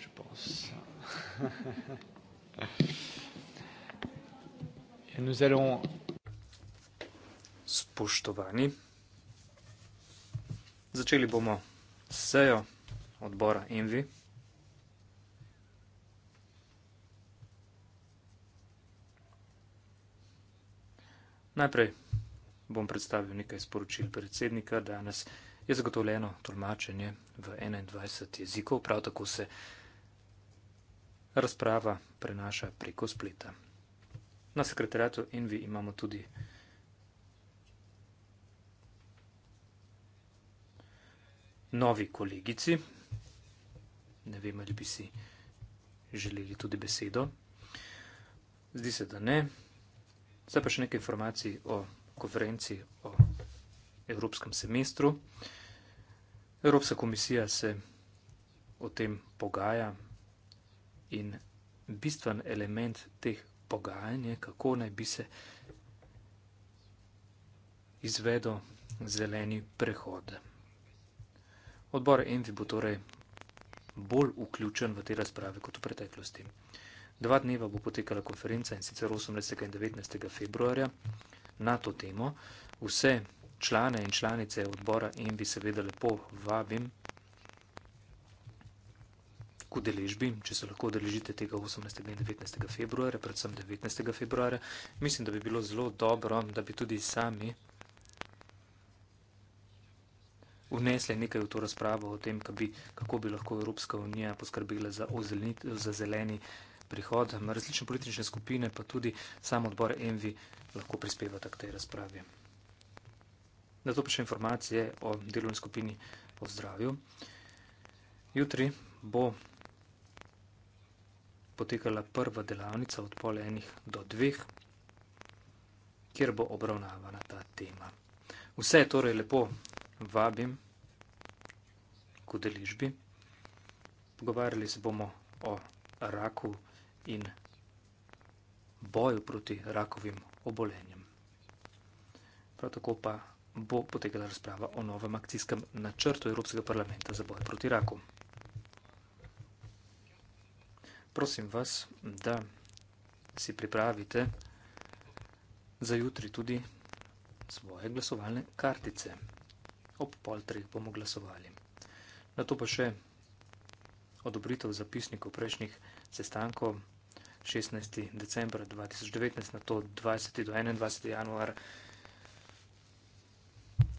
je pense. Et nous allons... Spoštovani, začeli bomo sejo odbora Envi. Najprej bom predstavil nekaj sporočil predsednika. Danes je zagotovljeno tolmačenje v 21 jezikov, prav tako se razprava prenaša preko spleta. Na sekretariatu Envi imamo tudi novi kolegici. Ne vem, ali bi si želeli tudi besedo. Zdi se, da ne. Zdaj pa še nekaj informacij o konferenci o evropskem semestru. Evropska komisija se o tem pogaja, in bistven element teh pogajanj je, kako naj bi se izvedel zeleni prehod. Odbor Envi bo torej bolj vključen v te razprave kot v preteklosti. Dva dneva bo potekala konferenca in sicer 18. in 19. februarja na to temo. Vse člane in članice odbora Envi seveda lepo vabim k udeležbi, če se lahko udeležite tega 18. in 19. februarja, predvsem 19. februarja. Mislim, da bi bilo zelo dobro, da bi tudi sami vnesli nekaj v to razpravo o tem, bi, kako bi lahko Evropska unija poskrbila za, ozelenit, za zeleni prihod. Različne politične skupine, pa tudi sam odbor Envi lahko prispeva k tej razpravi. Na to pa še informacije o delovni skupini o zdravju. Jutri bo potekala prva delavnica od pol enih do dveh, kjer bo obravnavana ta tema. Vse torej lepo vabim k udeležbi. Pogovarjali se bomo o raku in boju proti rakovim obolenjem. Prav tako pa bo potekala razprava o novem akcijskem načrtu Evropskega parlamenta za boj proti raku prosim vas, da si pripravite za jutri tudi svoje glasovalne kartice. Ob pol treh bomo glasovali. Na to pa še odobritev zapisnikov prejšnjih sestankov 16. decembra 2019, na to 20. do 21. januar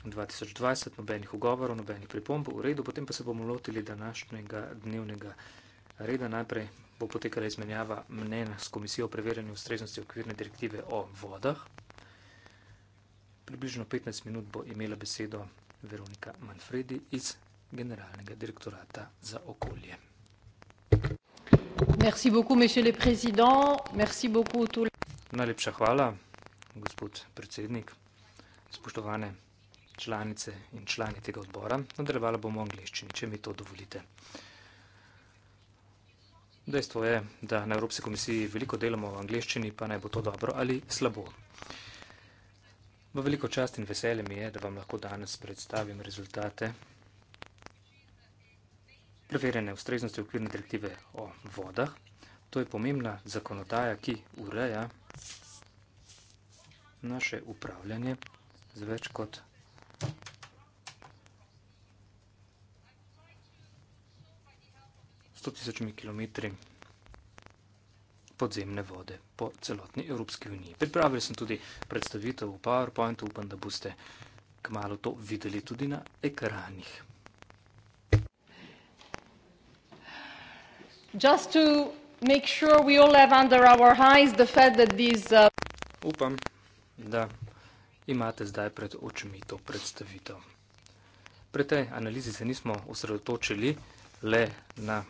2020, nobenih ugovorov, nobenih pripomb, v redu, potem pa se bomo lotili današnjega dnevnega reda. Najprej bo potekala izmenjava mnen s komisijo o preverjanju ustreznosti okvirne direktive o vodah. Približno 15 minut bo imela besedo Veronika Manfredi iz Generalnega direktorata za okolje. Merci beaucoup, monsieur le président. Merci beaucoup tout... Najlepša hvala, gospod predsednik, spoštovane članice in člani tega odbora. Nadaljevala bomo angliščini, če mi to dovolite. Uh, Dejstvo je, da na Evropski komisiji veliko delamo v angliščini, pa naj bo to dobro ali slabo. V veliko čast in veselje mi je, da vam lahko danes predstavim rezultate preverjene ustreznosti okvirne direktive o vodah. To je pomembna zakonodaja, ki ureja naše upravljanje z več kot 100 tisoč kilometri podzemne vode po celotni Evropski uniji. Pripravil sem tudi predstavitev v PowerPointu, upam, da boste kmalo to videli tudi na ekranih. Just to make sure we all have under our eyes the fact that these uh... Upam, da imate zdaj pred očmi to predstavitev. Pri tej analizi se nismo osredotočili le na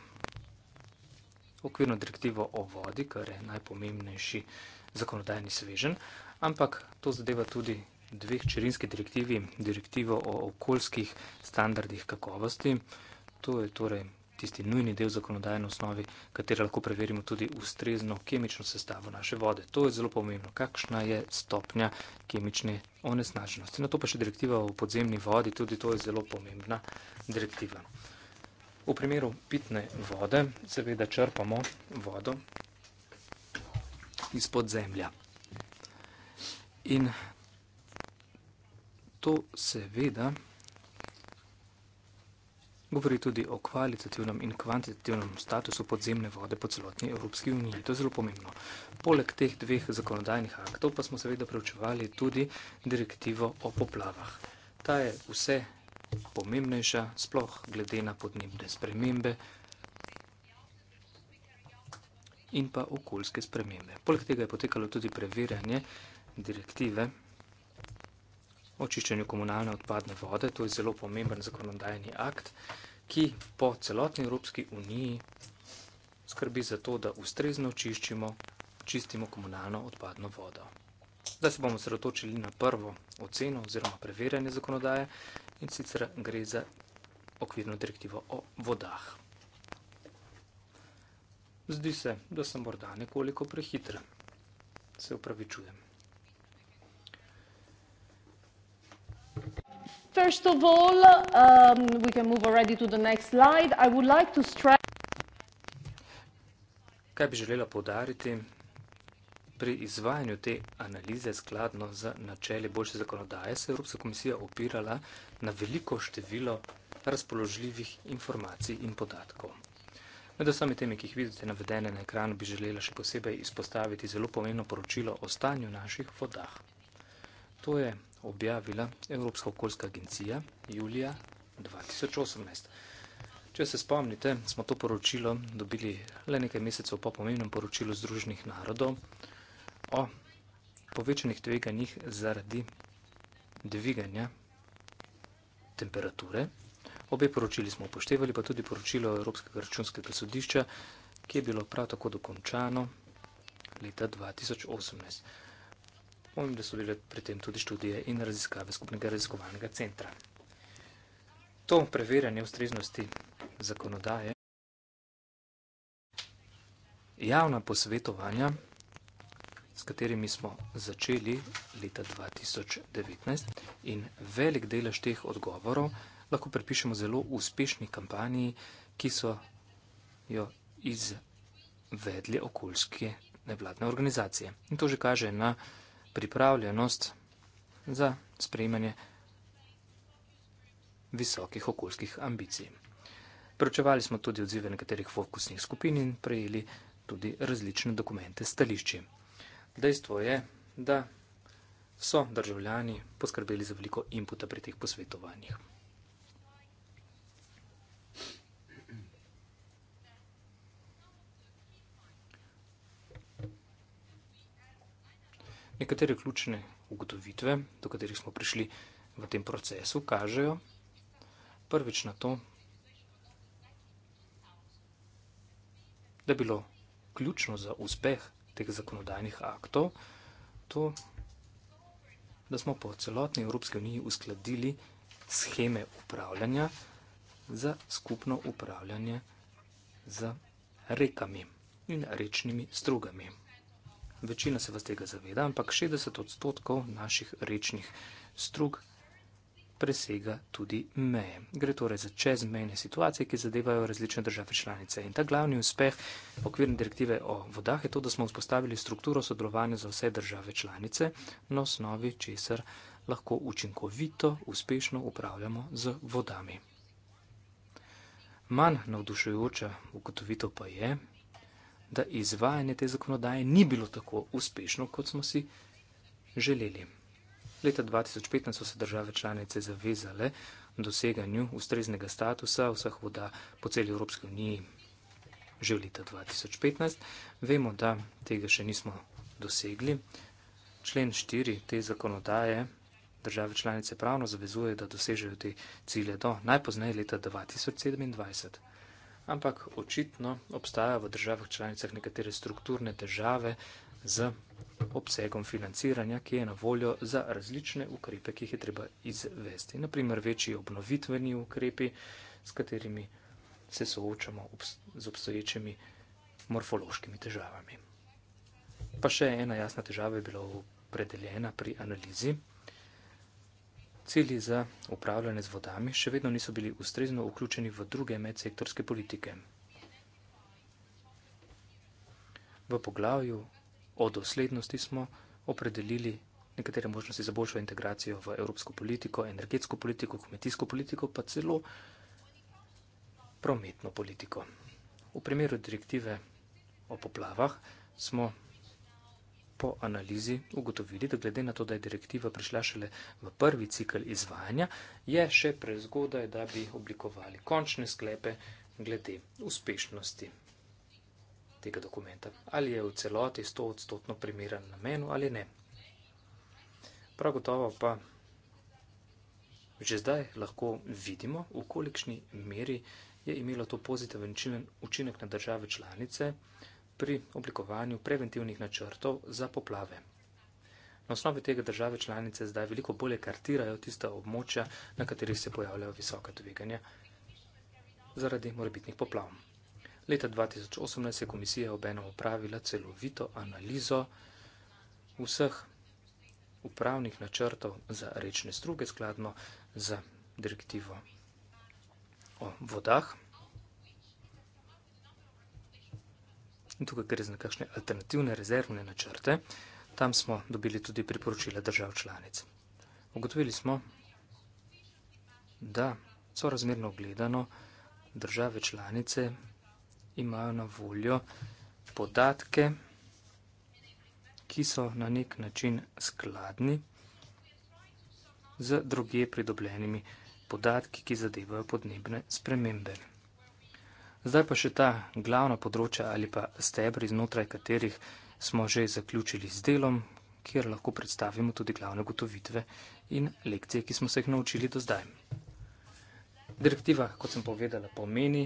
okvirno direktivo o vodi, kar je najpomembnejši zakonodajni svežen, ampak to zadeva tudi dveh čirinskih direktivi, direktivo o okoljskih standardih kakovosti. To je torej tisti nujni del zakonodajne osnovi, katero lahko preverimo tudi ustrezno kemično sestavo naše vode. To je zelo pomembno, kakšna je stopnja kemične onesnaženosti. Na to pa še direktiva o podzemni vodi, tudi to je zelo pomembna direktiva. V primeru pitne vode seveda črpamo vodo izpod zemlja. In to seveda govori tudi o kvalitativnem in kvantitativnem statusu podzemne vode po celotni Evropski uniji. To je zelo pomembno. Poleg teh dveh zakonodajnih aktov pa smo seveda preučevali tudi direktivo o poplavah. Ta je vse pomembnejša, sploh glede na podnebne spremembe in pa okoljske spremembe. Poleg tega je potekalo tudi preverjanje direktive o čiščenju komunalne odpadne vode. To je zelo pomemben zakonodajni akt, ki po celotni Evropski uniji skrbi za to, da ustrezno čiščimo, čistimo komunalno odpadno vodo. Zdaj se bomo sredotočili na prvo oceno oziroma preverjanje zakonodaje in sicer gre za okvirno direktivo o vodah. Zdi se, da sem morda nekoliko prehitr. Se upravičujem. First of all, um, we can move already to the next slide. I would like to stress... Kaj bi želela podariti? Pri izvajanju te analize skladno z načeli boljše zakonodaje se je Evropska komisija opirala na veliko število razpoložljivih informacij in podatkov. Med vsemi temi, ki jih vidite navedene na ekranu, bi želela še posebej izpostaviti zelo pomembno poročilo o stanju naših vodah. To je objavila Evropska okoljska agencija julija 2018. Če se spomnite, smo to poročilo dobili le nekaj mesecev po pomembnem poročilu Združenih narodov, o povečanih tveganjih zaradi dviganja temperature. Obe poročili smo upoštevali, pa tudi poročilo Evropskega računskega sodišča, ki je bilo prav tako dokončano leta 2018. Pomem, da so bile pri tem tudi študije in raziskave skupnega raziskovalnega centra. To preverjanje ustreznosti zakonodaje javna posvetovanja s katerimi smo začeli leta 2019 in velik delež teh odgovorov lahko prepišemo zelo uspešni kampanji, ki so jo izvedli okoljske nevladne organizacije. In to že kaže na pripravljenost za sprejmanje visokih okoljskih ambicij. Pročevali smo tudi odzive nekaterih fokusnih skupin in prejeli tudi različne dokumente stališči. Dejstvo je, da so državljani poskrbeli za veliko inputa pri teh posvetovanjih. Nekatere ključne ugotovitve, do katerih smo prišli v tem procesu, kažejo prvič na to, da je bilo ključno za uspeh teh zakonodajnih aktov, to, da smo po celotni Evropski uniji uskladili scheme upravljanja za skupno upravljanje z rekami in rečnimi strugami. Večina se vas tega zaveda, ampak 60 odstotkov naših rečnih strug presega tudi meje. Gre torej za čezmejne situacije, ki zadevajo različne države članice. In ta glavni uspeh okvirne direktive o vodah je to, da smo vzpostavili strukturo sodelovanja za vse države članice na osnovi česar lahko učinkovito, uspešno upravljamo z vodami. Manj navdušujoča ugotovitev pa je, da izvajanje te zakonodaje ni bilo tako uspešno, kot smo si želeli. Leta 2015 so se države članice zavezale doseganju ustreznega statusa vseh voda po celi Evropski uniji že v leta 2015. Vemo, da tega še nismo dosegli. Člen 4 te zakonodaje države članice pravno zavezuje, da dosežejo te cilje do najpoznaje leta 2027. Ampak očitno obstajajo v državah članicah nekatere strukturne težave, z obsegom financiranja, ki je na voljo za različne ukrepe, ki jih je treba izvesti. Naprimer, večji obnovitveni ukrepi, s katerimi se soočamo obs z obstoječimi morfološkimi težavami. Pa še ena jasna težava je bila opredeljena pri analizi. Cilji za upravljanje z vodami še vedno niso bili ustrezno vključeni v druge medsektorske politike. V poglavju O doslednosti smo opredelili nekatere možnosti za boljšo integracijo v evropsko politiko, energetsko politiko, kmetijsko politiko, pa celo prometno politiko. V primeru direktive o poplavah smo po analizi ugotovili, da glede na to, da je direktiva prišla šele v prvi cikl izvajanja, je še prezgodaj, da bi oblikovali končne sklepe glede uspešnosti tega dokumenta. Ali je v celoti 100-odstotno primeren na menu ali ne. Prav gotovo pa že zdaj lahko vidimo, v kolikšni meri je imelo to pozitiven učinek na države članice pri oblikovanju preventivnih načrtov za poplave. Na osnovi tega države članice zdaj veliko bolje kartirajo tista območja, na katerih se pojavljajo visoka tveganja zaradi morebitnih poplav. Leta 2018 je komisija obenem upravila celovito analizo vseh upravnih načrtov za rečne struge skladno za direktivo o vodah. In tukaj gre za nekakšne alternativne rezervne načrte. Tam smo dobili tudi priporočila držav članic. Ugotovili smo, da so razmerno gledano države članice vsega, imajo na voljo podatke, ki so na nek način skladni z druge pridobljenimi podatki, ki zadevajo podnebne spremembe. Zdaj pa še ta glavna področja ali pa stebri, znotraj katerih smo že zaključili z delom, kjer lahko predstavimo tudi glavne gotovitve in lekcije, ki smo se jih naučili do zdaj. Direktiva, kot sem povedala, pomeni,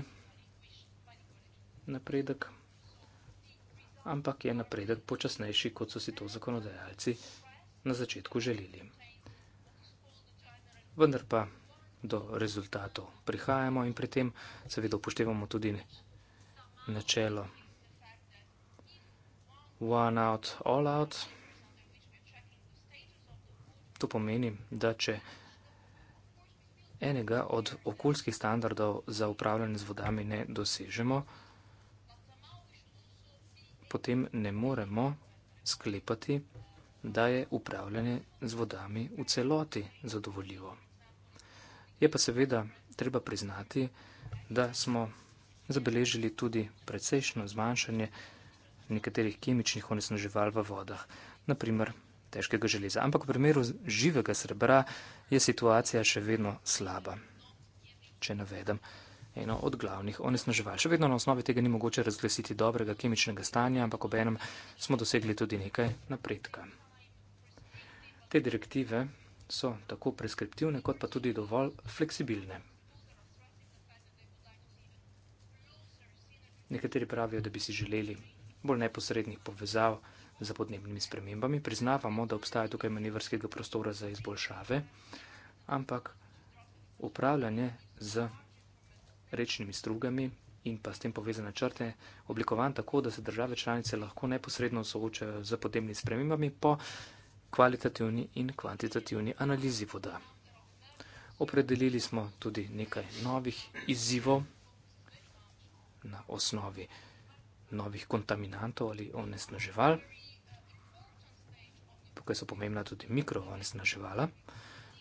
napredek, ampak je napredek počasnejši, kot so si to zakonodajalci na začetku želeli. Vendar pa do rezultatov prihajamo in pri tem seveda upoštevamo tudi načelo one out, all out. To pomeni, da če enega od okoljskih standardov za upravljanje z vodami ne dosežemo, potem ne moremo sklepati, da je upravljanje z vodami v celoti zadovoljivo. Je pa seveda treba priznati, da smo zabeležili tudi precejšno zmanjšanje nekaterih kemičnih onesnaževal v vodah, naprimer težkega železa. Ampak v primeru živega srebra je situacija še vedno slaba. Če navedem, eno od glavnih onesnaževal. Še vedno na osnovi tega ni mogoče razglasiti dobrega kemičnega stanja, ampak obenem smo dosegli tudi nekaj napredka. Te direktive so tako preskriptivne, kot pa tudi dovolj fleksibilne. Nekateri pravijo, da bi si želeli bolj neposrednih povezav za podnebnimi spremembami. Priznavamo, da obstaja tukaj manevrskega prostora za izboljšave, ampak upravljanje z rečnimi strugami in pa s tem povezane črte oblikovan tako, da se države članice lahko neposredno soočajo z podnebnimi spremembami po kvalitativni in kvantitativni analizi voda. Opredelili smo tudi nekaj novih izzivov na osnovi novih kontaminantov ali onesnaževal. Tukaj so pomembna tudi mikroonesnaževala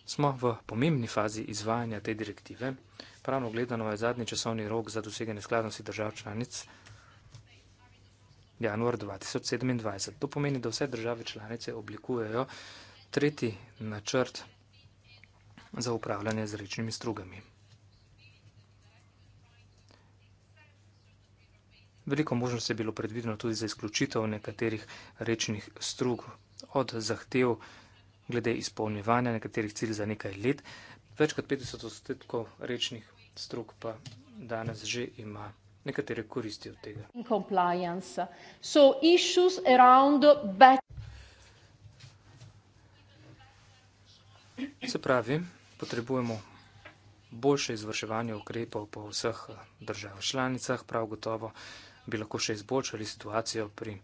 smo v pomembni fazi izvajanja te direktive. Pravno gledano je zadnji časovni rok za doseganje skladnosti držav članic januar 2027. To pomeni, da vse države članice oblikujejo tretji načrt za upravljanje z rečnimi strugami. Veliko možnosti je bilo predvideno tudi za izključitev nekaterih rečnih strug od zahtev glede izpolnjevanja nekaterih cilj za nekaj let. Več kot 50 odstotkov rečnih strok pa danes že ima nekatere koristi od tega. Se pravi, potrebujemo boljše izvrševanje ukrepov po vseh državah članicah, prav gotovo bi lahko še izboljšali situacijo pri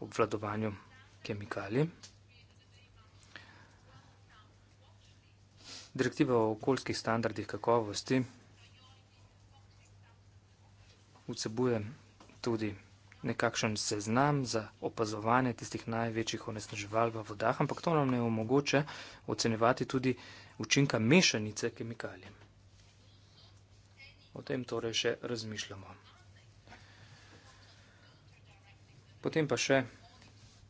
obvladovanju kemikalij. direktiva o okoljskih standardih kakovosti vsebuje tudi nekakšen seznam za opazovanje tistih največjih onesnaževal v vodah, ampak to nam ne omogoče ocenevati tudi učinka mešanice kemikalij. O tem torej še razmišljamo. Potem pa še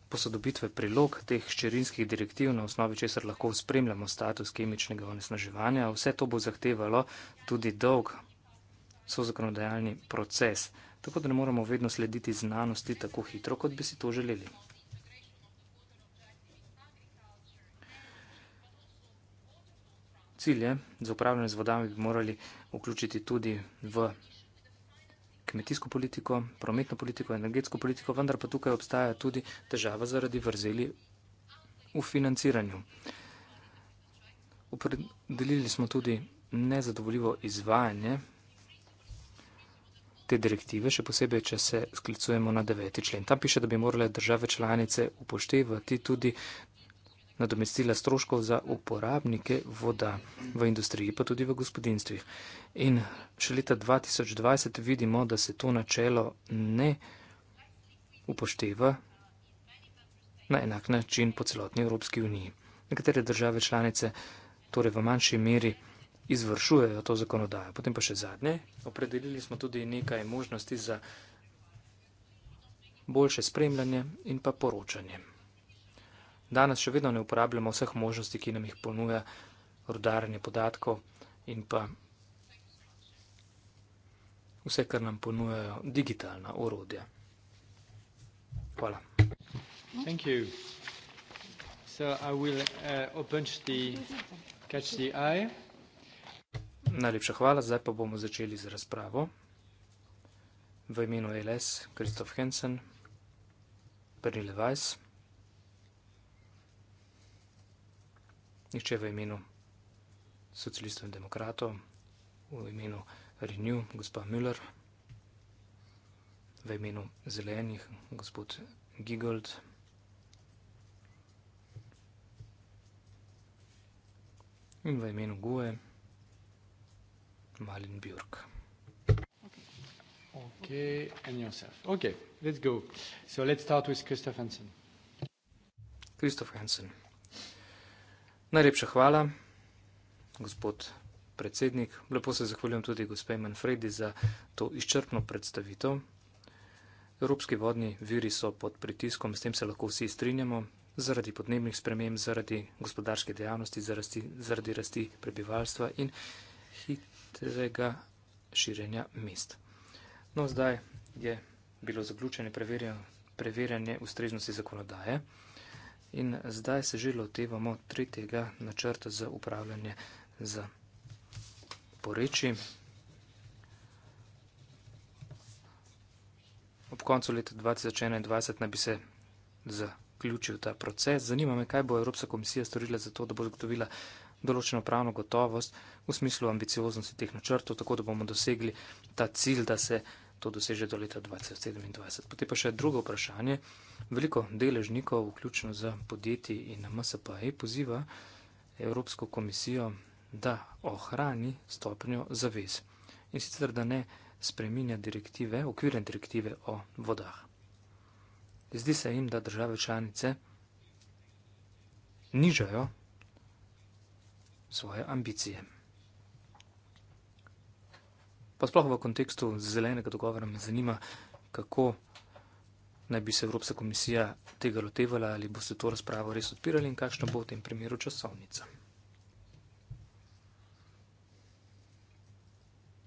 posodobitve prilog teh ščerinskih direktiv, na osnovi česar lahko spremljamo status kemičnega onesnaževanja. Vse to bo zahtevalo tudi dolg sozakonodajalni proces, tako da ne moramo vedno slediti znanosti tako hitro, kot bi si to želeli. Cilje za upravljanje z vodami bi morali vključiti tudi v kmetijsko politiko, prometno politiko, energetsko politiko, vendar pa tukaj obstaja tudi težava zaradi vrzeli v financiranju. Upredelili smo tudi nezadovoljivo izvajanje te direktive, še posebej, če se sklicujemo na deveti člen. Tam piše, da bi morale države članice upoštevati tudi nadomestila stroškov za uporabnike voda v industriji, pa tudi v gospodinstvih. In še leta 2020 vidimo, da se to načelo ne upošteva na enak način po celotni Evropski uniji. Nekatere države članice torej v manjši meri izvršujejo to zakonodajo. Potem pa še zadnje. Opredelili smo tudi nekaj možnosti za boljše spremljanje in pa poročanje danes še vedno ne uporabljamo vseh možnosti, ki nam jih ponuja rodarenje podatkov in pa vse, kar nam ponujajo digitalna orodja. Hvala. Thank you. So I will uh, open the catch the eye. Najlepša hvala, zdaj pa bomo začeli z razpravo. V imenu LS, Kristof Hensen, Pernille Weiss. nišče v imenu socialistov in demokratov, v imenu Renew, gospa Müller, v imenu zelenih, gospod Gigold. In v imenu Gue, Malin Björk. Ok, in yourself. Ok, let's go. So let's start with Christoph Hansen. Christoph Hansen. Najlepša hvala, gospod predsednik. Lepo se zahvaljujem tudi gospej Manfredi za to izčrpno predstavitev. Evropski vodni viri so pod pritiskom, s tem se lahko vsi strinjamo, zaradi podnebnih sprememb, zaradi gospodarske dejavnosti, zaradi, zaradi rasti prebivalstva in hitrega širenja mest. No, zdaj je bilo zaključeno preverjanje, preverjanje ustreznosti zakonodaje in zdaj se že lotevamo tretjega načrta za upravljanje z poreči. Ob koncu leta 2021 naj bi se zaključil ta proces. Zanima me, kaj bo Evropska komisija storila za to, da bo zagotovila določeno pravno gotovost v smislu ambicioznosti teh načrtov, tako da bomo dosegli ta cilj, da se to doseže do leta 2027. Potem pa še drugo vprašanje. Veliko deležnikov, vključno z podjetji in MSP-ji, poziva Evropsko komisijo, da ohrani stopnjo zavez in sicer da ne spreminja direktive, okvirne direktive o vodah. Zdi se jim, da države članice nižajo svoje ambicije pa sploh v kontekstu zelenega dogovora me zanima, kako naj bi se Evropska komisija tega lotevala, ali boste to razpravo res odpirali in kakšna bo v tem primeru časovnica.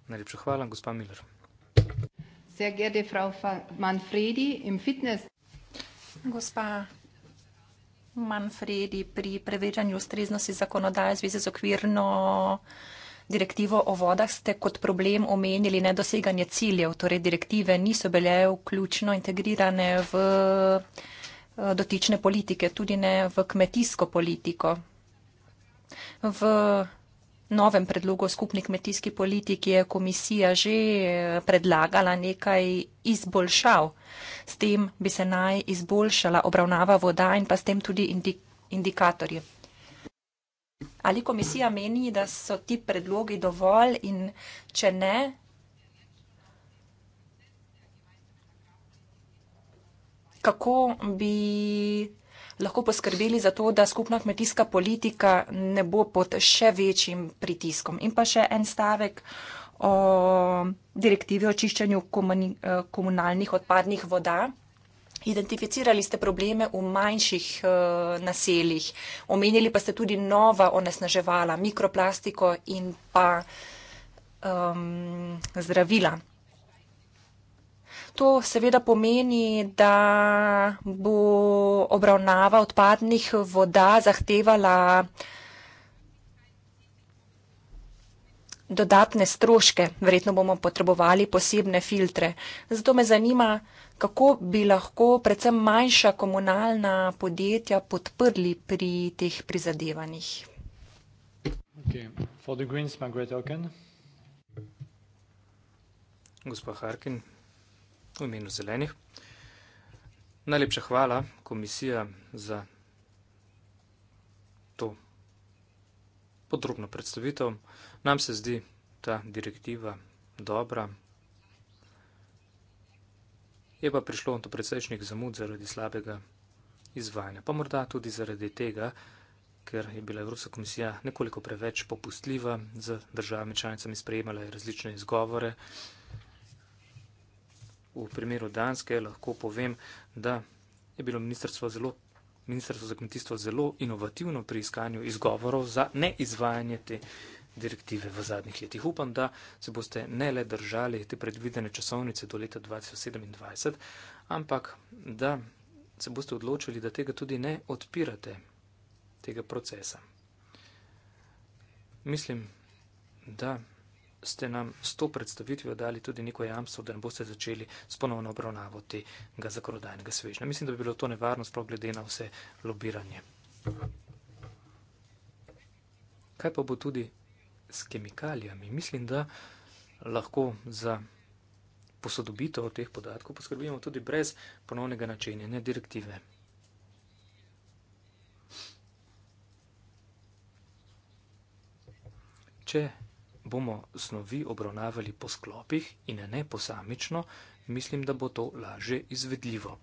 Najlepša hvala, gospa Miller. Gospa Manfredi, pri preverjanju ustreznosti zakonodaje v zvezi z okvirno direktivo o vodah ste kot problem omenili nedoseganje ciljev, torej direktive niso bile vključno integrirane v eh, dotične politike, tudi ne v kmetijsko politiko. V novem predlogu skupni kmetijski politiki je komisija že eh, predlagala nekaj izboljšav. S tem bi se naj izboljšala obravnava voda in pa s tem tudi indikatorje ali komisija meni, da so ti predlogi dovolj in če ne, kako bi lahko poskrbeli za to, da skupna kmetijska politika ne bo pod še večjim pritiskom. In pa še en stavek o direktivi o čiščenju eh, komunalnih odpadnih voda. Identificirali ste probleme v manjših uh, naseljih, omenili pa ste tudi nova onesnaževala, mikroplastiko in pa um, zdravila. To seveda pomeni, da bo obravnava odpadnih voda zahtevala uh, dodatne stroške, verjetno bomo potrebovali posebne filtre. Zato me zanima, kako bi lahko predvsem manjša komunalna podjetja podprli pri teh prizadevanjih. Okay. Podrobno predstavitev. Nam se zdi ta direktiva dobra. Je pa prišlo do precejšnjih zamud zaradi slabega izvajanja, pa morda tudi zaradi tega, ker je bila Evropska komisija nekoliko preveč popustljiva z državami članicami, sprejemala je različne izgovore. V primeru Danske lahko povem, da je bilo ministrstvo, zelo, ministrstvo za kmetijstvo zelo inovativno pri iskanju izgovorov za neizvajanje te direktive direktive v zadnjih letih. Upam, da se boste ne le držali te predvidene časovnice do leta 2027, ampak da se boste odločili, da tega tudi ne odpirate, tega procesa. Mislim, da ste nam s to predstavitvijo dali tudi neko jamstvo, da ne boste začeli s ponovno obravnavo tega zakonodajnega svežnja. Mislim, da bi bilo to nevarno, sploh glede na vse lobiranje. Kaj pa bo tudi s kemikalijami. Mislim, da lahko za posodobitev teh podatkov poskrbimo tudi brez ponovnega načenjanja direktive. Če bomo snovi obravnavali po sklopih in ne posamično, mislim, da bo to lažje izvedljivo.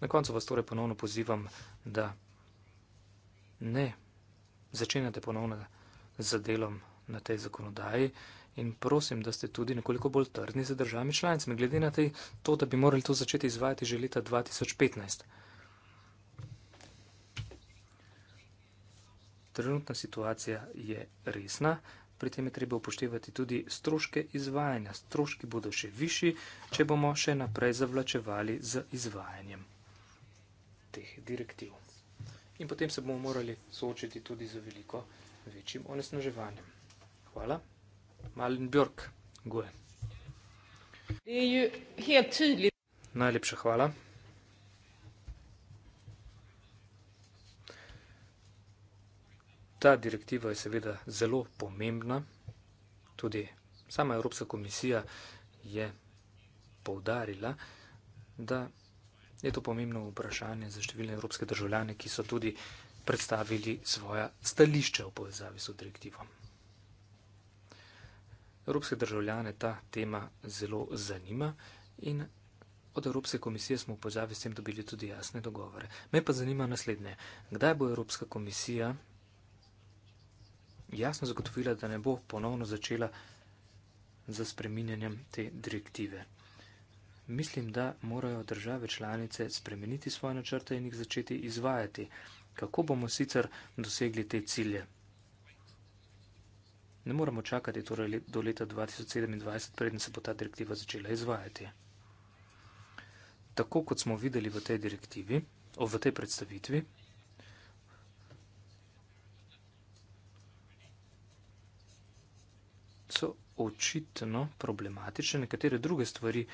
Na koncu vas torej ponovno pozivam, da ne, začenjate ponovno z delom na tej zakonodaji in prosim, da ste tudi nekoliko bolj trdni za državami članicami, glede na tej, to, da bi morali to začeti izvajati že leta 2015. Trenutna situacija je resna, pri tem je treba upoštevati tudi stroške izvajanja. Stroški bodo še višji, če bomo še naprej zavlačevali z izvajanjem teh direktiv in potem se bomo morali soočiti tudi z veliko večjim onesnaževanjem. Hvala. Malin Björk, goje. Er Najlepša hvala. Ta direktiva je seveda zelo pomembna. Tudi sama Evropska komisija je poudarila, da je to pomembno vprašanje za številne evropske državljane, ki so tudi predstavili svoja stališča v povezavi s direktivom. Evropske državljane ta tema zelo zanima in od Evropske komisije smo v povezavi s tem dobili tudi jasne dogovore. Me pa zanima naslednje. Kdaj bo Evropska komisija jasno zagotovila, da ne bo ponovno začela za spreminjanjem te direktive mislim, da morajo države članice spremeniti svoje načrte in jih začeti izvajati. Kako bomo sicer dosegli te cilje? Ne moramo čakati torej do leta 2027, preden se bo ta direktiva začela izvajati. Tako kot smo videli v tej direktivi, v tej predstavitvi, so očitno problematične nekatere druge stvari,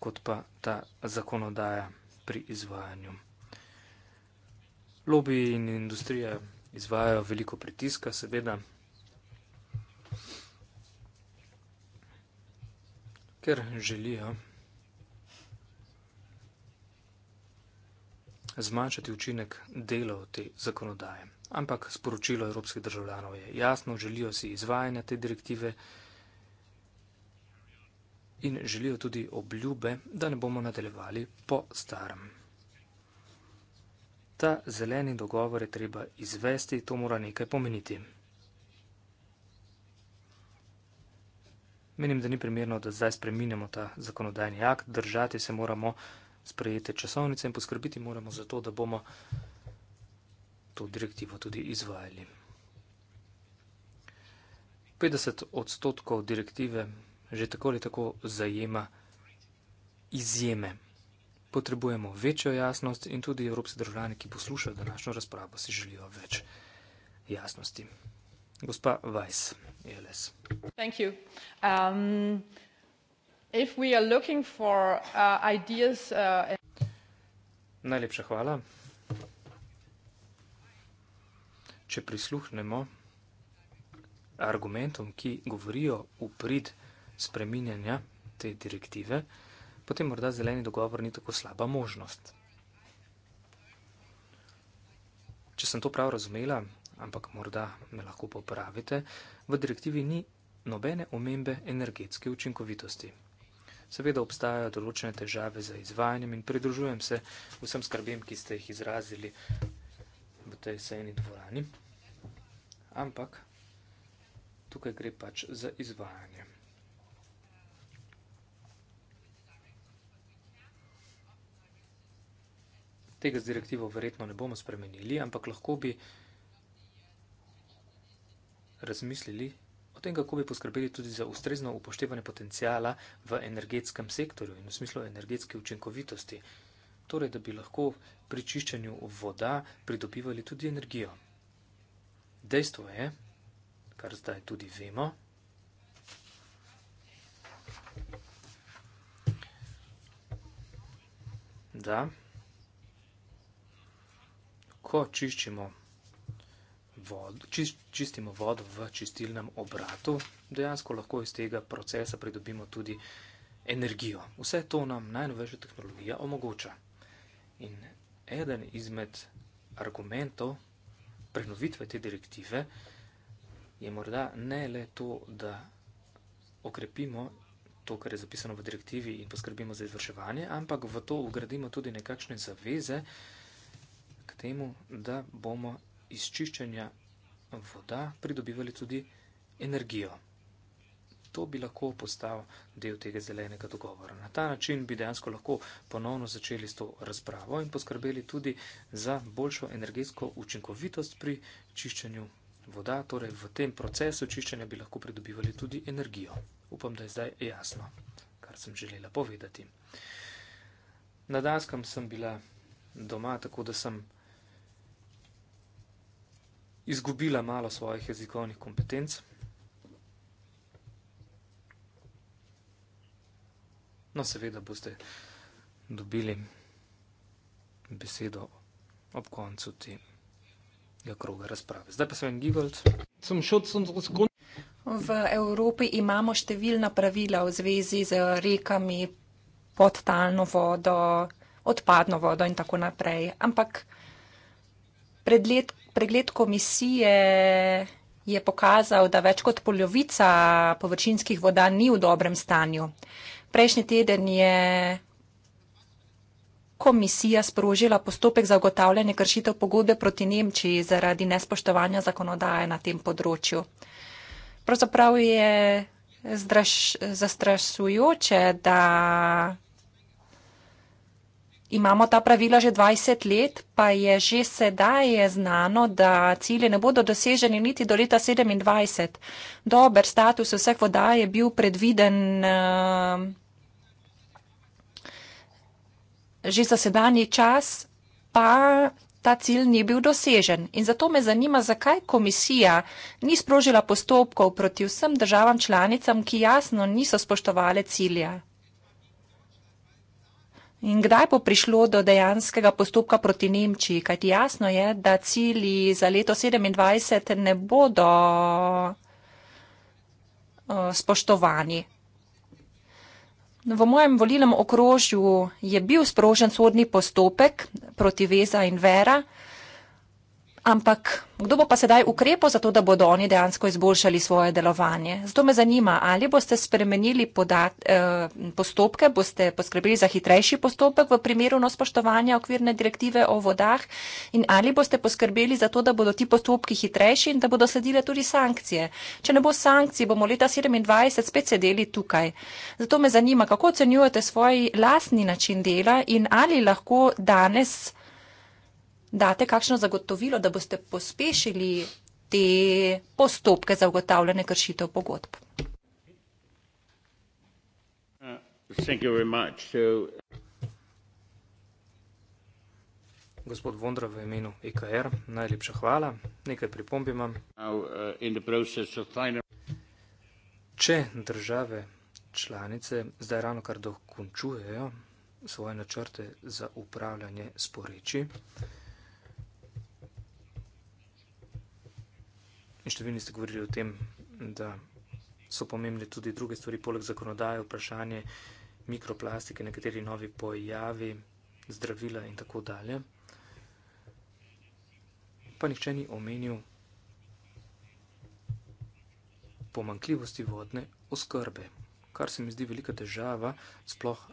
kot pa ta zakonodaja pri izvajanju. Lobi in industrija izvajajo veliko pritiska, seveda, ker želijo zmanjšati učinek delov te zakonodaje. Ampak sporočilo evropskih državljanov je jasno, želijo si izvajanja te direktive in želijo tudi obljube, da ne bomo nadaljevali po starem. Ta zeleni dogovor je treba izvesti, to mora nekaj pomeniti. Menim, da ni primerno, da zdaj spreminjamo ta zakonodajni akt, držati se moramo sprejete časovnice in poskrbiti moramo za to, da bomo to direktivo tudi izvajali. 50 odstotkov direktive že tako ali tako zajema izjeme. Potrebujemo večjo jasnost in tudi evropski državljani, ki poslušajo današnjo razpravo, si želijo več jasnosti. Gospa Vajs, ELS. Thank you. Um, if we are looking for uh, ideas. Uh... Najlepša hvala. Če prisluhnemo argumentom, ki govorijo v prid spreminjanja te direktive, potem morda zeleni dogovor ni tako slaba možnost. Če sem to prav razumela, ampak morda me lahko popravite, v direktivi ni nobene omembe energetske učinkovitosti. Seveda obstajajo določene težave za izvajanjem in pridružujem se vsem skrbem, ki ste jih izrazili v tej sejni dvorani. Ampak tukaj gre pač za izvajanje. tega z direktivo verjetno ne bomo spremenili, ampak lahko bi razmislili o tem, kako bi poskrbeli tudi za ustrezno upoštevanje potencijala v energetskem sektorju in v smislu energetske učinkovitosti. Torej, da bi lahko pri čiščenju voda pridobivali tudi energijo. Dejstvo je, kar zdaj tudi vemo, da ko čiščimo vod, čist, čistimo vodo v čistilnem obratu, dejansko lahko iz tega procesa pridobimo tudi energijo. Vse to nam najnovejša tehnologija omogoča. In eden izmed argumentov prenovitve te direktive je morda ne le to, da okrepimo to, kar je zapisano v direktivi in poskrbimo za izvrševanje, ampak v to ugradimo tudi nekakšne zaveze, temu, da bomo iz čiščenja voda pridobivali tudi energijo. To bi lahko postal del tega zelenega dogovora. Na ta način bi dejansko lahko ponovno začeli s to razpravo in poskrbeli tudi za boljšo energetsko učinkovitost pri čiščenju voda. Torej v tem procesu čiščenja bi lahko pridobivali tudi energijo. Upam, da je zdaj jasno, kar sem želela povedati. Na Danskem sem bila doma, tako da sem izgubila malo svojih jezikovnih kompetenc. No, seveda boste dobili besedo ob koncu te kroga razprave. Zdaj pa sem Gigold. Sem šel, sem zgodil. V Evropi imamo številna pravila v zvezi z rekami, podtalno vodo, odpadno vodo in tako naprej. Ampak pred leti pregled komisije je pokazal, da več kot polovica površinskih voda ni v dobrem stanju. Prejšnji teden je komisija sprožila postopek za ugotavljanje kršitev pogodbe proti Nemčiji zaradi nespoštovanja zakonodaje na tem področju. Pravzaprav je zdraš, zastrašujoče, da Imamo ta pravila že 20 let, pa je že sedaj je znano, da cilje ne bodo doseženi niti do leta 27. Dober status vseh voda je bil predviden uh, že za sedanji čas, pa ta cilj ni bil dosežen. In zato me zanima, zakaj komisija ni sprožila postopkov proti vsem državam članicam, ki jasno niso spoštovali cilja. In kdaj bo prišlo do dejanskega postopka proti Nemčiji? Kajti jasno je, da cilji za leto 27 ne bodo eh, spoštovani. V mojem volilnem okrožju je bil sprožen sodni postopek proti Veza in Vera. Ampak kdo bo pa sedaj ukrepo za to, da bodo oni dejansko izboljšali svoje delovanje? Zato me zanima, ali boste spremenili podat, eh, postopke, boste poskrbeli za hitrejši postopek v primeru nospoštovanja okvirne direktive o vodah in ali boste poskrbeli za to, da bodo ti postopki hitrejši in da bodo sledile tudi sankcije. Če ne bo sankcij, bomo leta 2027 spet sedeli tukaj. Zato me zanima, kako ocenjujete svoj lasni način dela in ali lahko danes date kakšno zagotovilo, da boste pospešili te postopke za ugotavljanje kršitev pogodb? Uh, uh, Gospod Vondra, v imenu EKR, najlepša hvala. Nekaj pripomb imam. Uh, Če države članice zdaj ravno kar dokončujejo svoje načrte za upravljanje s poreči, In številni ste govorili o tem, da so pomembne tudi druge stvari, poleg zakonodaje, vprašanje mikroplastike, nekateri novi pojavi, zdravila in tako dalje. Pa nihče ni omenil pomankljivosti vodne oskrbe, kar se mi zdi velika težava, sploh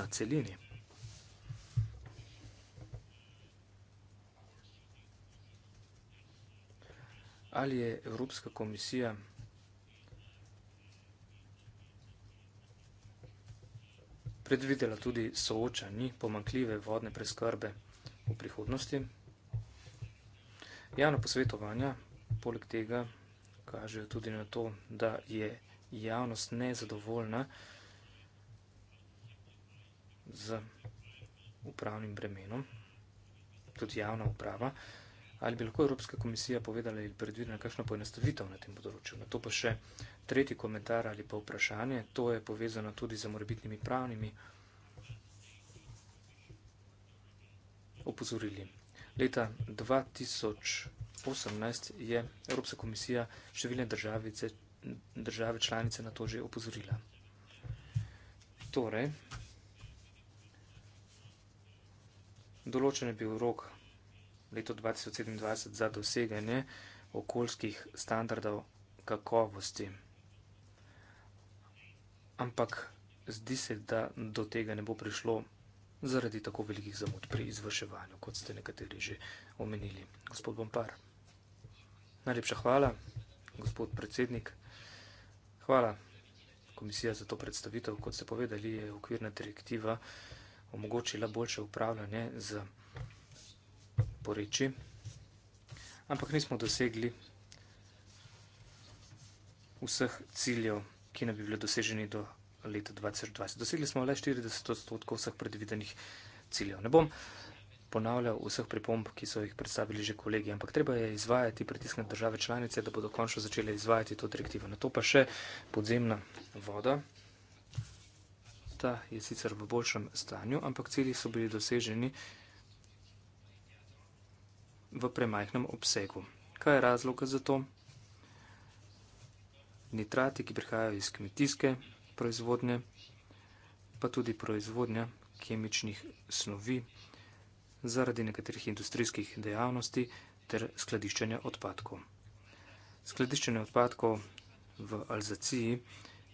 na celini. ali je Evropska komisija predvidela tudi soočanje pomankljive vodne preskrbe v prihodnosti. Javna posvetovanja poleg tega kažejo tudi na to, da je javnost nezadovoljna z upravnim bremenom, tudi javna uprava ali bi lahko Evropska komisija povedala ali predvidela kakšno poenostavitev na tem področju. Na to pa še tretji komentar ali pa vprašanje. To je povezano tudi z morebitnimi pravnimi opozorili. Leta 2018 je Evropska komisija številne državice, države članice na to že opozorila. Torej, določen je bil rok leto 2027 za doseganje okoljskih standardov kakovosti. Ampak zdi se, da do tega ne bo prišlo zaradi tako velikih zamud pri izvrševanju, kot ste nekateri že omenili. Gospod Bompar, najlepša hvala, gospod predsednik. Hvala, komisija, za to predstavitev. Kot ste povedali, je okvirna direktiva omogočila boljše upravljanje z poreči, ampak nismo dosegli vseh ciljev, ki ne bi bili doseženi do leta 2020. Dosegli smo le 40 odstotkov vseh predvidenih ciljev. Ne bom ponavljal vseh pripomb, ki so jih predstavili že kolegi, ampak treba je izvajati pritisk na države članice, da bodo končno začele izvajati to direktivo. Na to pa še podzemna voda. Ta je sicer v boljšem stanju, ampak cilji so bili doseženi v premajhnem obsegu. Kaj je razlog za to? Nitrati, ki prihajajo iz kmetijske proizvodnje, pa tudi proizvodnja kemičnih snovi zaradi nekaterih industrijskih dejavnosti ter skladiščenja odpadkov. Skladiščenje odpadkov v Alzaciji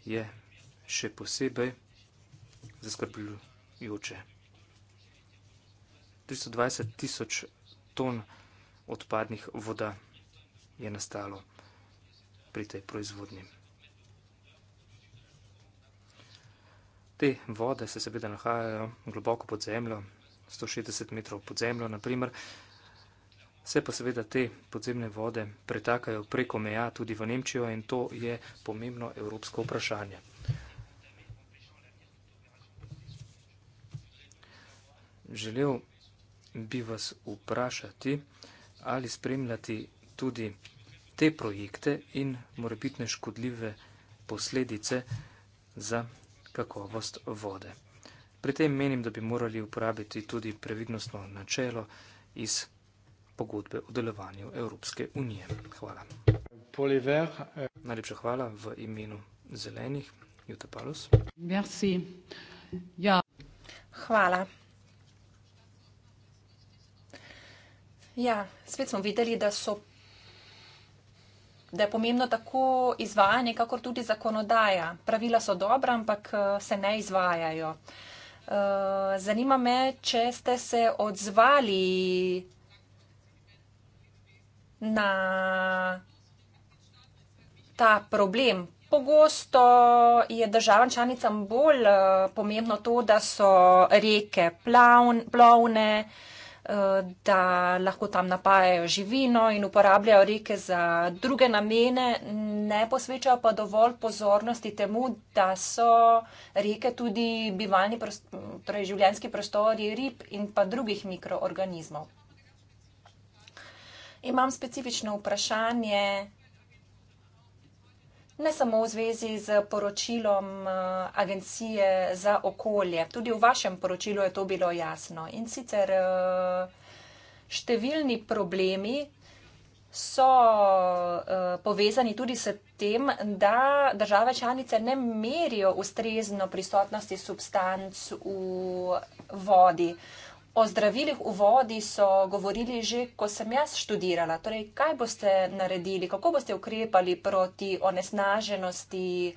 je še posebej zaskrbljujoče. 320 tisoč ton odpadnih voda je nastalo pri tej proizvodnji. Te vode se seveda nahajajo globoko pod zemljo, 160 metrov pod zemljo naprimer, se pa seveda te podzemne vode pretakajo preko meja tudi v Nemčijo in to je pomembno evropsko vprašanje. Želel bi vas vprašati, ali spremljati tudi te projekte in morebitne škodljive posledice za kakovost vode. Pri tem menim, da bi morali uporabiti tudi previdnostno načelo iz pogodbe o delovanju Evropske unije. Hvala. Poliver, eh. Najlepša hvala v imenu zelenih. Jutta Palus. Merci. Ja. Hvala. Ja, spet smo videli, da so. Da je pomembno tako izvajanje, kakor tudi zakonodaja. Pravila so dobra, ampak eh, se ne izvajajo. Eh, zanima me, če ste se odzvali na ta problem. Pogosto je državam članicam bolj eh, pomembno to, da so reke plavne. Plavn, Eh, da lahko tam napajajo živino in uporabljajo reke za druge namene, ne posvečajo pa dovolj pozornosti temu, da so reke tudi bivalni, torej življenski prostori rib in pa drugih mikroorganizmov. Imam specifično vprašanje ne samo v zvezi z poročilom eh, Agencije za okolje, tudi v vašem poročilu je to bilo jasno. In sicer eh, številni problemi so eh, povezani tudi s tem, da države članice ne merijo ustrezno prisotnosti substanc v vodi. O zdravilih v vodi so govorili že, ko sem jaz študirala. Torej, kaj boste naredili, kako boste ukrepali proti onesnaženosti eh,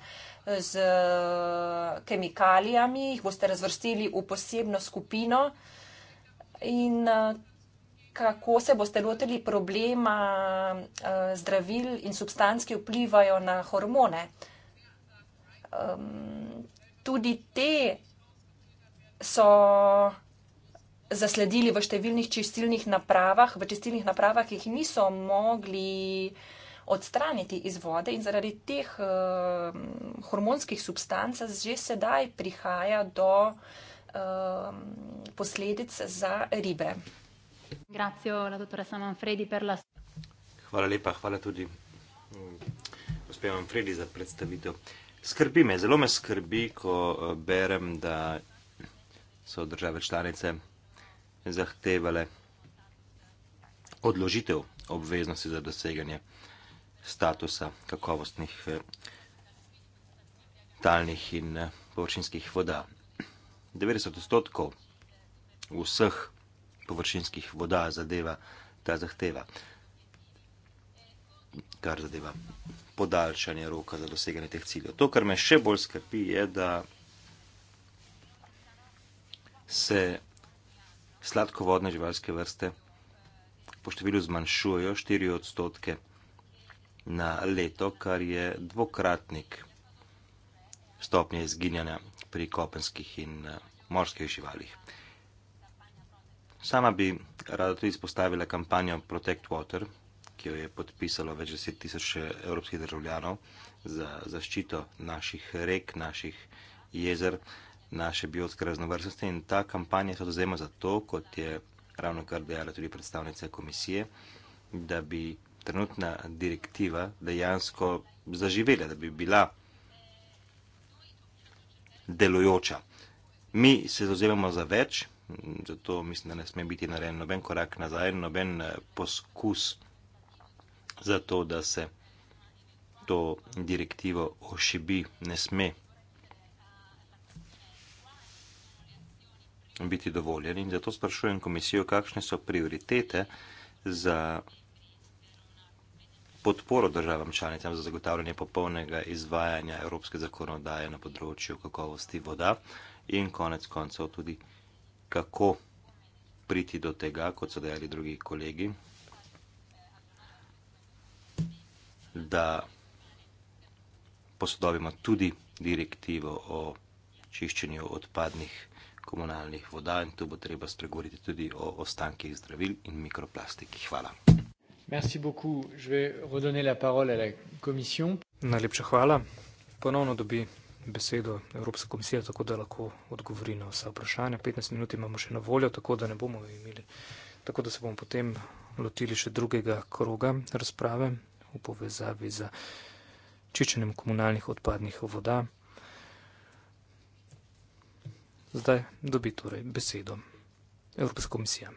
z eh, kemikalijami, jih boste razvrstili v posebno skupino in eh, kako se boste lotili problema zdravil in substanc, ki vplivajo na hormone. Ehm, tudi te so vsega, zasledili v številnih čistilnih napravah, v čistilnih napravah, ki jih niso mogli odstraniti iz vode in zaradi teh uh, hormonskih substanc že sedaj prihaja do uh, posledic za ribe. Hvala lepa, hvala tudi mm, gospodinu Manfredi za predstavitev. Skrbi me, zelo me skrbi, ko eh, berem, da so države članice zahtevale odložitev obveznosti za doseganje statusa kakovostnih eh, talnih in eh, površinskih voda. 90 odstotkov vseh površinskih voda zadeva ta zahteva, kar zadeva podaljšanje roka za doseganje teh ciljev. To, kar me še bolj skrpi, je, da se sladkovodne živalske vrste po številu zmanjšujejo 4 odstotke na leto, kar je dvokratnik stopnje izginjanja pri kopenskih in eh, morskih živalih. Sama bi rada tudi izpostavila kampanjo Protect Water, ki jo je podpisalo več deset tisoč evropskih državljanov za zaščito naših rek, naših jezer naše biotske raznovrstnosti in ta kampanja se odzema za to, kot je ravno kar dejala tudi predstavnica komisije, da bi trenutna direktiva dejansko zaživela, da bi bila delujoča. Mi se zauzemamo za več, zato mislim, da ne sme biti narejen noben korak nazaj, noben eh, poskus za to, da se to direktivo ošibi, ne sme biti dovoljeni. Zato sprašujem komisijo, kakšne so prioritete za podporo državam članicam za zagotavljanje popolnega izvajanja evropske zakonodaje na področju kakovosti voda in konec koncev tudi kako priti do tega, kot so dejali drugi kolegi, da posodobimo tudi direktivo o čiščenju odpadnih voda komunalnih voda in tu bo treba spregovoriti tudi o ostankih zdravil in mikroplastiki. Hvala. Merci beaucoup. Je vais redonner la parole à la Commission. Najlepša hvala. Ponovno dobi besedo Evropska komisija, tako da lahko odgovori na vsa vprašanja. 15 minut imamo še na voljo, tako da ne bomo imeli, tako da se bomo potem lotili še drugega kroga razprave v povezavi z čičenjem komunalnih odpadnih voda. Zdaj dobi torej besedo Evropska komisija.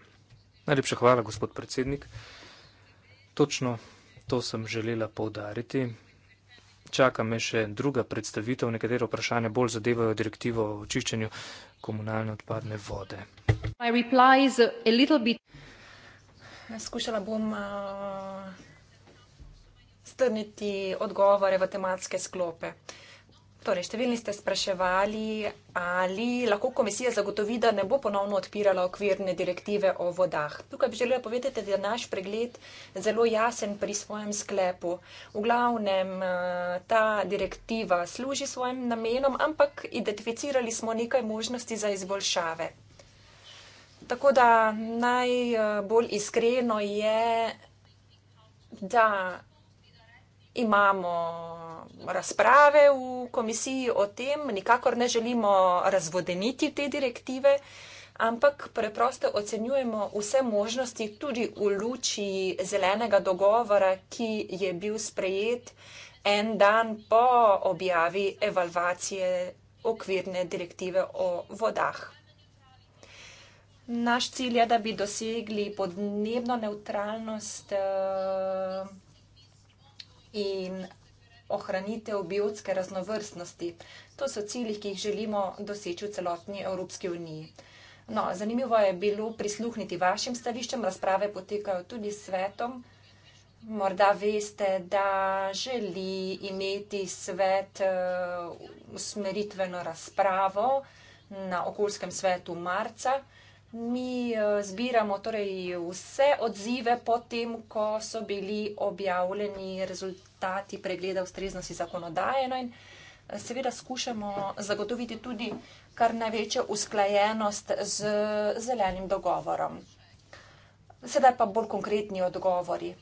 Najlepša hvala, gospod predsednik. Točno to sem želela povdariti. Čaka me še druga predstavitev, nekatere vprašanja bolj zadevajo direktivo o očiščenju komunalne odpadne vode. Skušala bom uh, strniti odgovore v tematske sklope. Uh, Torej, številni ste spraševali, ali lahko komisija zagotovi, da ne bo ponovno odpirala okvirne direktive o vodah. Tukaj bi želela povedati, da je naš pregled zelo jasen pri svojem sklepu. V glavnem eh, ta direktiva služi svojim namenom, ampak identificirali smo nekaj možnosti za izboljšave. Tako da najbolj iskreno je, da imamo razprave v komisiji o tem, nikakor ne želimo razvodeniti te direktive, ampak preprosto ocenjujemo vse možnosti tudi v luči zelenega dogovora, ki je bil sprejet en dan po objavi evalvacije okvirne direktive o vodah. Naš cilj je, da bi dosegli podnebno neutralnost eh, in ohranitev biotske raznovrstnosti. To so cilji, ki jih želimo doseči v celotni Evropski uniji. No, zanimivo je bilo prisluhniti vašim stališčem, razprave potekajo tudi s svetom. Morda veste, da želi imeti svet eh, usmeritveno razpravo na okoljskem svetu marca mi eh, zbiramo torej vse odzive potem, ko so bili objavljeni rezultati pregleda ustreznosti zakonodaje. No in eh, seveda skušamo zagotoviti tudi kar največjo usklajenost z zelenim dogovorom. Sedaj pa bolj konkretni odgovori.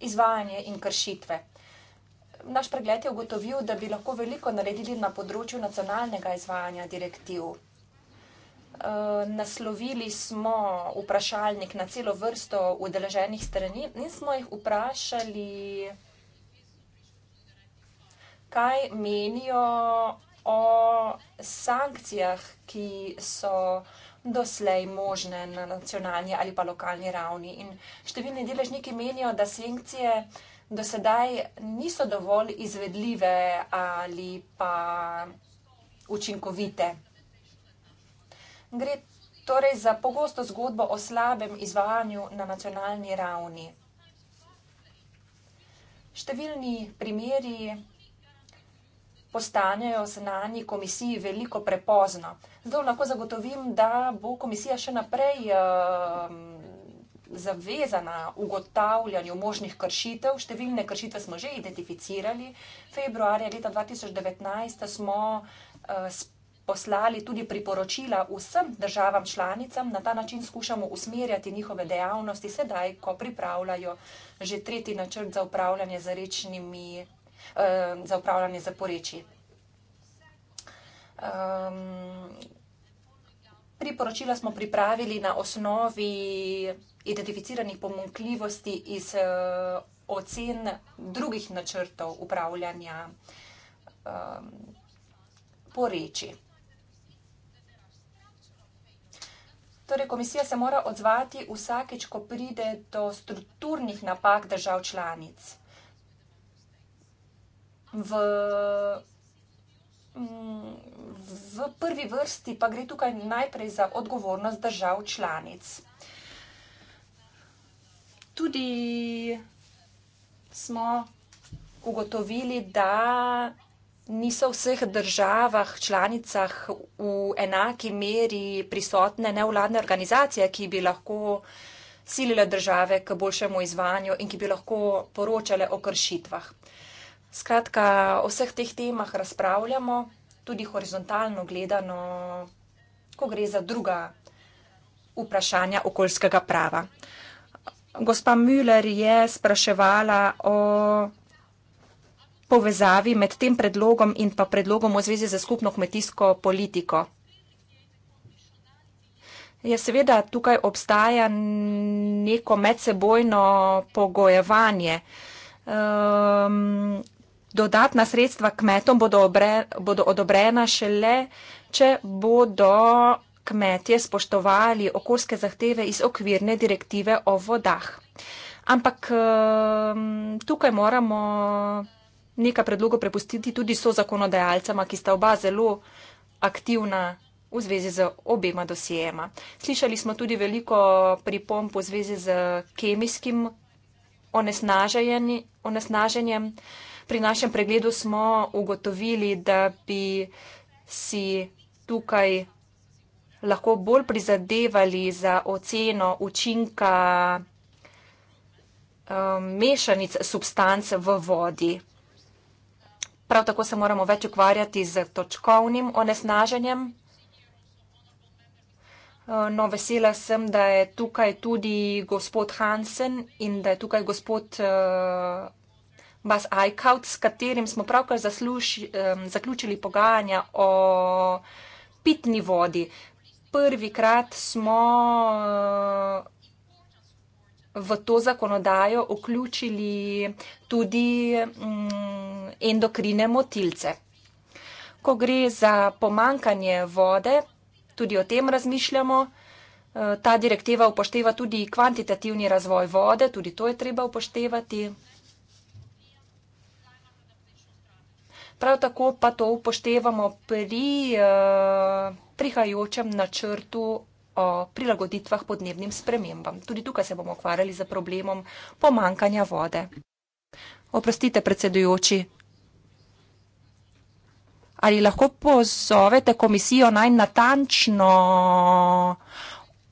Izvajanje in kršitve. Naš pregled je ugotovil, da bi lahko veliko naredili na področju nacionalnega izvajanja direktiv. Eh, naslovili smo vprašalnik na celo vrsto udeleženih strani in smo jih vprašali, kaj menijo o sankcijah, ki so doslej možne na nacionalni ali pa lokalni ravni. In številni deležniki menijo, da sankcije do sedaj niso dovolj izvedljive ali pa učinkovite. Gre torej za pogosto zgodbo o slabem izvajanju na nacionalni ravni. Številni primeri postanjajo znani komisiji veliko prepozno. Zdaj lahko zagotovim, da bo komisija še naprej ehm, zavezana ugotavljanju možnih kršitev. Številne kršitve smo že identificirali. Februarja leta 2019 smo spremljali eh, poslali tudi priporočila vsem državam članicam, na ta način skušamo usmerjati njihove dejavnosti sedaj, ko pripravljajo že tretji načrt za upravljanje z rečnimi, eh, za upravljanje z poreči. Ehm, priporočila smo pripravili na osnovi identificiranih pomankljivosti iz eh, ocen drugih načrtov upravljanja ehm, poreči. Torej, komisija se mora odzvati vsakeč, ko pride do strukturnih napak držav članic. V, mm, v prvi vrsti pa gre tukaj najprej za odgovornost držav članic. Tudi smo ugotovili, da niso v vseh državah, članicah v enaki meri prisotne nevladne organizacije, ki bi lahko silile države k boljšemu izvanju in ki bi lahko poročale o kršitvah. Skratka, o vseh teh temah razpravljamo, tudi horizontalno gledano, ko gre za druga vprašanja okoljskega prava. Gospa Müller je spraševala o povezavi med tem predlogom in pa predlogom v zvezi za skupno kmetijsko politiko? Je ja, seveda tukaj obstaja neko medsebojno pogojevanje. Um, dodatna sredstva kmetom bodo, obre, bodo odobrena šele, če bodo kmetje spoštovali okoljske zahteve iz okvirne direktive o vodah. Ampak um, tukaj moramo nekaj predlogov prepustiti tudi so zakonodajalcama, ki sta oba zelo aktivna v zvezi z obema dosijema. Slišali smo tudi veliko pripomp v zvezi z kemijskim onesnaženjem. Pri našem pregledu smo ugotovili, da bi si tukaj lahko bolj prizadevali za oceno učinka eh, mešanic substanc v vodi. Prav tako se moramo več ukvarjati z točkovnim onesnaženjem. Eh, no, vesela sem, da je tukaj tudi gospod Hansen in da je tukaj gospod uh, Bas Eichhout, s katerim smo pravkar um, zaključili pogajanja o pitni vodi. Prvikrat smo. Uh, v to zakonodajo vključili tudi mm, endokrine motilce. Ko gre za pomankanje vode, tudi o tem razmišljamo. Eh, ta direktiva upošteva tudi kvantitativni razvoj vode, tudi to je treba upoštevati. Prav tako pa to upoštevamo pri eh, prihajajočem načrtu o prilagoditvah podnebnim spremembam. Tudi tukaj se bomo ukvarjali z problemom pomankanja vode. Oprostite, predsedujoči. Ali lahko pozovete komisijo naj natančno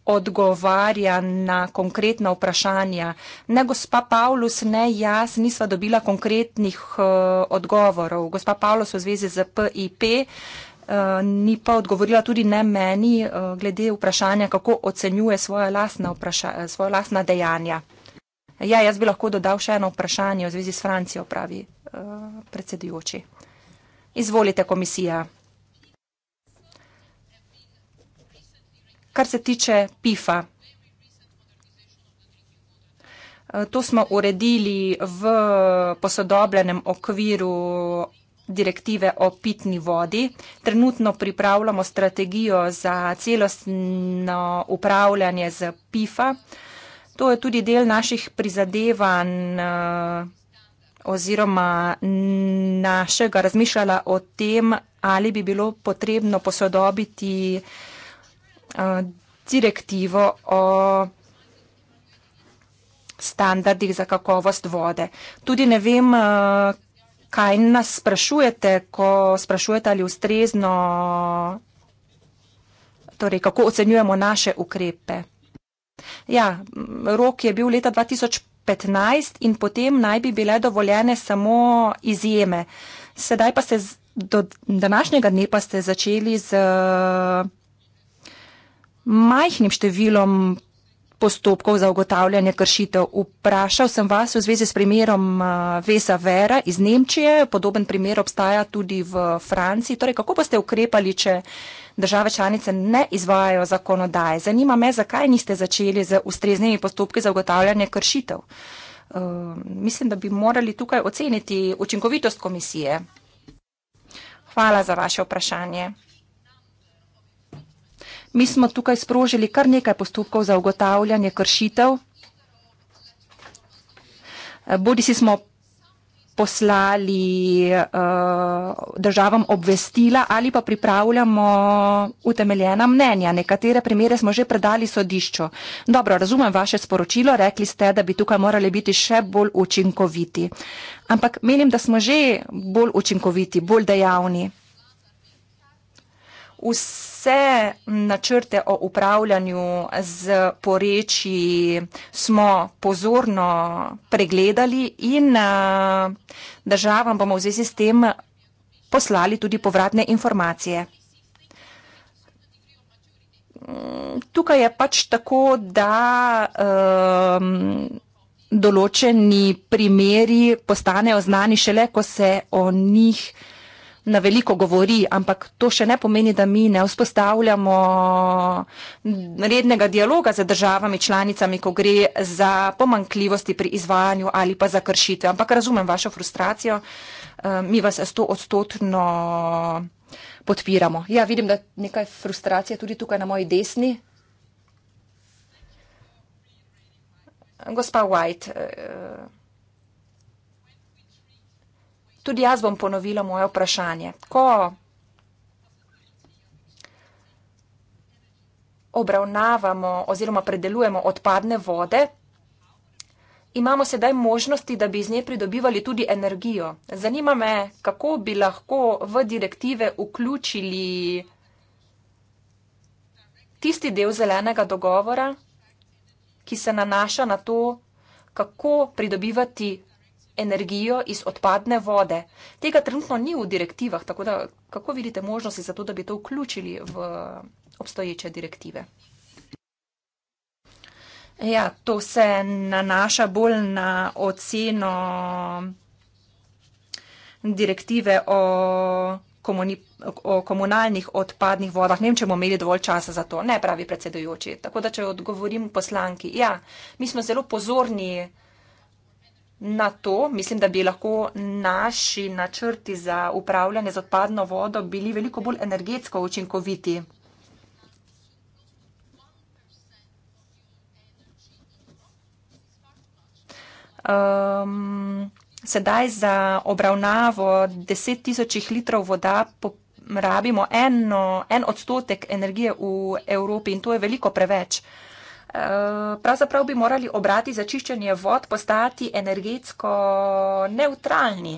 odgovarja na konkretna vprašanja? Ne, gospa Pavlus, ne jaz, nisva dobila konkretnih uh, odgovorov. Gospa Pavlus v zvezi z PIP uh, Eh, ni pa odgovorila tudi ne meni eh, glede vprašanja, kako ocenjuje svoja lastna, vpraša, eh, svoja lastna dejanja. Ja, jaz bi lahko dodal še eno vprašanje v zvezi s Francijo, pravi predsedujoči. Izvolite, komisija. Kar se tiče PIFA, to smo uredili v posodobljenem okviru direktive o pitni vodi. Trenutno pripravljamo strategijo za celostno upravljanje z PIFA. To je tudi del naših prizadevanj eh, oziroma našega razmišljala o tem, ali bi bilo potrebno posodobiti eh, direktivo o standardih za kakovost vode. Tudi ne vem, kako eh, kaj nas sprašujete, ko sprašujete ali ustrezno, torej kako ocenjujemo naše ukrepe. Ja, rok je bil leta 2015 in potem naj bi bile dovoljene samo izjeme. Sedaj pa ste do današnjega dne pa ste začeli z majhnim številom postopkov za ugotavljanje kršitev. Vprašal sem vas v zvezi s primerom eh, Vesa Vera iz Nemčije. Podoben primer obstaja tudi v Franciji. Torej, kako boste ukrepali, če države članice ne izvajajo zakonodaje? Zanima me, zakaj niste začeli z ustreznimi postopki za ugotavljanje kršitev. Uh, mislim, da bi morali tukaj oceniti učinkovitost komisije. Hvala za vaše vprašanje. Mi smo tukaj sprožili kar nekaj postopkov za ugotavljanje kršitev. Bodi si smo poslali uh, državam obvestila ali pa pripravljamo utemeljena mnenja. Nekatere primere smo že predali sodišču. Dobro, razumem vaše sporočilo, rekli ste, da bi tukaj morali biti še bolj učinkoviti. Ampak menim, da smo že bolj učinkoviti, bolj dejavni. Vse vse načrte o upravljanju z poreči smo pozorno pregledali in eh, državam bomo v zvezi s tem poslali tudi povratne informacije. Tukaj je pač tako, da um, določeni primeri postanejo znani šele, ko se o njih vsega na veliko govori, ampak to še ne pomeni, da mi ne vzpostavljamo rednega dialoga z državami, članicami, ko gre za pomankljivosti pri izvajanju ali pa za kršitve. Ampak razumem vašo frustracijo, eh, mi vas sto odstotno podpiramo. Ja, vidim, da nekaj frustracije tudi tukaj na moji desni. Gospa White. Eh, Tudi jaz bom ponovila moje vprašanje. Ko obravnavamo oziroma predelujemo odpadne vode, imamo sedaj možnosti, da bi iz nje pridobivali tudi energijo. Zanima me, kako bi lahko v direktive vključili tisti del zelenega dogovora, ki se nanaša na to, kako pridobivati energijo iz odpadne vode. Tega trenutno ni v direktivah, tako da kako vidite možnosti za to, da bi to vključili v obstoječe direktive? Ja, to se nanaša bolj na oceno direktive o, komuni, o komunalnih odpadnih vodah. Ne vem, če bomo imeli dovolj časa za to. Ne pravi predsedujoči. Tako da, če odgovorim poslanki. Ja, mi smo zelo pozorni. Na to mislim, da bi lahko naši načrti za upravljanje z odpadno vodo bili veliko bolj energetsko učinkoviti. Um, sedaj za obravnavo 10 tisočih litrov voda rabimo eno, en odstotek energije v Evropi in to je veliko preveč. Uh, Eh, pravzaprav bi morali obrati za čiščenje vod postati energetsko neutralni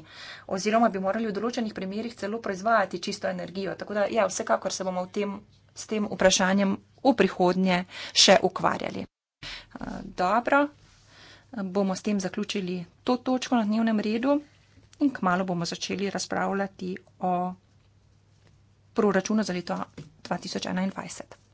oziroma bi morali v določenih primerjih celo proizvajati čisto energijo. Tako da, ja, vsekakor se bomo tem, s tem vprašanjem v prihodnje še ukvarjali. Eh, dobro, bomo s tem zaključili to točko na dnevnem redu in kmalo bomo začeli razpravljati o proračunu za leto 2021.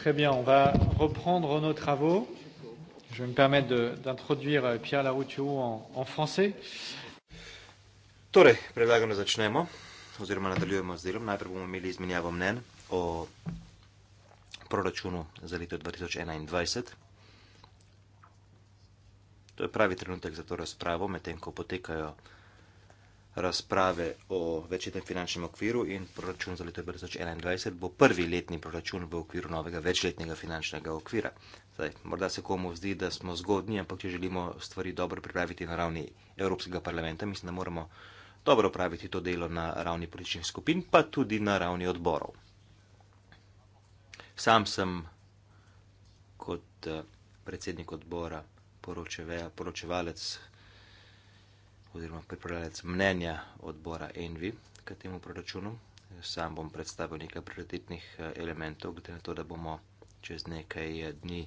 Très bien, on va reprendre nos travaux. Je vais me permettre d'introduire euh, Pierre Larouchou en, en français. Torej, predlagam, da začnemo oziroma nadaljujemo z delom. Najprej bomo imeli izmenjavo mnen o proračunu za leto 2021. To je pravi trenutek za to razpravo, medtem ko potekajo razprave o večletnem finančnem okviru in proračun za leto 2021 bo prvi letni proračun v okviru novega večletnega finančnega okvira. Zdaj, morda se komu zdi, da smo zgodni, ampak če želimo stvari dobro pripraviti na ravni Evropskega parlamenta, mislim, da moramo dobro praviti to delo na ravni političnih skupin, pa tudi na ravni odborov. Sam sem kot eh, predsednik odbora poročeve, poročevalec oziroma pripravljalec mnenja odbora Envi k temu proračunu. Sam bom predstavil nekaj prioritetnih eh, elementov, glede na to, da bomo čez nekaj eh, dni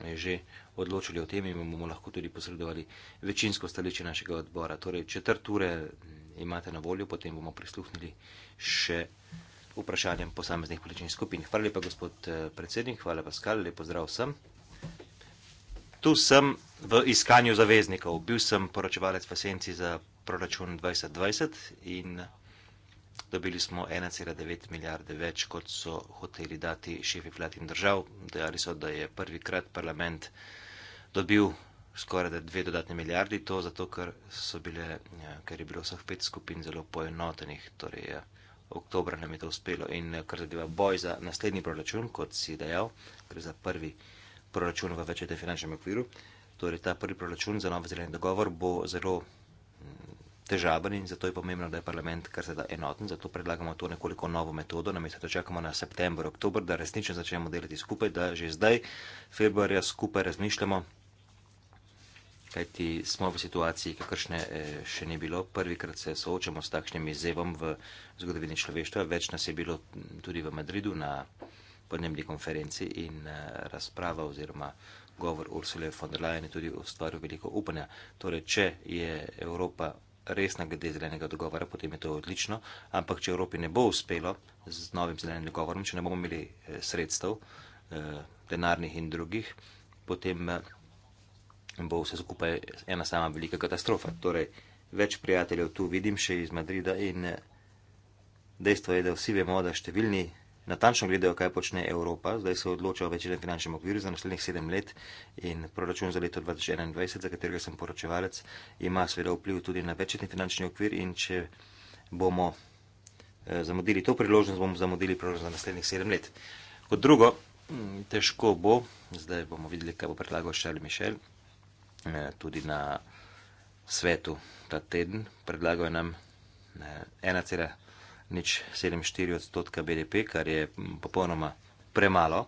eh, že odločili o tem in bomo lahko tudi posredovali večinsko stališče našega odbora. Torej, četrt ure mm, imate na voljo, potem bomo prisluhnili še vprašanjem posameznih političnih skupin. Hvala lepa, gospod predsednik, hvala pa skal, lepo zdrav vsem tu sem v iskanju zaveznikov. Bil sem poročevalec v Senci za proračun 2020 in dobili smo 1,9 milijarde več, kot so hoteli dati šefi vlad in držav. Dejali so, da je prvi krat parlament dobil skoraj da dve dodatne milijardi, to zato, ker, so bile, ja, ker je bilo vseh pet skupin zelo poenotenih, torej ja, oktober nam je to uspelo in kar zadeva boj za naslednji proračun, kot si dejal, gre za prvi proračun proračun v večjem finančnem okviru. Torej, ta prvi proračun za novo zeleni dogovor bo zelo mm, težaven in zato je pomembno, da je parlament kar se da enoten. Zato predlagamo to nekoliko novo metodo, namesto da čakamo na september, oktober, da resnično začnemo delati skupaj, da že zdaj, februarja, skupaj razmišljamo, kajti smo v situaciji, kakršne eh, še ni bilo. Prvikrat se soočamo s takšnim izzevom v zgodovini človeštva. Več nas je bilo mm, tudi v Madridu na podnebni konferenci in eh, razprava oziroma govor Ursule von der Leyen je tudi ustvaril veliko upanja. Torej, če je Evropa resna glede zelenega dogovora, potem je to odlično, ampak če Evropi ne bo uspelo z novim zelenim dogovorom, če ne bomo imeli eh, sredstev, eh, denarnih in drugih, potem bo vse skupaj ena sama velika katastrofa. Torej, več prijateljev tu vidim še iz Madrida in dejstvo je, da vsi vemo, da številni natančno gledajo, kaj počne Evropa. Zdaj se odločajo o večjem finančnem okviru za naslednjih sedem let in proračun za leto 2021, za katerega sem poročevalec, ima seveda vpliv tudi na večjetni finančni okvir in če bomo eh, zamudili to priložnost, bomo zamudili proračun za naslednjih sedem let. Kot drugo, hm, težko bo, zdaj bomo videli, kaj bo predlagal Charles Michel, eh, tudi na svetu ta teden, predlagal je nam 1,5. Eh, nič 7,4 odstotka BDP, kar je popolnoma premalo.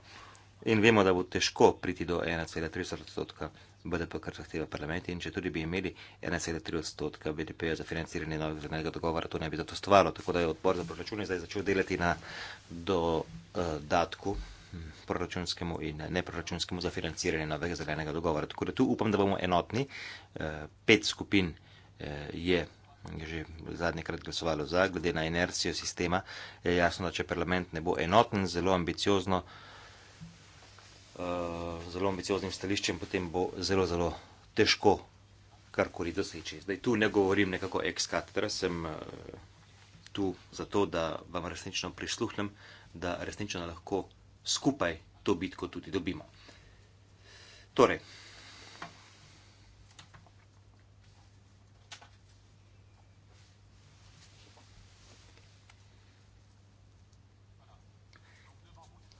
In vemo, da bo težko priti do 1,3 odstotka BDP, kar zahteva parlament. In če tudi bi imeli 1,3 odstotka BDP za financiranje novega zrednega dogovora, to ne bi zato stvarilo. Tako da je odbor za proračune zdaj začel delati na dodatku hm, proračunskemu in neproračunskemu za financiranje novega zelenega dogovora. Tako da tu upam, da bomo enotni. Eh, pet skupin eh, je je že zadnjikrat glasovalo za, glede na inercijo sistema, je jasno, da če parlament ne bo enoten, zelo ambiciozno, uh, zelo ambicioznim stališčem, potem bo zelo, zelo težko kar koli doseči. Zdaj tu ne govorim nekako ex katedra, sem uh, tu zato, da vam resnično prisluhnem, da resnično lahko skupaj to bitko tudi dobimo. Torej,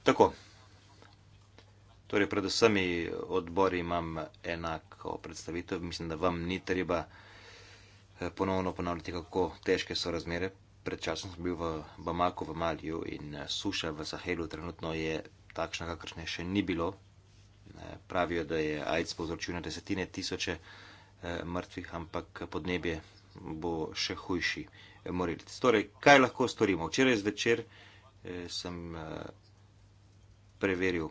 Tako. Torej, pred vsemi odbori imam enako predstavitev. Mislim, da vam ni treba eh, ponovno ponavljati, kako težke so razmere. Pred časom sem bil v Bamaku, v Malju in eh, suša v Sahelu trenutno je takšna, kakršne še ni bilo. Eh, pravijo, da je AIDS povzročil na desetine tisoče mrtvih, ampak podnebje bo še hujši morilec. Torej, kaj lahko storimo? Včeraj zvečer sem preveril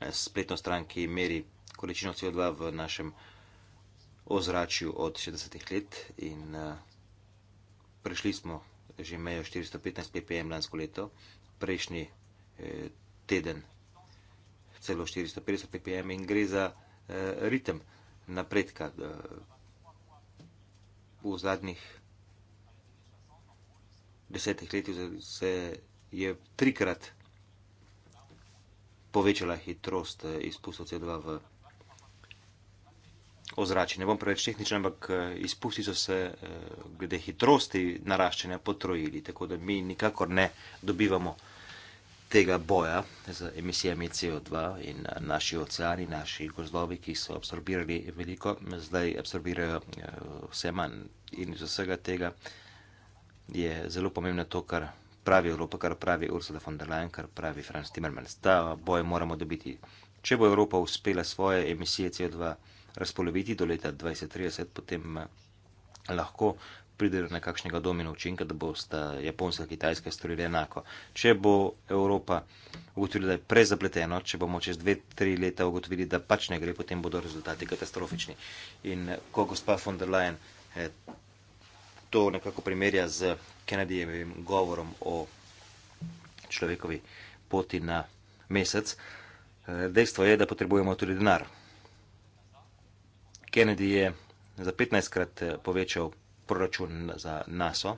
eh, spletno stran, ki meri količino CO2 v našem ozračju od 60 let in uh, prešli smo že mejo 415 ppm lansko leto, prejšnji eh, teden celo 450 ppm in gre za eh, ritem napredka eh, v zadnjih desetih letih se je trikrat povečala hitrost eh, izpustov CO2 v ozračje. Ne bom preveč tehničen, ampak eh, izpusti so se eh, glede hitrosti naraščanja potrojili, tako da mi nikakor ne dobivamo tega boja z emisijami CO2 in naši oceani, naši gozdovi, ki so absorbirali veliko, zdaj absorbirajo vse manj. In iz vsega tega je zelo pomembno to, kar pravi Evropa, kar pravi Ursula von der Leyen, kar pravi Franz Timmermans. Ta boj moramo dobiti. Če bo Evropa uspela svoje emisije CO2 razpoloviti do leta 2030, potem eh, lahko pride na kakšnega domino učinka, da bo sta Japonska in Kitajska storili enako. Če bo Evropa ugotovila, da je prezapleteno, če bomo čez dve, tri leta ugotovili, da pač ne gre, potem bodo rezultati katastrofični. In eh, ko gospa von der Leyen. Eh, to nekako primerja z Kennedyjevim govorom o človekovi poti na mesec. E, dejstvo je, da potrebujemo tudi denar. Kennedy je za 15krat e, povečal proračun za NASA.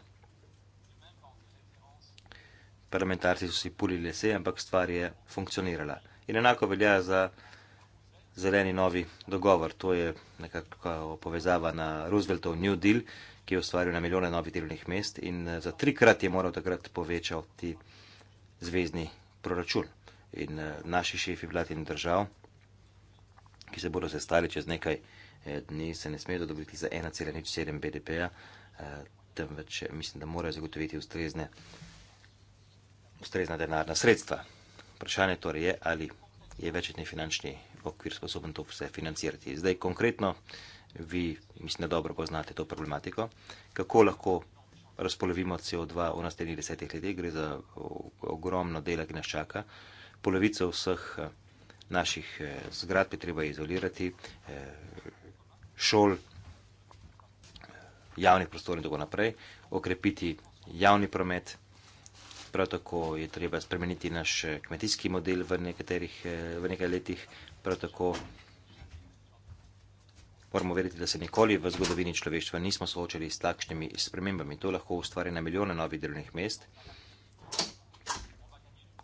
Parlamentarci so si pulili se, ampak stvar je funkcionirala. In enako velja za zeleni novi dogovor. To je nekako povezava na Rooseveltov New Deal ki je ustvaril na milijone novih delovnih mest in eh, za trikrat je moral takrat povečati zvezdni proračun. In eh, naši šefi vlad in držav, ki se bodo sestali čez nekaj eh, dni, se ne smejo dobiti za 1,07 BDP-ja, temveč mislim, da morajo zagotoviti ustrezne, ustrezna denarna sredstva. Vprašanje torej je, ali je večetni finančni okvir sposoben to vse financirati. Zdaj konkretno vi, mislim, da dobro poznate to problematiko, kako lahko razpolovimo CO2 v naslednjih desetih letih. Gre za ogromno dela, ki nas čaka. Polovico vseh eh, naših eh, zgradb je treba izolirati, eh, šol, javnih prostorov in tako naprej, okrepiti javni promet. Prav tako je treba spremeniti naš kmetijski model v, v nekaj letih, prav tako Moramo verjeti, da se nikoli v zgodovini človeštva nismo soočali s takšnimi spremembami. To lahko ustvari na milijone novih delovnih mest.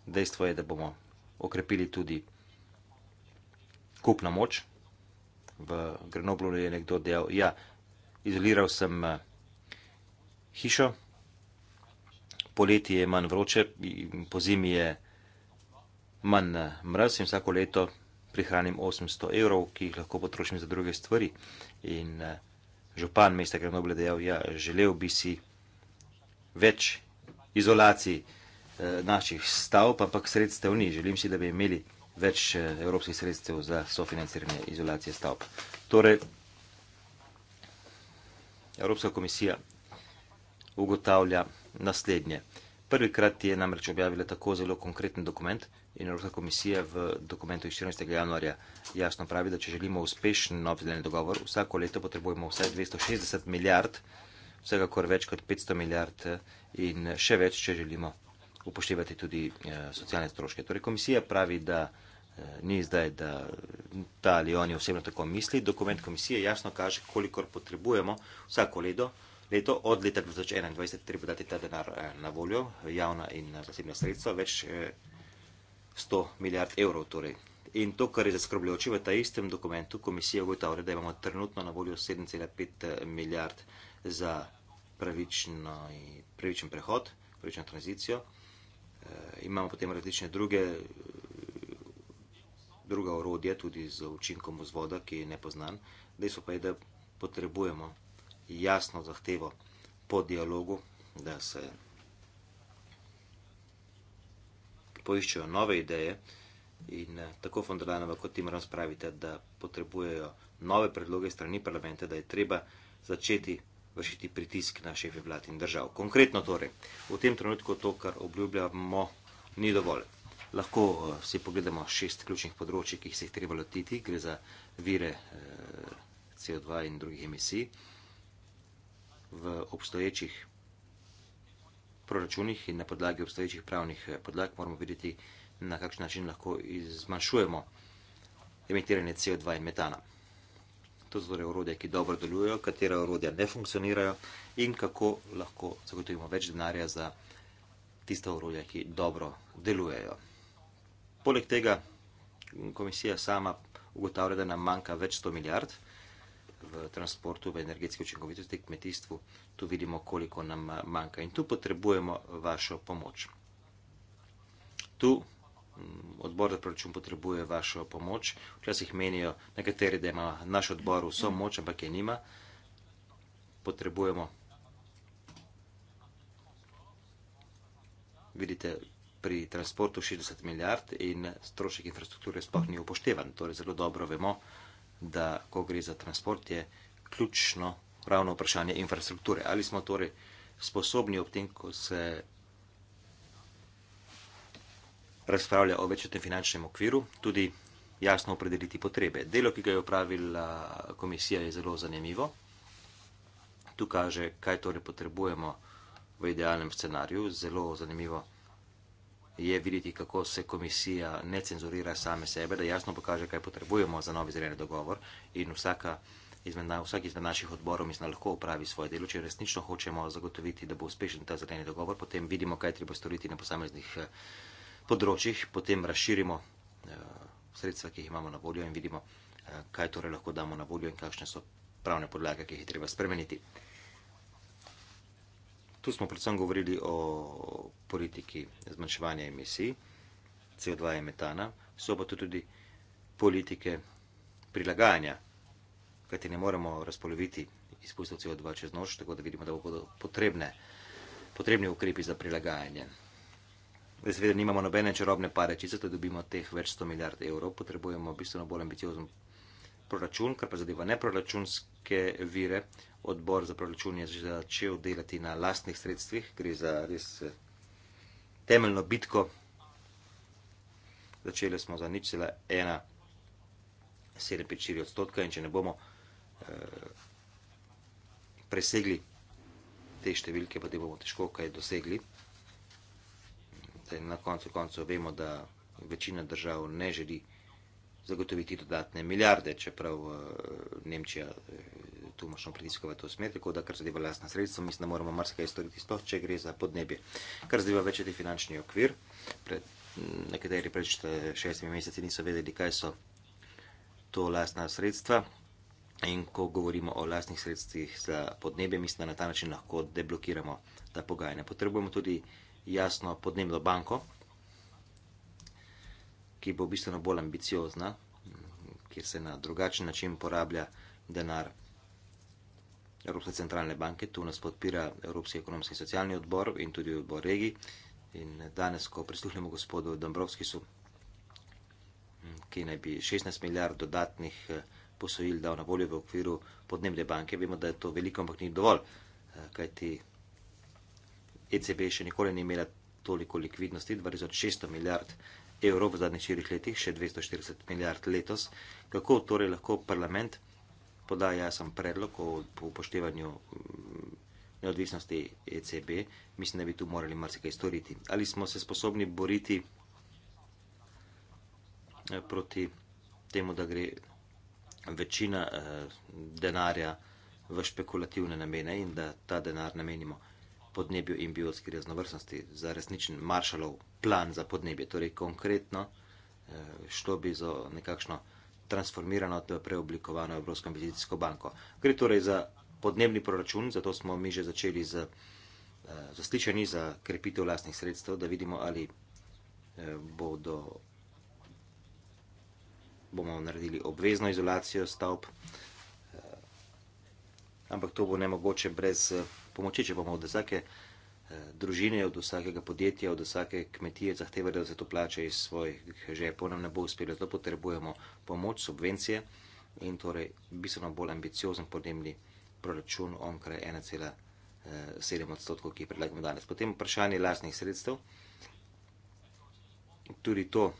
Dejstvo je, da bomo okrepili tudi kupna moč. V Grenoblu je nekdo del, ja, izoliral sem eh, hišo, poleti je manj vroče, po zimi je manj eh, mraz in vsako leto prihranim 800 evrov, ki jih lahko potrošim za druge stvari. In eh, župan mesta Grenoble dejal, ja, želel bi si več izolacij eh, naših stav, pa pak sredstev ni. Želim si, da bi imeli več eh, evropskih sredstev za sofinanciranje izolacije stav. Torej, Evropska komisija ugotavlja naslednje. Prvi krat je namreč objavila tako zelo konkreten dokument, in Evropska komisija v dokumentu iz 14. januarja jasno pravi, da če želimo uspešen novzeljeni dogovor, vsako leto potrebujemo vsaj 260 milijard, vsekakor več kot 500 milijard eh, in še več, če želimo upoštevati tudi eh, socialne stroške. Torej, komisija pravi, da eh, ni zdaj, da ta ali oni osebno tako misli. Dokument komisije jasno kaže, koliko potrebujemo vsako leto, leto od leta 2021 treba dati ta denar eh, na voljo, javna in eh, zasebna sredstva, več. Eh, 100 milijard evrov. Torej. In to, kar je zaskrbljujoče v ta istem dokumentu, komisija ugotavlja, da imamo trenutno na voljo 7,5 eh, milijard za pravično, pravičen prehod, pravično tranzicijo. E, imamo potem različne druge, eh, druga orodja, tudi z učinkom vzvoda, ki je nepoznan. Dejstvo pa je, da potrebujemo jasno zahtevo po dialogu, da se poiščejo nove ideje in eh, tako Fondalanova kot Timorans pravite, da potrebujejo nove predloge strani parlamenta, da je treba začeti vršiti pritisk na šefe vlad in držav. Konkretno torej, v tem trenutku to, kar obljubljamo, ni dovolj. Lahko eh, si pogledamo šest ključnih področji, ki se jih treba lotiti, gre za vire eh, CO2 in drugih emisij. V obstoječih proračunih in na podlagi obstoječih pravnih eh, podlag moramo videti, na kakšen način lahko zmanjšujemo emitiranje CO2 in metana. To so torej urodja, ki dobro delujejo, katera urodja ne funkcionirajo in kako lahko zagotovimo več denarja za tiste urodja, ki dobro delujejo. Poleg tega komisija sama ugotavlja, da nam manjka več 100 milijard v transportu, v energetski učinkovitosti, kmetijstvu, tu vidimo, koliko nam eh, manjka in tu potrebujemo eh, vašo pomoč. Tu mm, odbor za proračun potrebuje vašo pomoč. Včasih menijo nekateri, da ima naš odbor vso moč, ampak je nima. Potrebujemo. Vidite, pri transportu 60 milijard in strošek infrastrukture sploh ni upoštevan. Torej zelo dobro vemo, da ko gre za transport, je ključno ravno vprašanje infrastrukture. Ali smo torej sposobni ob tem, ko se razpravlja o večjem finančnem okviru, tudi jasno opredeliti potrebe. Delo, ki ga je upravila komisija, je zelo zanimivo. Tu kaže, kaj torej potrebujemo v idealnem scenariju. Zelo zanimivo je videti, kako se komisija ne cenzurira same sebe, da jasno pokaže, kaj potrebujemo za novi zreli dogovor in vsaka izmed, vsak izmed naših odborov mislim, lahko upravi svoje delo. Če resnično hočemo zagotoviti, da bo uspešen ta zreli dogovor, potem vidimo, kaj treba storiti na posameznih eh, področjih, potem razširimo uh, sredstva, ki jih imamo na voljo in vidimo, uh, kaj torej lahko damo na voljo in kakšne so pravne podlage, ki jih je treba spremeniti. Tu smo predvsem govorili o politiki zmanjševanja emisij CO2 in metana, so pa tu tudi politike prilagajanja, kajti ne moremo razpoloviti izpustov CO2 čez noč, tako da vidimo, da bodo potrebne, potrebni ukrepi za prilagajanje. Zdaj seveda nimamo nobene čarobne pare, če zato dobimo teh več 100 milijard evrov, potrebujemo bistveno bolj ambiciozen proračun, kar pa zadeva neproračunske vire, odbor za proračun je začel delati na lastnih sredstvih, gre za res eh, temeljno bitko. Začeli smo za nič cela ena, sedem pet štiri odstotka in če ne bomo eh, presegli te številke, potem bomo težko kaj dosegli. Na koncu koncev vemo, da večina držav ne želi zagotoviti dodatne milijarde, čeprav eh, Nemčija eh, tu močno pritiska v to smer, tako da kar zadeva lastna sredstva, mislim, da moramo marsikaj storiti, sploh če gre za podnebje. Kar zadeva večeti finančni okvir, pred, nekateri pred šestimi meseci niso vedeli, kaj so to lastna sredstva. In ko govorimo o lastnih sredstvih za podnebje, mislim, da na ta način lahko deblokiramo ta pogajanja. Potrebujemo tudi jasno podnebno banko, ki bo bistveno bolj ambiciozna, kjer se na drugačen način porablja denar Evropske centralne banke. Tu nas podpira Evropski ekonomski in socialni odbor in tudi odbor regij. In danes, ko prisluhnemo gospodu Dombrovskisu, ki naj bi 16 milijard dodatnih eh, posojil dal na voljo v okviru podnebne banke, vemo, da je to veliko, ampak ni dovolj, eh, kajti ECB še nikoli ni imela toliko likvidnosti, 2600 milijard evrov v zadnjih štirih letih, še 240 milijard letos, kako torej lahko parlament poda jasen predlog o upoštevanju mm, neodvisnosti ECB, mislim, da bi tu morali marsikaj storiti. Ali smo se sposobni boriti eh, proti temu, da gre večina eh, denarja v špekulativne namene in da ta denar namenimo? podnebju in biotski raznovrstnosti, za resničen Marshallov plan za podnebje. Torej, konkretno, eh, šlo bi za nekakšno transformirano, preoblikovano Evropsko investicijsko banko. Gre torej za podnebni proračun, zato smo mi že začeli z eh, zaslišanji za krepitev vlastnih sredstev, da vidimo, ali eh, bodo, bomo naredili obvezno izolacijo stavb. Ampak to bo nemogoče brez pomoči, če bomo od vsake eh, družine, od vsakega podjetja, od vsake kmetije zahtevali, da se to plače iz svojih žepov, nam ne bo uspelo. Zato potrebujemo pomoč, subvencije in torej bistveno bolj ambiciozen podnebni proračun onkraj 1,7 eh, odstotkov, ki predlagamo danes. Potem vprašanje lastnih sredstev. Tudi to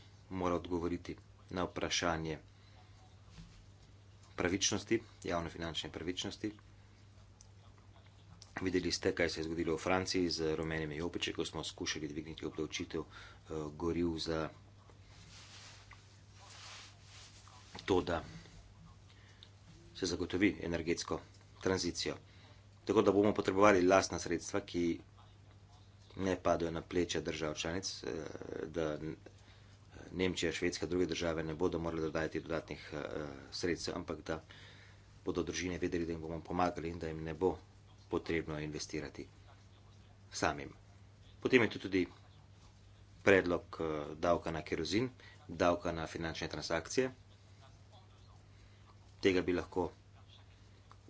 mora odgovoriti na vprašanje pravičnosti, javnofinančne pravičnosti. Videli ste, kaj se je zgodilo v Franciji z rumenimi jopiči, ko smo skušali dvigniti obdavčitev eh, goril za to, da se zagotovi energetsko tranzicijo. Tako da bomo potrebovali lastna sredstva, ki ne padajo na pleče držav članic, eh, da eh, Nemčija, Švedska, druge države ne bodo morali dodajati dodatnih sredstev, ampak da bodo družine vedeli, da jim bomo pomagali in da jim ne bo potrebno investirati samim. Potem je tu tudi predlog eh, davka na kerozin, davka na finančne transakcije. Tega bi lahko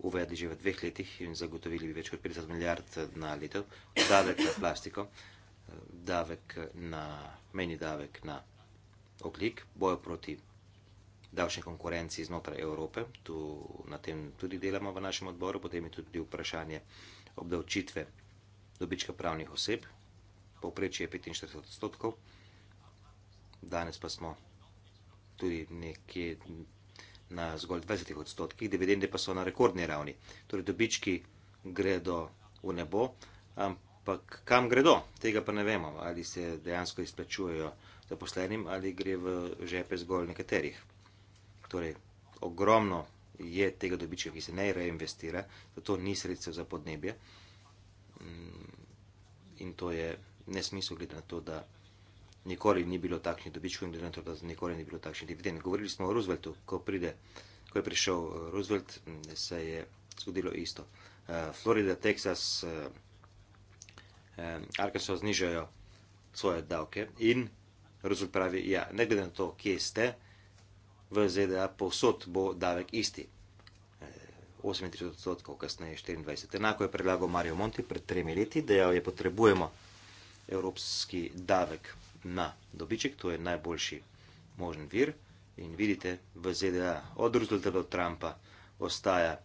uvedli že v dveh letih in zagotovili bi več kot 50 milijard eh, na leto, davek na plastiko, eh, davek na meni davek na oglik, bojo proti davčne konkurenci znotraj Evrope. Tu na tem tudi delamo v našem odboru. Potem je tudi vprašanje obdavčitve dobička pravnih oseb. Povprečje je 45 odstotkov. Danes pa smo tudi nekje na zgolj 20 odstotkih. Dividende pa so na rekordni ravni. Torej dobički gredo v nebo, ampak kam gredo, tega pa ne vemo. Ali se dejansko izplačujejo zaposlenim ali gre v žepe zgolj nekaterih. Torej, ogromno je tega dobička, ki se ne reinvestira, zato ni sredstev za podnebje. Mm, in to je nesmisel, glede na to, da nikoli ni bilo takšnih dobičkov in glede na to, da nikoli ni bilo takšnih dividend. Govorili smo o Rooseveltu, ko, pride, ko je prišel eh, Roosevelt, mm, se je zgodilo isto. Eh, Florida, Teksas, eh, Arkansas znižajo svoje davke in Roosevelt pravi, ja, ne glede na to, kje ste, v ZDA posod bo davek isti. 38 e, odstotkov, kasneje 24. Enako je predlagal Mario Monti pred tremi leti, dejal je potrebujemo evropski davek na dobiček, to je najboljši možen vir in vidite v ZDA od rezultata od Trumpa ostaja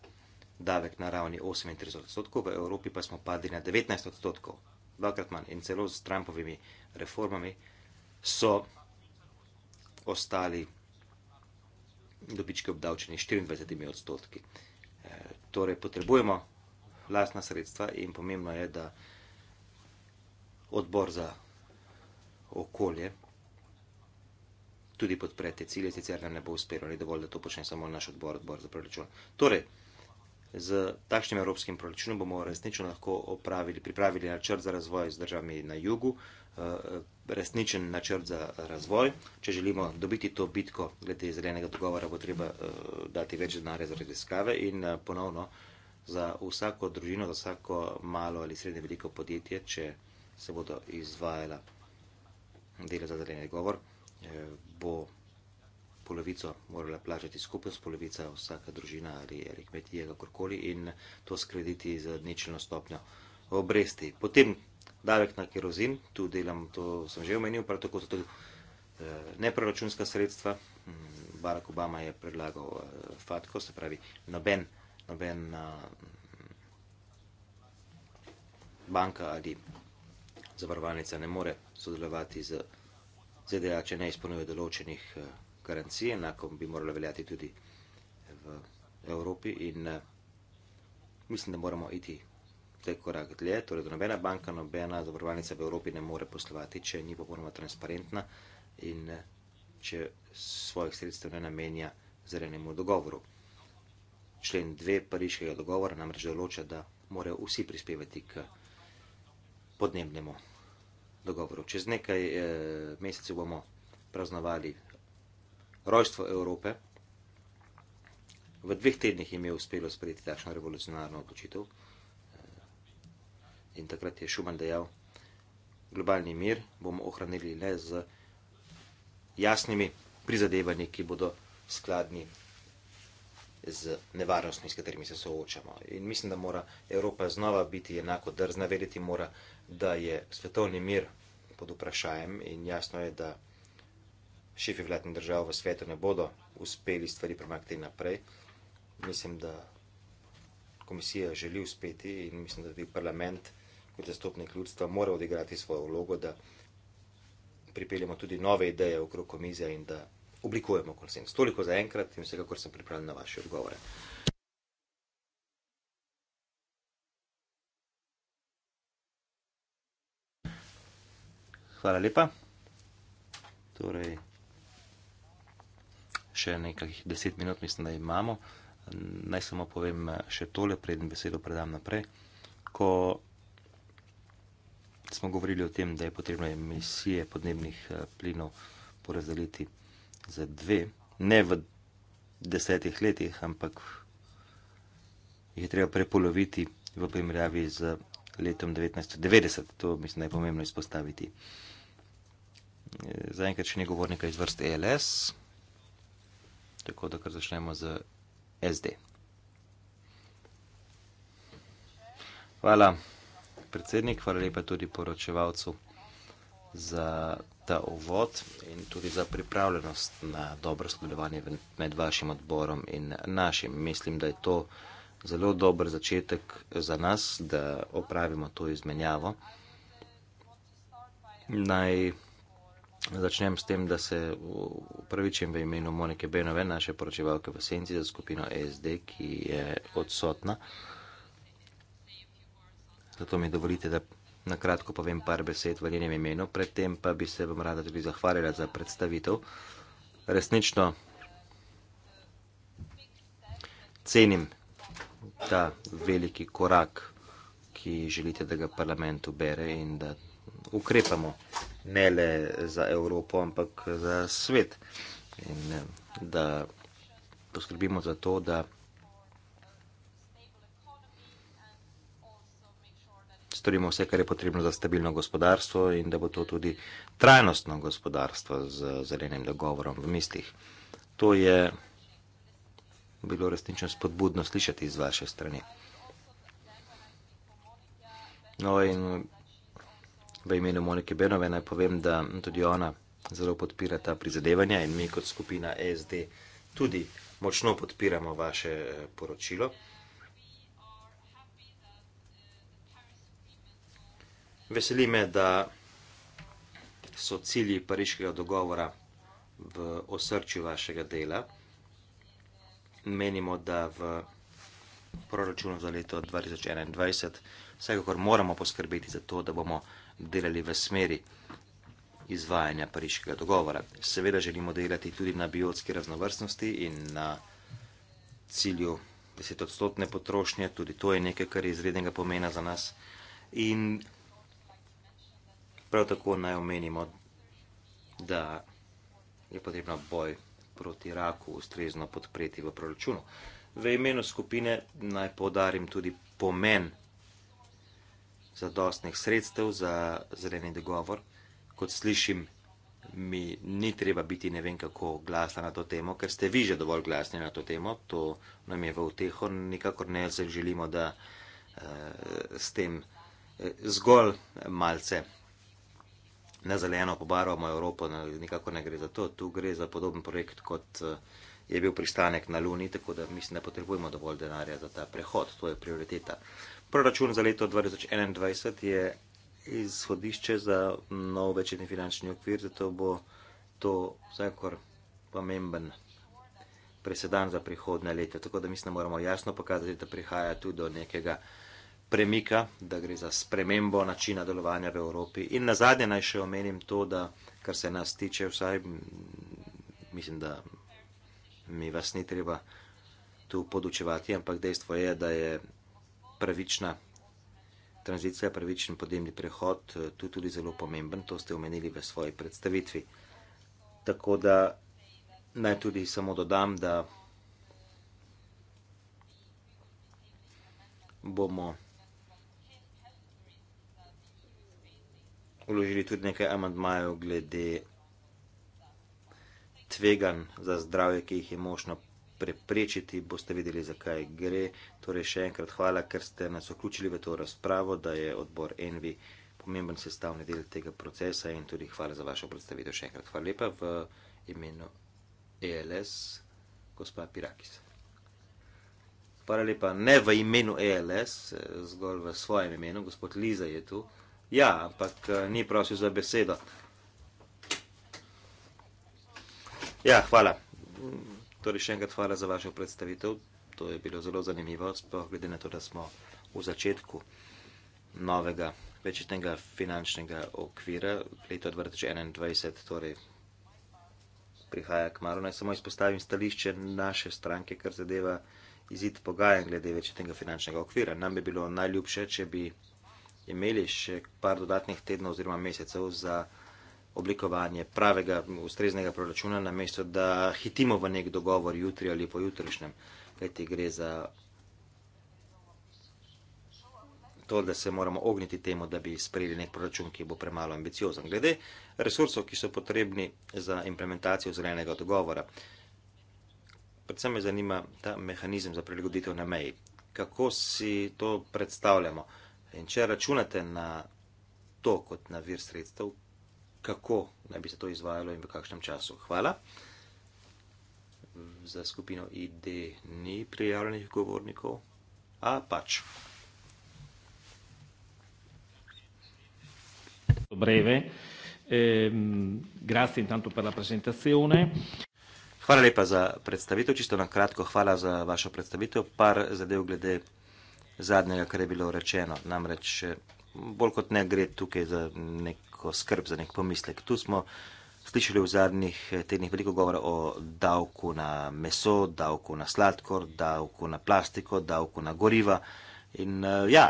davek na ravni 38 odstotkov, v Evropi pa smo padli na 19 odstotkov, dvakrat manj in celo s Trumpovimi reformami so ostali dobičke obdavčeni 24 odstotki. E, torej, potrebujemo vlastna sredstva in pomembno je, da odbor za okolje tudi podpre te cilje, sicer nam ne bo uspelo, ni dovolj, da to počne samo naš odbor, odbor za proračun. Torej, z takšnim evropskim proračunom bomo resnično lahko opravili, pripravili načrt za razvoj z državami na jugu, Eh, resničen načrt za razvoj. Če želimo dobiti to bitko glede zelenega dogovora, bo treba eh, dati več denarja za raziskave in eh, ponovno za vsako družino, za vsako malo ali srednje veliko podjetje, če se bodo izvajala dela za zeleni dogovor, bo polovico morala plačati skupnost, polovica vsaka družina ali, ali kmetija, kakorkoli, in to skrediti z ničelno stopnjo obresti. Potem, davek na kerozin, tu delam, to sem že omenil, prav tako so tudi eh, neproračunska sredstva. Mm, Barack Obama je predlagal eh, FATKO, se pravi, noben, noben eh, banka ali zavarovalnica ne more sodelovati z ZDA, če ne izpolnjuje določenih garancij, enako bi moralo veljati tudi v Evropi in mislim, da moramo iti te korak dlje, torej da nobena banka, nobena zavarovalnica v Evropi ne more poslovati, če ni popolnoma transparentna in eh, če svojih sredstev ne namenja zrenemu dogovoru. Člen 2 pariškega dogovora namreč določa, da morajo vsi prispevati k podnebnemu dogovoru. Čez nekaj e, mesecev bomo praznovali rojstvo Evrope. V dveh tednih je imel uspelo sprejeti takšno revolucionarno odločitev. In takrat je Šuman dejal, globalni mir bomo ohranili le z jasnimi prizadevanji, ki bodo skladni z nevarnostmi, s katerimi se soočamo. In mislim, da mora Evropa znova biti enako drzna, vedeti mora, da je svetovni mir pod vprašajem in jasno je, da šefi vladnih držav v svetu ne bodo uspeli stvari premakniti naprej. Mislim, da komisija želi uspeti in mislim, da tudi parlament in zastopnik ljudstva mora odigrati svojo vlogo, da pripeljemo tudi nove ideje okrog komizija in da oblikujemo konsens. Toliko za enkrat in vsekakor sem pripravljen na vaše odgovore. Hvala lepa. Torej, še nekaj deset minut mislim, da imamo. Naj samo povem še tole, preden besedo predam naprej. Ko smo govorili o tem, da je potrebno emisije podnebnih eh, plinov porazdeliti za dve, ne v desetih letih, ampak jih je treba prepoloviti v primerjavi z letom 1990. To mislim, da je pomembno izpostaviti. Eh, zaenkrat še ni govornika iz vrst ELS, tako da kar začnemo z SD. Hvala predsednik, hvala lepa tudi poročevalcu za ta uvod in tudi za pripravljenost na dobro sodelovanje med vašim odborom in našim. Mislim, da je to zelo dober začetek za nas, da opravimo to izmenjavo. Naj začnem s tem, da se upravičim v imenu Monike Benove, naše poročevalke v Senci za skupino ESD, ki je odsotna. Uh, Zato mi dovolite, da na kratko povem par besed v njenem imenu, predtem pa bi se vam rada tudi zahvalila za predstavitev. Resnično cenim ta veliki korak, ki želite, da ga parlament ubere in da ukrepamo ne le za Evropo, ampak za svet. In eh, da poskrbimo za to, da. storimo vse, kar je potrebno za stabilno gospodarstvo in da bo to tudi trajnostno gospodarstvo z zelenim dogovorom v mislih. To je bilo resnično spodbudno slišati iz vaše strani. No in v imenu Monike Benove naj povem, da tudi ona zelo podpira ta prizadevanja in mi kot skupina SD tudi močno podpiramo vaše poročilo. Veseli me, da so cilji pariškega dogovora v osrčju vašega dela. Menimo, da v proračunu za leto 2021 vsekakor moramo poskrbeti za to, da bomo delali v smeri izvajanja pariškega dogovora. Seveda želimo delati tudi na biotski raznovrstnosti in na cilju desetodstotne potrošnje, tudi to je nekaj, kar je izrednega pomena za nas. In Prav tako naj omenimo, da je potrebno boj proti raku ustrezno podpreti v proračunu. V imenu skupine naj podarim tudi pomen zadostnih sredstev za zeleni dogovor. Kot slišim, mi ni treba biti ne vem kako glasna na to temo, ker ste vi že dovolj glasni na to temo, to nam je v uteho, nikakor ne želimo, da eh, s tem eh, zgolj malce na zeleno pobarvamo Evropo, na, nikako ne gre za to. Tu gre za podoben projekt, kot eh, je bil pristanek na Luni, tako da mislim, da potrebujemo dovolj denarja za ta prehod, to je prioriteta. Proračun za leto 2021 je izhodišče za nov večetni finančni okvir, zato bo to vsakor pomemben presedan za prihodne leta. Tako da mislim, da moramo jasno pokazati, da prihaja tudi do nekega premika, da gre za spremembo načina delovanja v Evropi. In na zadnje naj še omenim to, da kar se nas tiče, vsaj mislim, da mi vas ni treba tu podučevati, ampak dejstvo je, da je pravična tranzicija, pravičen podnebni prehod eh, tu tudi zelo pomemben. To ste omenili v svoji predstavitvi. Tako da naj tudi samo dodam, da bomo vložili tudi nekaj amantmajev glede tvegan za zdravje, ki jih je možno preprečiti, boste videli, zakaj gre. Torej, še enkrat hvala, ker ste nas vključili v to razpravo, da je odbor Envi pomemben sestavni del tega procesa in tudi hvala za vašo predstavitev. Še enkrat hvala lepa v imenu ELS, gospa Pirakis. Hvala lepa ne v imenu ELS, eh, zgolj v svojem imenu, gospod Liza je tu. Ja, ampak eh, ni prosil za besedo. Ja, hvala. Torej, še enkrat hvala za vašo predstavitev. To je bilo zelo zanimivo, sploh glede na to, da smo v začetku novega večetnega finančnega okvira leta 2021, torej prihaja k malo. Naj samo izpostavim stališče naše stranke, kar zadeva izid pogajanj glede večetnega finančnega okvira. Nam bi bilo najljubše, če bi imeli še par dodatnih tednov oziroma mesecev za oblikovanje pravega, ustreznega proračuna, namesto da hitimo v nek dogovor jutri ali pojutrišnjem, kajti gre za to, da se moramo ogniti temu, da bi sprejeli nek proračun, ki bo premalo ambiciozen. Glede resursov, ki so potrebni za implementacijo zelenega dogovora, predvsem me zanima ta mehanizem za prilagoditev na meji. Kako si to predstavljamo? In če računate na to kot na vir sredstev, kako naj bi se to izvajalo in v kakšnem času. Hvala. Za skupino ID ni prijavljenih govornikov, a pač. Breve. Ehm, hvala lepa za predstavitev. Čisto na kratko, hvala za vašo predstavitev. Par zadev glede zadnjega, kar je bilo rečeno. Namreč eh, bolj kot ne gre tukaj za neko skrb, za nek pomislek. Tu smo slišali v zadnjih eh, tednih veliko govora o davku na meso, davku na sladkor, davku na plastiko, davku na goriva. In eh, ja,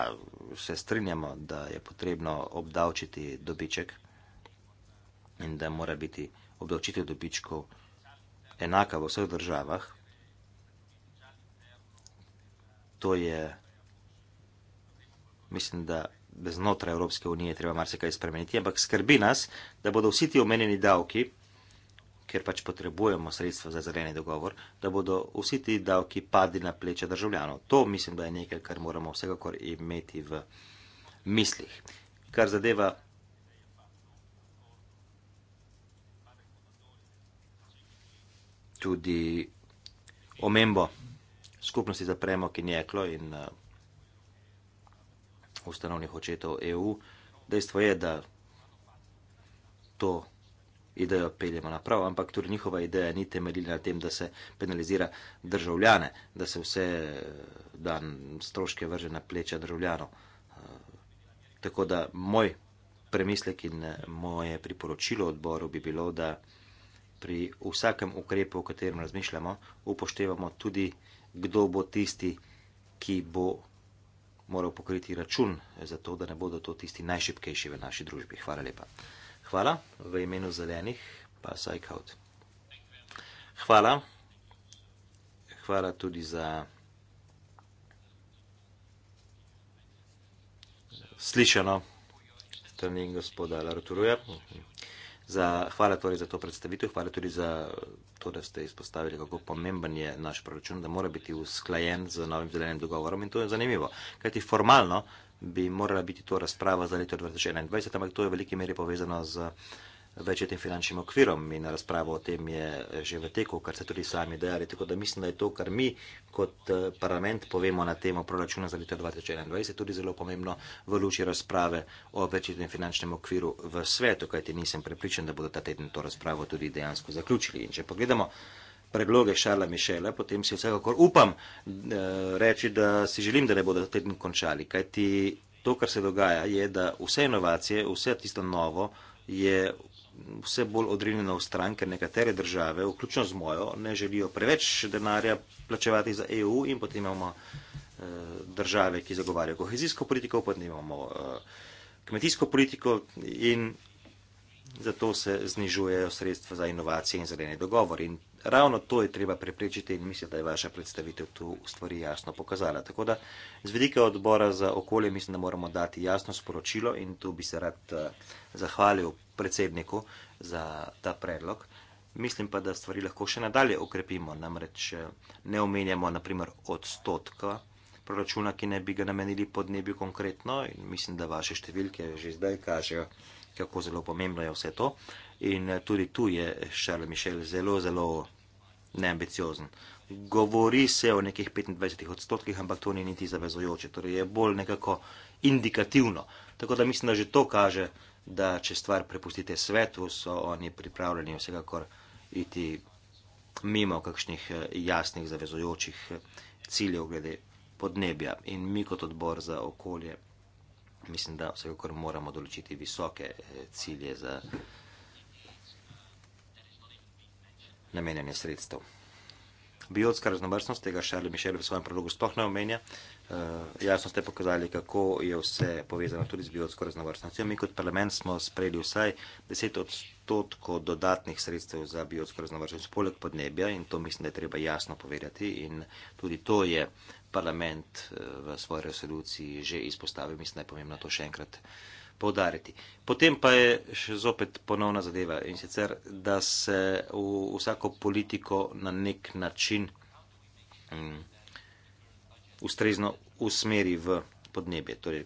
vse strinjamo, da je potrebno obdavčiti dobiček in da mora biti obdavčitev dobičkov enaka v vseh državah. To je mislim, da znotraj Evropske unije treba marsikaj spremeniti, ampak skrbi nas, da bodo vsi ti omenjeni davki, ker pač potrebujemo sredstva za zeleni dogovor, da bodo vsi ti davki padli na pleče državljanov. To mislim, da je nekaj, kar moramo vsekakor imeti v mislih. Kar zadeva. Tudi omembo skupnosti za premog in jeklo in uh, ustanovnih očetov EU. Dejstvo je, da to idejo peljemo naprav, ampak tudi njihova ideja ni temeljila na tem, da se penalizira državljane, da se vse eh, dan stroške vrže na pleče državljanov. Eh, tako da moj premislek in eh, moje priporočilo odboru bi bilo, da pri vsakem ukrepu, o katerem razmišljamo, upoštevamo tudi, kdo bo tisti, ki bo moral pokriti račun, zato da ne bodo to tisti najšipkejši v naši družbi. Hvala lepa. Hvala v imenu zelenih, pa Sajkaut. Hvala. Hvala tudi za slišano strani gospoda Larturuja. Za, hvala torej za to predstavitev, hvala tudi za to, da ste izpostavili, kako pomemben je naš proračun, da mora biti usklajen z novim zelenim dogovorom in to je zanimivo. Kajti formalno bi morala biti to razprava za leto 2021, ampak to je v veliki meri povezano z. Uh, večjetim finančnim okvirom in razpravo o tem je že v teku, kar ste tudi sami dejali. Tako da mislim, da je to, kar mi kot eh, parlament povemo na temo proračuna za leto 2021, tudi zelo pomembno v luči razprave o večjetim finančnem okviru v svetu, kajti nisem prepričan, da bodo ta teden to razpravo tudi dejansko zaključili. In če pogledamo predloge Šarla Mišela, potem si vsekakor upam eh, reči, da si želim, da ne bodo ta teden končali, kajti to, kar se dogaja, je, da vse inovacije, vse tisto novo, je vse bolj odrinjena v stran, ker nekatere države, vključno z mojo, ne želijo preveč denarja plačevati za EU in potem imamo eh, države, ki zagovarjajo kohezijsko politiko, potem imamo eh, kmetijsko politiko in zato se znižujejo sredstva za inovacije in zelene dogovore. In Ravno to je treba preprečiti in mislim, da je vaša predstavitev tu v stvari jasno pokazala. Tako da z vedika odbora za okolje mislim, da moramo dati jasno sporočilo in tu bi se rad eh, zahvalil predsedniku za ta predlog. Mislim pa, da stvari lahko še nadalje okrepimo, namreč eh, ne omenjamo naprimer odstotka proračuna, ki ne bi ga namenili podnebju konkretno in mislim, da vaše številke že zdaj kažejo, kako zelo pomembno je vse to. In eh, tudi tu je Charles Michel zelo, zelo neambiciozen. Govori se o nekih 25 odstotkih, ampak to ni niti zavezojoče, torej je bolj nekako indikativno. Tako da mislim, da že to kaže, da če stvar prepustite svetu, so oni pripravljeni vsekakor iti mimo kakšnih eh, jasnih zavezojočih eh, ciljev glede podnebja. In mi kot odbor za okolje mislim, da vsekakor moramo določiti visoke cilje za namenjanje sredstev. Biotska raznovrstnost, tega Šarlem Mišel v svojem predlogu sploh ne omenja, uh, jasno ste pokazali, kako je vse povezano tudi z biotsko raznovrstnostjo. Mi kot parlament smo sprejeli vsaj 10 odstotkov dodatnih sredstev za biotsko raznovrstnost, poleg podnebja in to mislim, da je treba jasno povedati in tudi to je parlament eh, v svoji resoluciji že izpostavil, mislim, da je pomembno to še enkrat. Uh, poudariti. Potem pa je še zopet ponovna zadeva in sicer, da se v vsako politiko na nek način um, ustrezno usmeri v podnebje. Torej,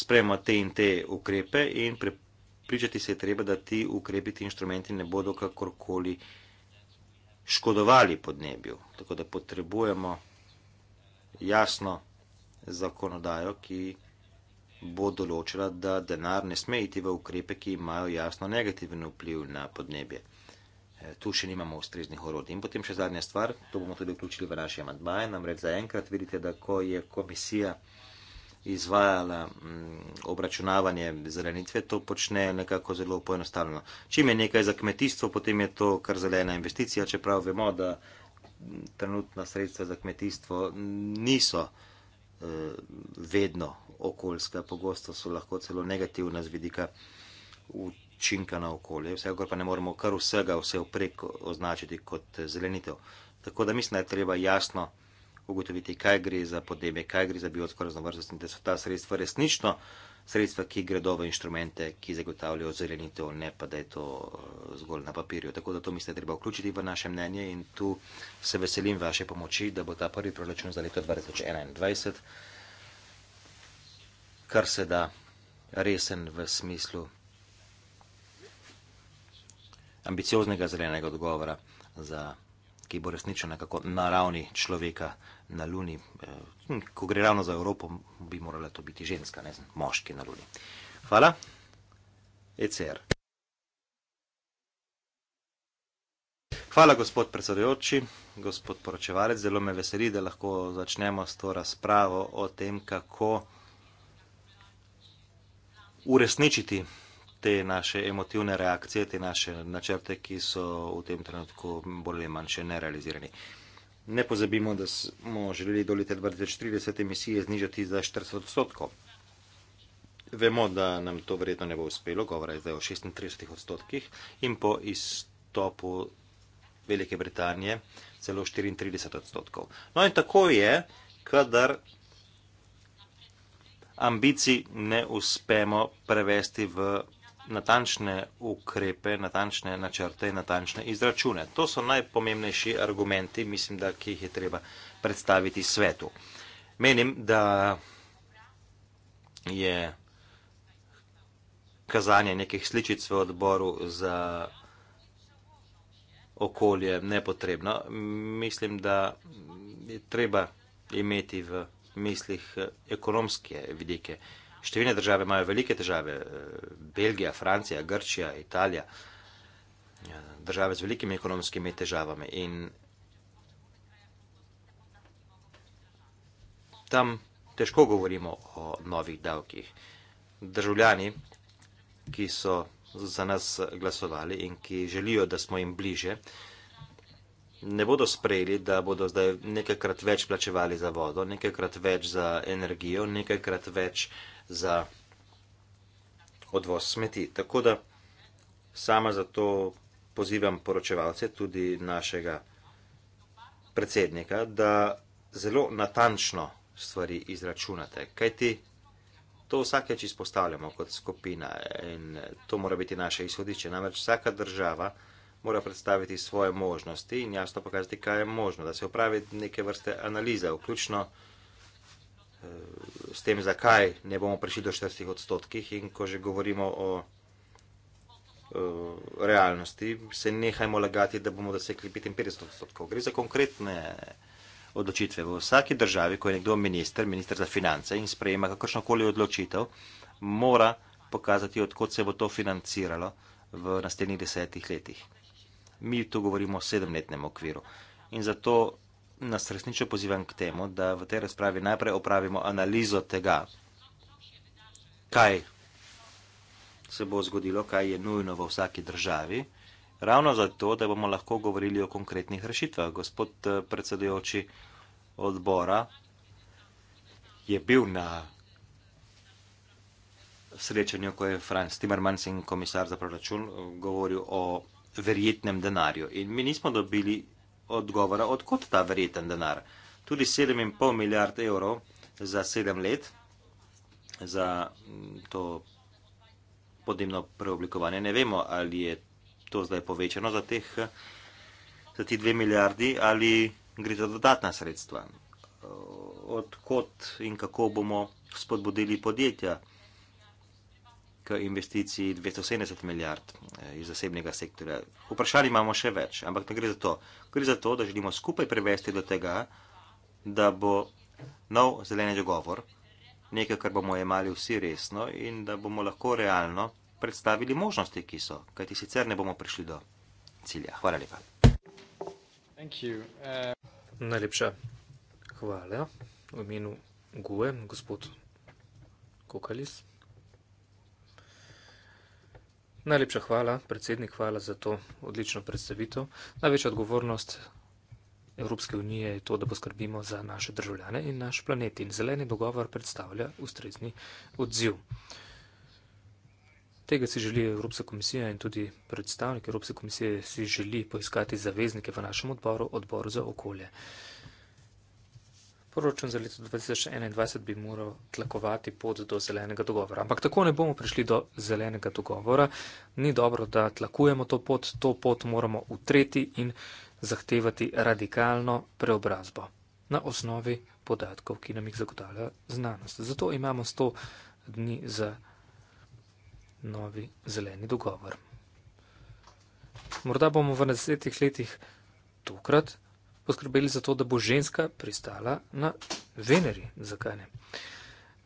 sprejema te in te ukrepe in pričati se je treba, da ti ukrepi, ti inštrumenti ne bodo kakorkoli škodovali podnebju. Tako da potrebujemo jasno zakonodajo, ki bo določila, da denar ne sme iti v ukrepe, ki imajo jasno negativen vpliv na podnebje. E, tu še nimamo ustreznih orodij. In potem še zadnja stvar, to bomo tudi vključili v naše amadbaje, namreč zaenkrat vidite, da ko je komisija izvajala mm, obračunavanje zelenitve, to počne nekako zelo poenostavljeno. Čim je nekaj za kmetijstvo, potem je to kar zelena investicija, čeprav vemo, da trenutna sredstva za kmetijstvo niso. Eh, vedno okoljska, pogosto so lahko celo negativna z vidika učinka na okolje. Vsekakor pa ne moremo kar vsega vse vprek označiti kot zelenitev. Tako da mislim, da je treba jasno ugotoviti, kaj gre za podnebje, kaj gre za biotsko raznovrstnost in da so ta sredstva resnično. Uh, sredstva, ki gredo v inštrumente, ki zagotavljajo ozelenitev, ne pa da je to eh, zgolj na papirju. Tako da to mislim, da treba vključiti v naše mnenje in tu se veselim vaše pomoči, da bo ta prvi proračun za leto 2021 kar se da resen v smislu ambicioznega zelenega odgovora za ki bo resničen nekako na ravni človeka na Luni. Eh, hm, ko gre ravno za Evropo, bi morala to biti ženska, ne moški na Luni. Hvala, ECR. Hvala, gospod predsedujoči, gospod poročevalec. Zelo me veseli, da lahko začnemo s to razpravo o tem, kako uresničiti te naše emotivne reakcije, te naše načrte, ki so v tem trenutku bolj ali manj še nerealizirani. Ne pozabimo, da smo želeli do leta 2040 emisije znižati za 40 odstotkov. Vemo, da nam to verjetno ne bo uspelo, govora je zdaj o 36 odstotkih in po izstopu Velike Britanije celo 34 odstotkov. No in tako je, kadar ambicij ne uspemo prevesti v natančne ukrepe, natančne načrte in natančne izračune. To so najpomembnejši argumenti, mislim, da, ki jih je treba predstaviti svetu. Menim, da je kazanje nekih sličic v odboru za okolje nepotrebno. Mislim, da je treba imeti v mislih ekonomske vidike. Številne države imajo velike težave, eh, Belgija, Francija, Grčija, Italija, eh, države z velikimi ekonomskimi težavami. In tam težko govorimo o novih davkih. Državljani, ki so za nas glasovali in ki želijo, da smo jim bliže, ne bodo sprejeli, da bodo zdaj nekajkrat več plačevali za vodo, nekajkrat več za energijo, nekajkrat več za odvoz smeti. Tako da sama zato pozivam poročevalce, tudi našega predsednika, da zelo natančno stvari izračunate, kajti to vsakeč izpostavljamo kot skupina in to mora biti naše izhodišče. Namreč vsaka država, mora predstaviti svoje možnosti in jasno pokazati, kaj je možno, da se upravi neke vrste analize, vključno eh, s tem, zakaj ne bomo prišli do 40 odstotkih in ko že govorimo o, o eh, realnosti, se nehajmo lagati, da bomo dosekli 55 odstotkov. Gre za konkretne odločitve. V vsaki državi, ko je nekdo minister, minister za finance in sprejema kakršnokoli odločitev, mora pokazati, odkot se bo to financiralo v naslednjih desetih letih mi tu govorimo o sedemletnem okviru. In zato nas resnično pozivam k temu, da v tej razpravi najprej opravimo analizo tega, kaj se bo zgodilo, kaj je nujno v vsaki državi, ravno zato, da bomo lahko govorili o konkretnih rešitvah. Gospod eh, predsedujoči odbora je bil na srečanju, ko je Franz Timmermans in komisar za proračun eh, govoril o verjetnem denarju. In mi nismo dobili odgovora, odkot ta verjeten denar. Tudi 7,5 milijard evrov za 7 let za mm, to podnebno preoblikovanje. Ne vemo, ali je to zdaj povečano za, teh, za ti 2 milijardi ali gre za dodatna sredstva. Odkot in kako bomo spodbudili podjetja investicij 270 milijard eh, iz zasebnega sektorja. Vprašali imamo še več, ampak ne gre za to. Gre za to, da želimo skupaj prevesti do tega, da bo nov zeleni dogovor nekaj, kar bomo imeli vsi resno in da bomo lahko realno predstavili možnosti, ki so, kajti sicer ne bomo prišli do cilja. Hvala lepa. Uh... Najlepša hvala v imenu Gue, gospod Kokalis. Najlepša hvala, predsednik, hvala za to odlično predstavitev. Največja odgovornost Evropske unije je to, da poskrbimo za naše državljane in naš planet in zeleni dogovor predstavlja ustrezni odziv. Tega si želi Evropska komisija in tudi predstavnik Evropske komisije si želi poiskati zaveznike v našem odboru, odboru za okolje. Proračun za leto 2021 bi moral tlakovati pot do zelenega dogovora. Ampak tako ne bomo prišli do zelenega dogovora. Ni dobro, da tlakujemo to pot. To pot moramo utreti in zahtevati radikalno preobrazbo na osnovi podatkov, ki nam jih zagotavlja znanost. Zato imamo 100 dni za novi zeleni dogovor. Morda bomo v naslednjih letih tokrat poskrbeli za to, da bo ženska pristala na Veneri. Zakaj ne?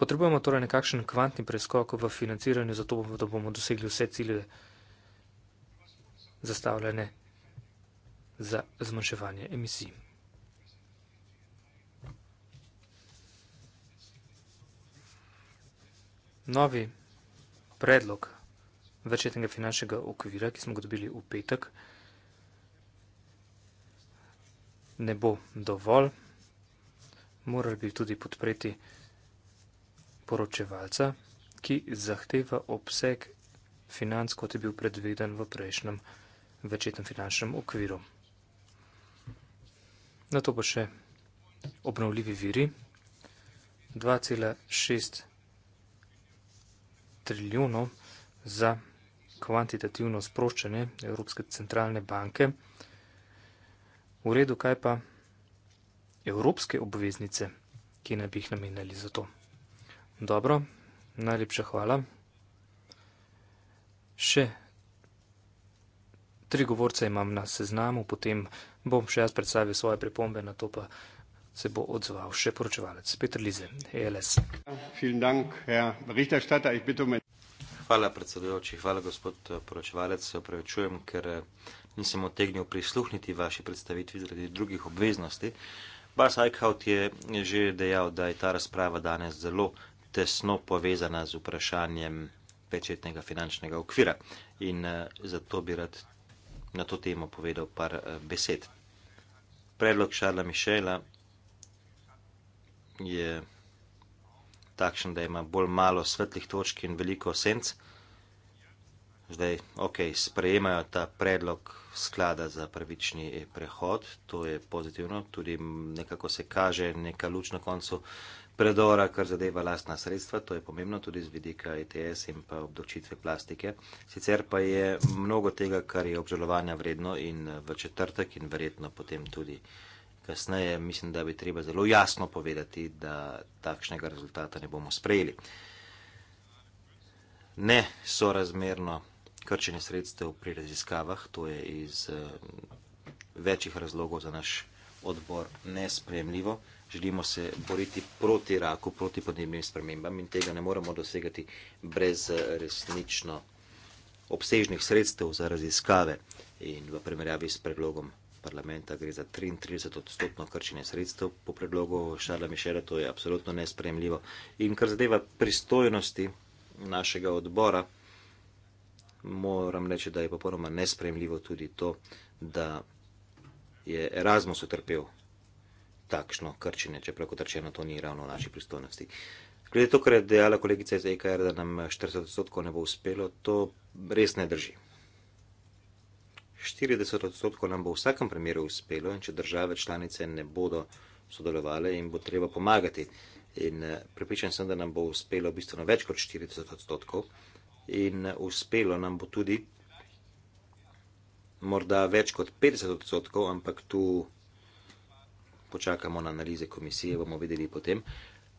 Potrebujemo torej nekakšen kvantni preskok v financiranju, zato da bomo dosegli vse cilje zastavljene za zmanjševanje emisij. Novi predlog večletnega finančnega okvira, ki smo ga dobili v petek, ne bo dovolj. Morali bi tudi podpreti poročevalca, ki zahteva obseg financ, kot je bil predviden v prejšnjem večetnem finančnem okviru. Na to bo še obnovljivi viri. 2,6 trilijonov za kvantitativno sproščanje Evropske centralne banke. V redu, kaj pa evropske obveznice, ki naj bi jih namenjali za to? Dobro, najlepša hvala. Še tri govorce imam na seznamu, potem bom še jaz predstavil svoje pripombe, na to pa se bo odzval še poročevalec Petr Lize, e ELS. Um hvala predsedujoči, hvala gospod eh, poročevalec, se opravičujem, ker eh, in sem otegnil prisluhniti vaši predstavitvi zaradi drugih obveznosti. Bas Eichhout je že dejal, da je ta razprava danes zelo tesno povezana z vprašanjem večetnega finančnega okvira in eh, zato bi rad na to temo povedal par eh, besed. Predlog Šarla Mišela je takšen, da ima bolj malo svetlih točk in veliko senc. Zdaj, ok, sprejemajo ta predlog sklada za pravični prehod. To je pozitivno, tudi nekako se kaže neka luč na koncu predora, kar zadeva lastna sredstva. To je pomembno tudi z vidika ETS in pa obdočitve plastike. Sicer pa je mnogo tega, kar je obžalovanja vredno in v četrtek in verjetno potem tudi kasneje, mislim, da bi treba zelo jasno povedati, da takšnega rezultata ne bomo sprejeli. Ne sorazmerno krčenje sredstev pri raziskavah. To je iz eh, večjih razlogov za naš odbor nespremljivo. Želimo se boriti proti raku, proti podnebnim spremembam in tega ne moremo dosegati brez eh, resnično obsežnih sredstev za raziskave. In v primerjavi s predlogom parlamenta gre za 33 odstotno krčenje sredstev. Po predlogu Šarla Mišera to je absolutno nespremljivo. In kar zadeva pristojnosti našega odbora, moram reči, da je popolnoma nespremljivo tudi to, da je Erasmus utrpel takšno krčenje, čeprav kot rečeno to ni ravno v naši pristojnosti. Glede to, kar je dejala kolegica iz EKR, da nam 40% ne bo uspelo, to res ne drži. 40% nam bo v vsakem primeru uspelo in če države članice ne bodo sodelovali in bo treba pomagati. In eh, pripričan sem, da nam bo uspelo bistveno več kot 40 odstotkov, in uspelo nam bo tudi morda več kot 50 odstotkov, ampak tu počakamo na analize komisije, bomo videli potem.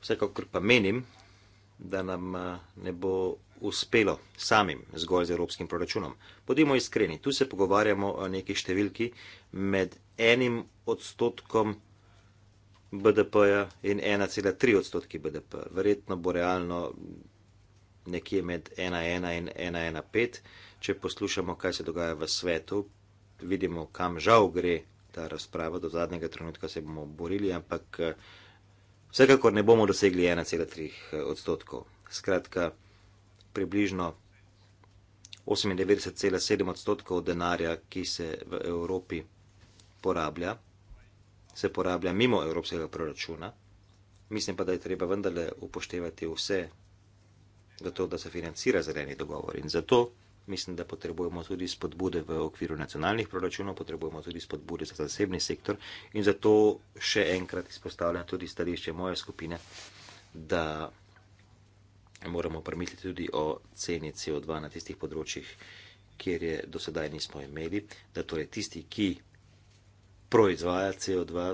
Vsekakor pa menim, da nam eh, ne bo uspelo samim zgolj z evropskim proračunom. Podimo iskreni, tu se pogovarjamo o neki številki med enim odstotkom BDP-ja in 1,3 odstotki BDP. Verjetno bo realno nekje med 1.1 in 1.15. Če poslušamo, kaj se dogaja v svetu, vidimo, kam žal gre ta razprava. Do zadnjega trenutka se bomo borili, ampak eh, vsekakor ne bomo dosegli 1,3 eh, odstotkov. Skratka, približno 98,7 odstotkov denarja, ki se v Evropi porablja, se porablja mimo evropskega proračuna. Mislim pa, da je treba vendarle upoštevati vse zato da se financira zeleni dogovor. In zato mislim, da potrebujemo tudi spodbude v okviru nacionalnih proračunov, potrebujemo tudi spodbude za zasebni sektor. In zato še enkrat izpostavljam tudi stališče moje skupine, da moramo premisliti tudi o ceni CO2 na tistih področjih, kjer je do sedaj nismo imeli, da torej tisti, ki proizvaja CO2,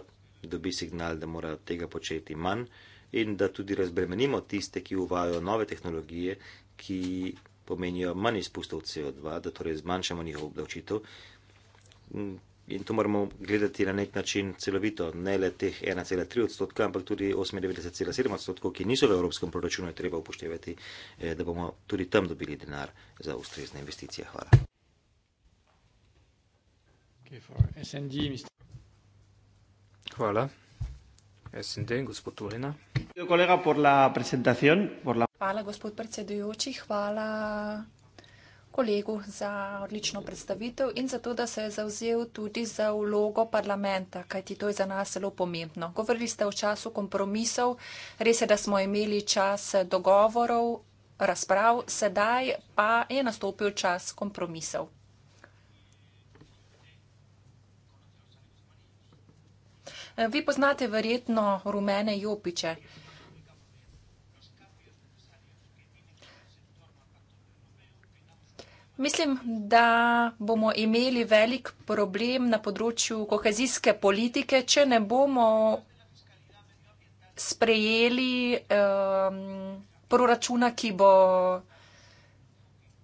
dobi signal, da mora tega početi manj in da tudi razbremenimo tiste, ki uvajo nove tehnologije, ki pomenijo manj izpustov CO2, da torej zmanjšamo njihov obdavčitev. In to moramo gledati na nek način celovito, ne le teh 1,3 odstotka, ampak tudi 98,7 odstotkov, ki niso v evropskem proračunu, je treba upoštevati, eh, da bomo tudi tam dobili denar za ustrezne investicije. Hvala. Hvala. Hvala, gospod predsedujoči. Hvala kolegu za odlično predstavitev in za to, da se je zauzel tudi za vlogo parlamenta, kajti to je za nas zelo pomembno. Govorili ste o času kompromisov. Res je, da smo imeli čas dogovorov, razprav, sedaj pa je nastopil čas kompromisov. Eh, vi poznate verjetno rumene jopiče. Mislim, da bomo imeli velik problem na področju kohezijske politike, če ne bomo sprejeli um, proračuna, ki bo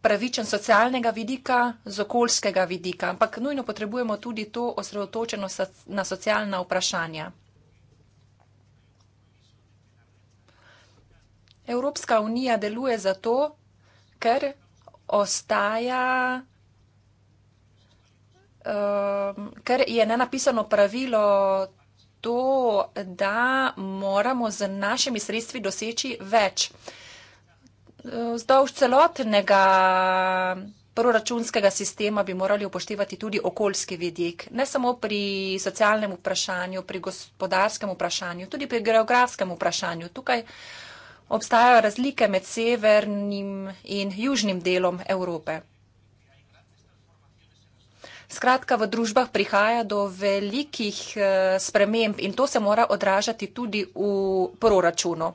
pravičen socialnega vidika, z okoljskega vidika, ampak nujno potrebujemo tudi to osredotočeno na socialna vprašanja. Evropska unija deluje zato, ker ostaja, um, ker je nenapisano pravilo to, da moramo z našimi sredstvi doseči več. Uh, vzdolž celotnega proračunskega sistema bi morali upoštevati tudi okoljski vidik, ne samo pri socialnem vprašanju, pri gospodarskem vprašanju, tudi pri geografskem vprašanju. Tukaj obstajajo razlike med severnim in južnim delom Evrope. Skratka, v družbah prihaja do velikih eh, sprememb in to se mora odražati tudi v proračunu.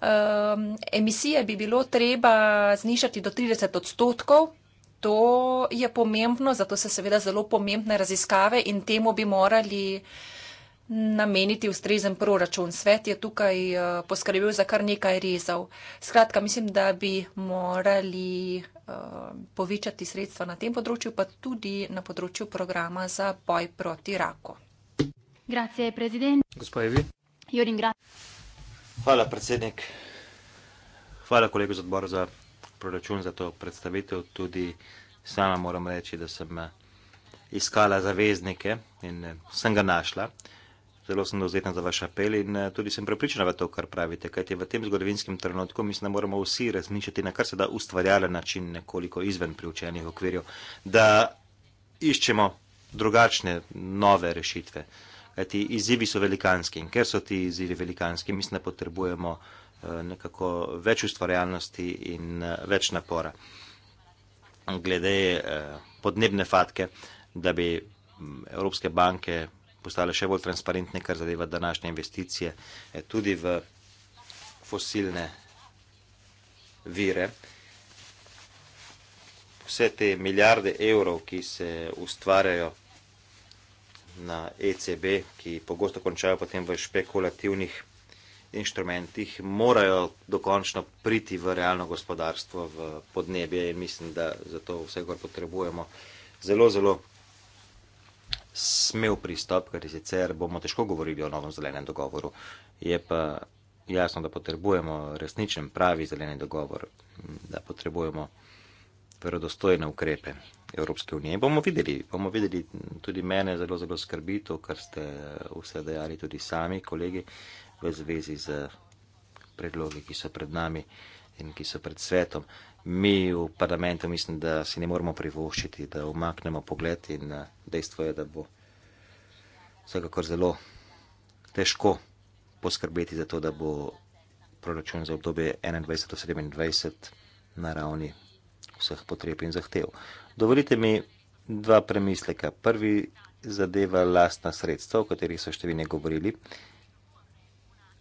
um, emisije bi bilo treba znišati do 30 odstotkov. To je pomembno, zato so seveda zelo pomembne raziskave in temu bi morali nameniti ustrezen proračun. Svet je tukaj eh, poskrbel za kar nekaj rezov. Skratka, mislim, da bi morali eh, povečati sredstva na tem področju, pa tudi na področju programa za boj proti raku. Grazie, predsednik. Gospod Evi. Jurim, grazie. Hvala, predsednik. Hvala, kolega z odbora za proračun, za to predstavitev. Tudi sama moram reči, da sem eh, iskala zaveznike in eh, sem ga našla. Zelo sem dovzetna za vaš apel in eh, tudi sem prepričana v to, kar pravite, kajti v tem zgodovinskem trenutku mislim, da moramo vsi razmišljati na kar se da ustvarjalen način, nekoliko izven priučenih okvirjev, da iščemo drugačne, nove rešitve. Ti izzivi so velikanski in ker so ti izzivi velikanski, mislim, da potrebujemo eh, nekako več ustvarjalnosti in eh, več napora. Glede eh, podnebne fatke, da bi mm, evropske banke postale še bolj transparentne, kar zadeva današnje investicije, tudi v fosilne vire. Vse te milijarde evrov, ki se ustvarjajo na ECB, ki pogosto končajo potem v špekulativnih inštrumentih, morajo dokončno priti v realno gospodarstvo, v podnebje in mislim, da zato vse, kar potrebujemo, zelo, zelo smel pristop, ker sicer bomo težko govorili o novem zelenem dogovoru. Je pa jasno, da potrebujemo resničen pravi zeleni dogovor, da potrebujemo verodostojne ukrepe. Evropske unije. In bomo videli, bomo videli, tudi mene zelo, zelo skrbi to, kar ste vse dejali, tudi sami, kolegi, v zvezi z predlogi, ki so pred nami in ki so pred svetom. Mi v parlamentu mislim, da si ne moremo privoščiti, da omaknemo pogled in eh, dejstvo je, da bo vsekakor zelo težko poskrbeti za to, da bo proračun za obdobje 2021-2027 na ravni vseh potreb in zahtev. Dovolite mi dva premisleka. Prvi zadeva lastna sredstva, o katerih so številni govorili.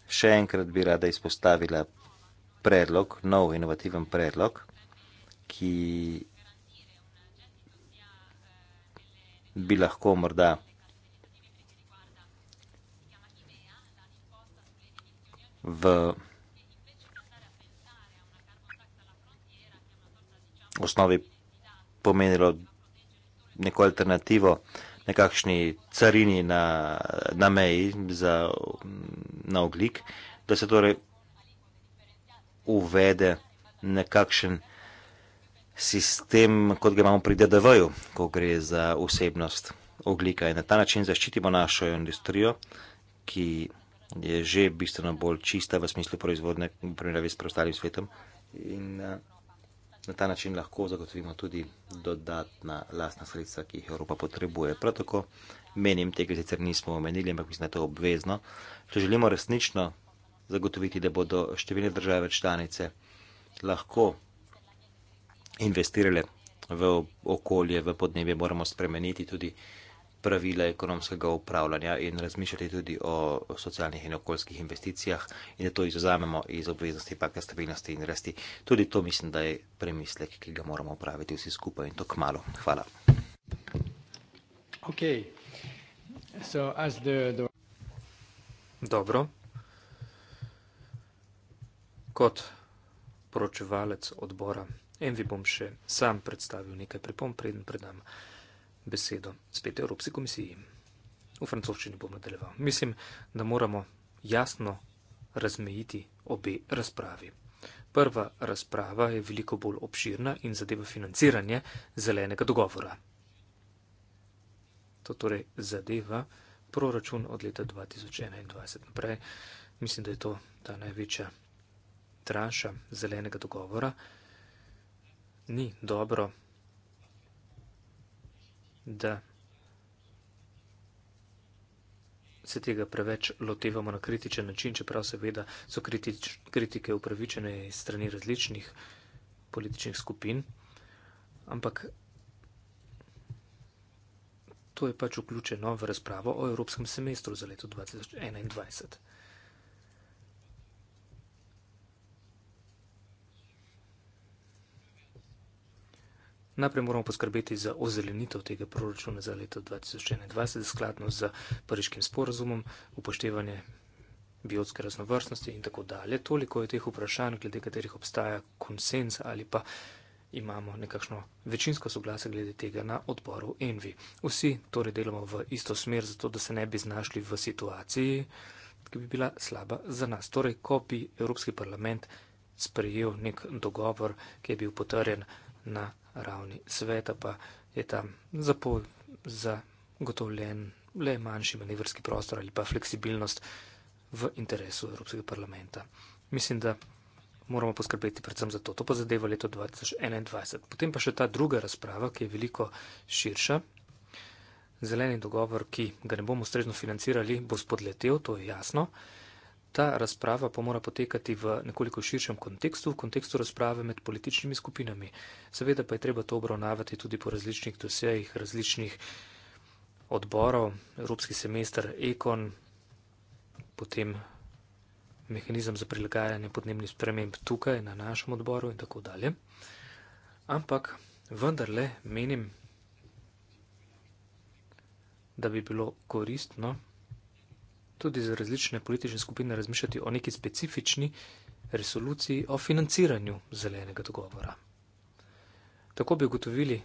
Še enkrat bi rada izpostavila predlog, nov inovativen predlog, ki bi lahko morda v osnovi pomenilo neko alternativo nekakšni carini na, na meji za, na oglik, da se torej uvede nekakšen sistem, kot ga imamo pri DDV-ju, ko gre za vsebnost oglika in na ta način zaščitimo našo industrijo, ki je že bistveno bolj čista v smislu proizvodne, v primerjavi s preostalim svetom. In, uh, na ta način lahko zagotovimo tudi dodatna lastna sredstva, ki jih Evropa potrebuje. Prav tako menim, tega sicer nismo omenili, ampak mislim, da je to obvezno. Če želimo resnično zagotoviti, da bodo številne države članice lahko investirale v okolje, v podnebje, moramo spremeniti tudi pravila ekonomskega upravljanja in razmišljati tudi o socialnih in okoljskih investicijah in da to izuzamemo iz obveznosti pakta stabilnosti in rasti. Tudi to mislim, da je premislek, ki ga moramo upraviti vsi skupaj in to k malu. Hvala. Okay. So, the, the... Dobro. Kot poročevalec odbora Envi bom še sam predstavil nekaj pripomb, preden predam besedo spet Evropski komisiji. V francoščini bom nadaljeval. Mislim, da moramo jasno razmejiti obe razpravi. Prva razprava je veliko bolj obširna in zadeva financiranje zelenega dogovora. To torej zadeva proračun od leta 2021 naprej. Mislim, da je to ta največja tranša zelenega dogovora. Ni dobro da se tega preveč lotevamo na kritičen način, čeprav seveda so kritič, kritike upravičene iz strani različnih političnih skupin, ampak to je pač vključeno v razpravo o Evropskem semestru za leto 2021. Najprej moramo poskrbeti za ozelenitev tega proračuna za leto 2021, skladno z pariškim sporazumom, upoštevanje biotske raznovrstnosti in tako dalje. Toliko je teh vprašanj, glede katerih obstaja konsens ali pa imamo nekakšno večinsko soglase glede tega na odboru Envi. Vsi torej delamo v isto smer, zato da se ne bi znašli v situaciji, ki bi bila slaba za nas. Torej, ko bi Evropski parlament sprejel nek dogovor, ki je bil potrjen na ravni sveta, pa je tam zapolj zagotovljen le manjši manevrski prostor ali pa fleksibilnost v interesu Evropskega parlamenta. Mislim, da moramo poskrbeti predvsem za to. To pa zadeva leto 2021. Potem pa še ta druga razprava, ki je veliko širša. Zeleni dogovor, ki ga ne bomo ustrezno financirali, bo spodletel, to je jasno ta razprava pa mora potekati v nekoliko širšem kontekstu, v kontekstu razprave med političnimi skupinami. Seveda pa je treba to obravnavati tudi po različnih dosejih, različnih odborov, Evropski semester, ekon, potem mehanizem za prilagajanje podnebnih sprememb tukaj na našem odboru in tako dalje. Ampak vendarle menim, da bi bilo koristno, tudi za različne politične skupine razmišljati o neki specifični resoluciji o financiranju zelenega dogovora. Tako bi ugotovili,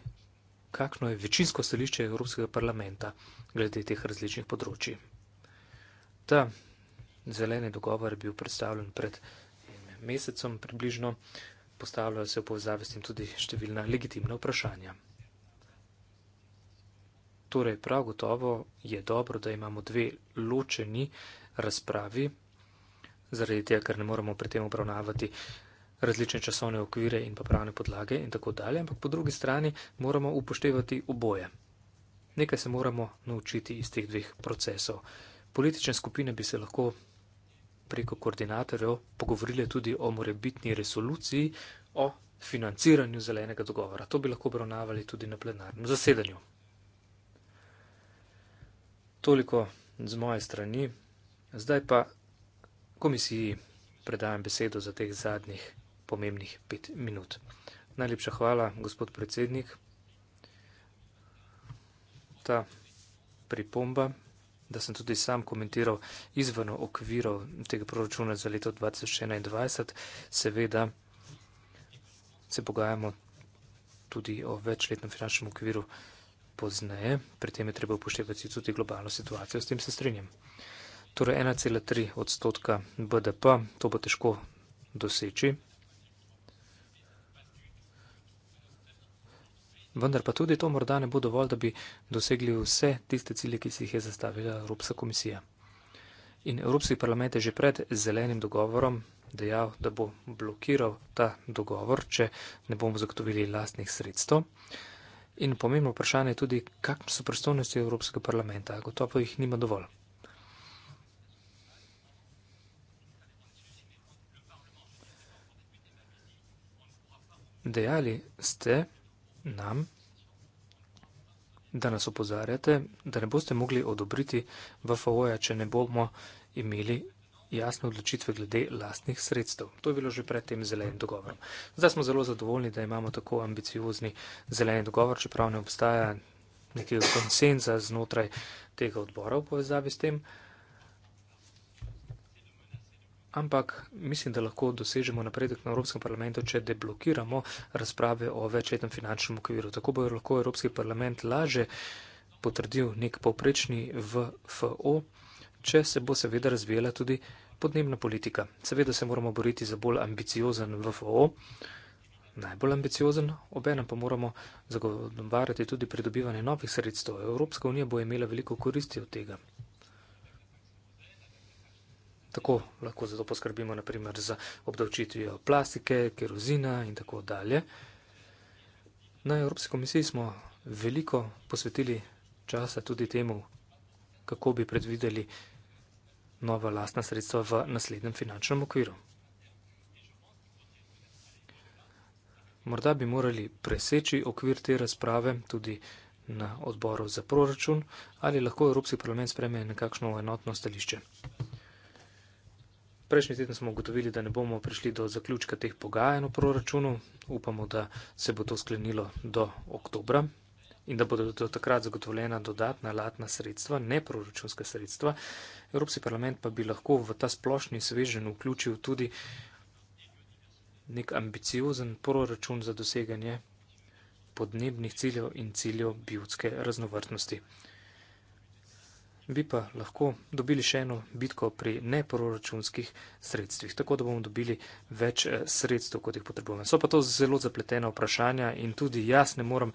kakšno je večinsko stališče Evropskega parlamenta glede teh različnih področji. Ta zeleni dogovor je bil predstavljen pred mesecem približno, postavljajo se v povezavi s tem tudi številna legitimna vprašanja. Torej, prav gotovo je dobro, da imamo dve ločeni razpravi, zaradi tega, ker ne moremo pri tem obravnavati različne časovne okvire in pa pravne podlage in tako dalje, ampak po drugi strani moramo upoštevati oboje. Nekaj se moramo naučiti iz teh dveh procesov. Politične skupine bi se lahko preko koordinatorjev pogovorile tudi o morebitni resoluciji o financiranju zelenega dogovora. To bi lahko obravnavali tudi na plenarnem zasedanju toliko z moje strani. Zdaj pa komisiji predajam besedo za teh zadnjih pomembnih pet minut. Najlepša hvala, gospod predsednik. Ta pripomba, da sem tudi sam komentiral izven okvirov tega proračuna za leto 2021, seveda se pogajamo tudi o večletnem finančnem okviru 2021 pozneje, pri tem je treba upoštevati tudi globalno situacijo, s tem se strinjam. Torej 1,3 odstotka BDP, to bo težko doseči. Vendar pa tudi to morda ne bo dovolj, da bi dosegli vse tiste cilje, ki si jih je zastavila Evropska komisija. In Evropski parlament je že pred zelenim dogovorom dejal, da bo blokiral ta dogovor, če ne bomo zagotovili lastnih sredstev. In pomembno vprašanje je tudi, kakšne so pristojnosti Evropskega parlamenta. Gotovo jih nima dovolj. Dejali ste nam, da nas opozarjate, da ne boste mogli odobriti VFO-ja, če ne bomo imeli jasne odločitve glede lastnih sredstev. To je bilo že pred tem zelenim dogovorom. Zdaj smo zelo zadovoljni, da imamo tako ambiciozni zeleni dogovor, čeprav ne obstaja nekega konsenza znotraj tega odbora v povezavi s tem. Ampak mislim, da lahko dosežemo napredek na Evropskem parlamentu, če deblokiramo razprave o večletnem finančnem okviru. Tako bo lahko Evropski parlament laže potrdil nek povprečni VFO, če se bo seveda razvijala tudi podnebna politika. Seveda se moramo boriti za bolj ambiciozen VFO, najbolj ambiciozen, obenem pa moramo zagovarjati tudi pridobivanje novih sredstev. Evropska unija bo imela veliko koristi od tega. Tako lahko zato poskrbimo naprimer za obdavčitvijo plastike, kerozina in tako dalje. Na Evropski komisiji smo veliko posvetili časa tudi temu, kako bi predvideli nova lastna sredstva v naslednjem finančnem okviru. Morda bi morali preseči okvir te razprave tudi na odboru za proračun, ali lahko Evropski parlament spreme nekakšno enotno stališče. Prejšnji teden smo ugotovili, da ne bomo prišli do zaključka teh pogajanj o proračunu. Upamo, da se bo to sklenilo do oktobra in da bodo do takrat zagotovljena dodatna latna sredstva, ne proračunska sredstva. Evropski parlament pa bi lahko v ta splošni svežen vključil tudi nek ambiciozen proračun za doseganje podnebnih ciljev in ciljev biotske raznovrtnosti. Bi pa lahko dobili še eno bitko pri neproračunskih sredstvih, tako da bomo dobili več eh, sredstev, kot jih potrebujemo. So pa to zelo zapletena vprašanja in tudi jaz ne morem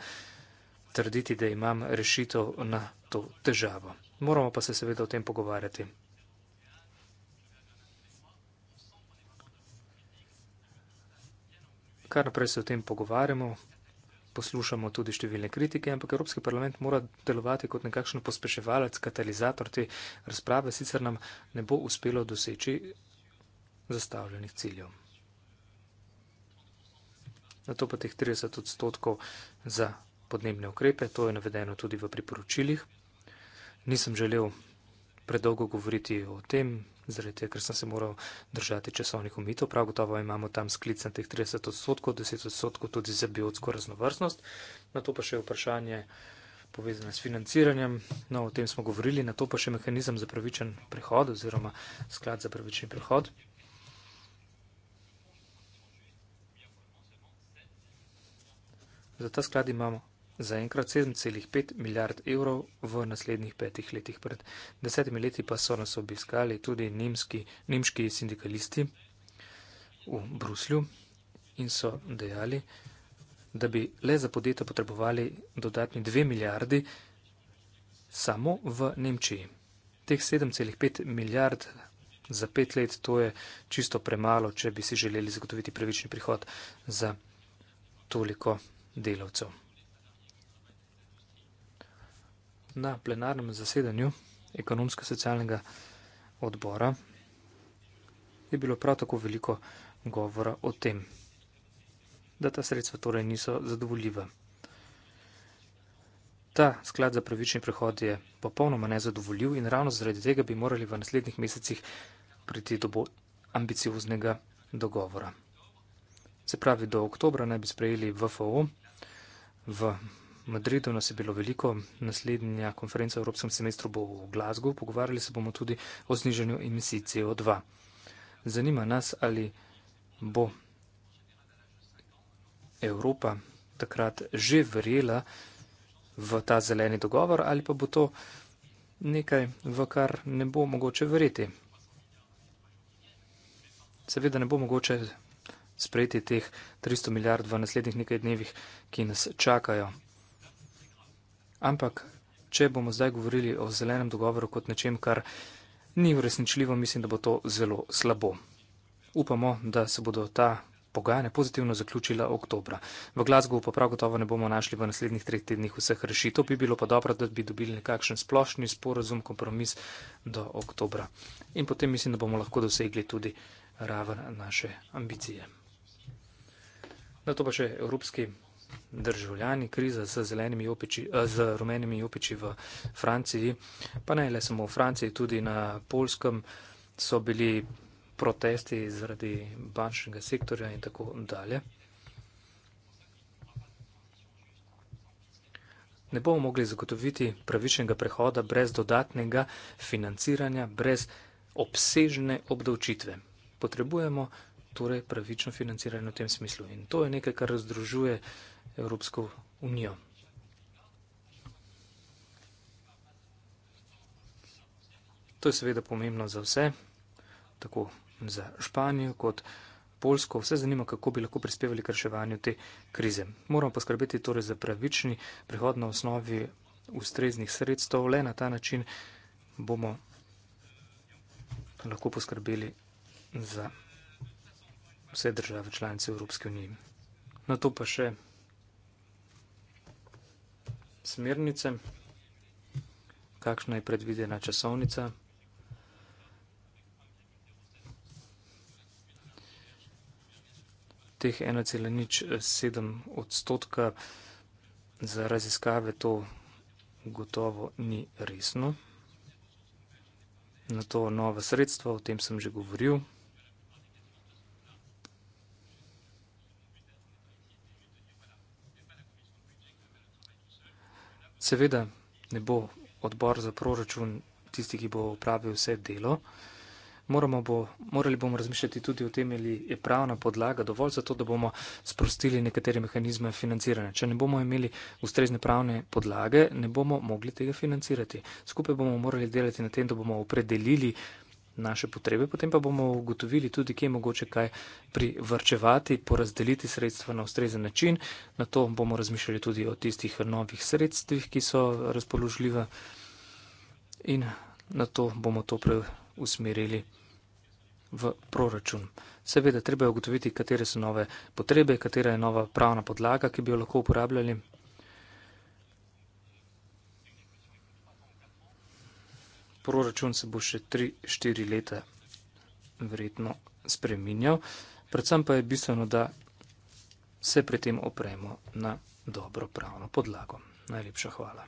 trditi, da imam rešitev na to težavo. Moramo pa se seveda o tem pogovarjati. Kar naprej se o tem pogovarjamo, poslušamo tudi številne kritike, ampak Evropski parlament mora delovati kot nekakšen pospeševalec, katalizator te razprave, sicer nam ne bo uspelo doseči zastavljenih ciljev. Na to pa teh 30 odstotkov za podnebne ukrepe, to je navedeno tudi v priporočilih. Nisem želel predolgo govoriti o tem, zaradi tega, ker sem se moral držati časovnih omitev. Prav gotovo imamo tam sklic na teh 30 odstotkov, 10 odstotkov tudi za biotsko raznovrstnost. Na to pa še vprašanje povezane s financiranjem, no o tem smo govorili, na to pa še mehanizem za pravičen prihod oziroma sklad za pravičen prihod. Za ta sklad imamo za enkrat 7,5 milijard evrov v naslednjih petih letih. Pred desetimi leti pa so nas obiskali tudi nemski, nemški sindikalisti v Bruslju in so dejali, da bi le za podjetje potrebovali dodatni 2 milijardi samo v Nemčiji. Teh 7,5 milijard za pet let to je čisto premalo, če bi si želeli zagotoviti pravični prihod za toliko delavcev. na plenarnem zasedanju ekonomsko-socialnega odbora je bilo prav tako veliko govora o tem, da ta sredstva torej niso zadovoljiva. Ta sklad za pravični prehod je popolnoma nezadovoljiv in ravno zaradi tega bi morali v naslednjih mesecih priti do bolj ambicioznega dogovora. Se pravi, do oktobra naj bi sprejeli VFO v Madridu nas je bilo veliko, naslednja konferenca o evropskem semestru bo v Glasgow, pogovarjali se bomo tudi o znižanju emisij CO2. Zanima nas, ali bo Evropa takrat že verjela v ta zeleni dogovor ali pa bo to nekaj, v kar ne bo mogoče verjeti. Seveda ne bo mogoče sprejeti teh 300 milijard v naslednjih nekaj dnevih, ki nas čakajo. Ampak, če bomo zdaj govorili o zelenem dogovoru kot nečem, kar ni uresničljivo, mislim, da bo to zelo slabo. Upamo, da se bodo ta pogajanja pozitivno zaključila oktobra. V Glasgowu pa prav gotovo ne bomo našli v naslednjih treh tednih vseh rešitev. Bi bilo pa dobro, da bi dobili nekakšen splošni sporozum, kompromis do oktobra. In potem mislim, da bomo lahko dosegli tudi raven naše ambicije. Na to pa še Evropski državljani, kriza z, zelenimi jopiči, eh, z rumenimi jopiči v Franciji, pa ne le samo v Franciji, tudi na Polskem so bili protesti zaradi bančnega sektorja in tako dalje. Ne bomo mogli zagotoviti pravičnega prehoda brez dodatnega financiranja, brez obsežne obdavčitve. Potrebujemo torej pravično financiranje v tem smislu. In to je nekaj, kar razdružuje Evropsko unijo. To je seveda pomembno za vse, tako za Španijo kot Polsko. Vse zanima, kako bi lahko prispevali k reševanju te krize. Moramo poskrbeti torej za pravični prihod na osnovi ustreznih sredstev. Le na ta način bomo lahko poskrbeli za vse države članice Evropske unije. Na to pa še smernice, kakšna je predvidena časovnica. Teh 1,07 odstotka za raziskave to gotovo ni resno. Na to nova sredstva, o tem sem že govoril. Seveda ne bo odbor za proračun tisti, ki bo upravil vse delo. Bo, morali bomo razmišljati tudi o tem, ali je pravna podlaga dovolj za to, da bomo sprostili nekatere mehanizme financiranja. Če ne bomo imeli ustrezne pravne podlage, ne bomo mogli tega financirati. Skupaj bomo morali delati na tem, da bomo opredelili naše potrebe, potem pa bomo ugotovili tudi, kje je mogoče kaj privrčevati, porazdeliti sredstva na ustrezen način. Na to bomo razmišljali tudi o tistih novih sredstvih, ki so razpoložljiva in na to bomo to preusmerili v proračun. Seveda, treba je ugotoviti, katere so nove potrebe, katera je nova pravna podlaga, ki bi jo lahko uporabljali. proračun se bo še 3-4 leta verjetno spreminjal, predvsem pa je bistveno, da se pri tem opremo na dobro pravno podlago. Najlepša hvala.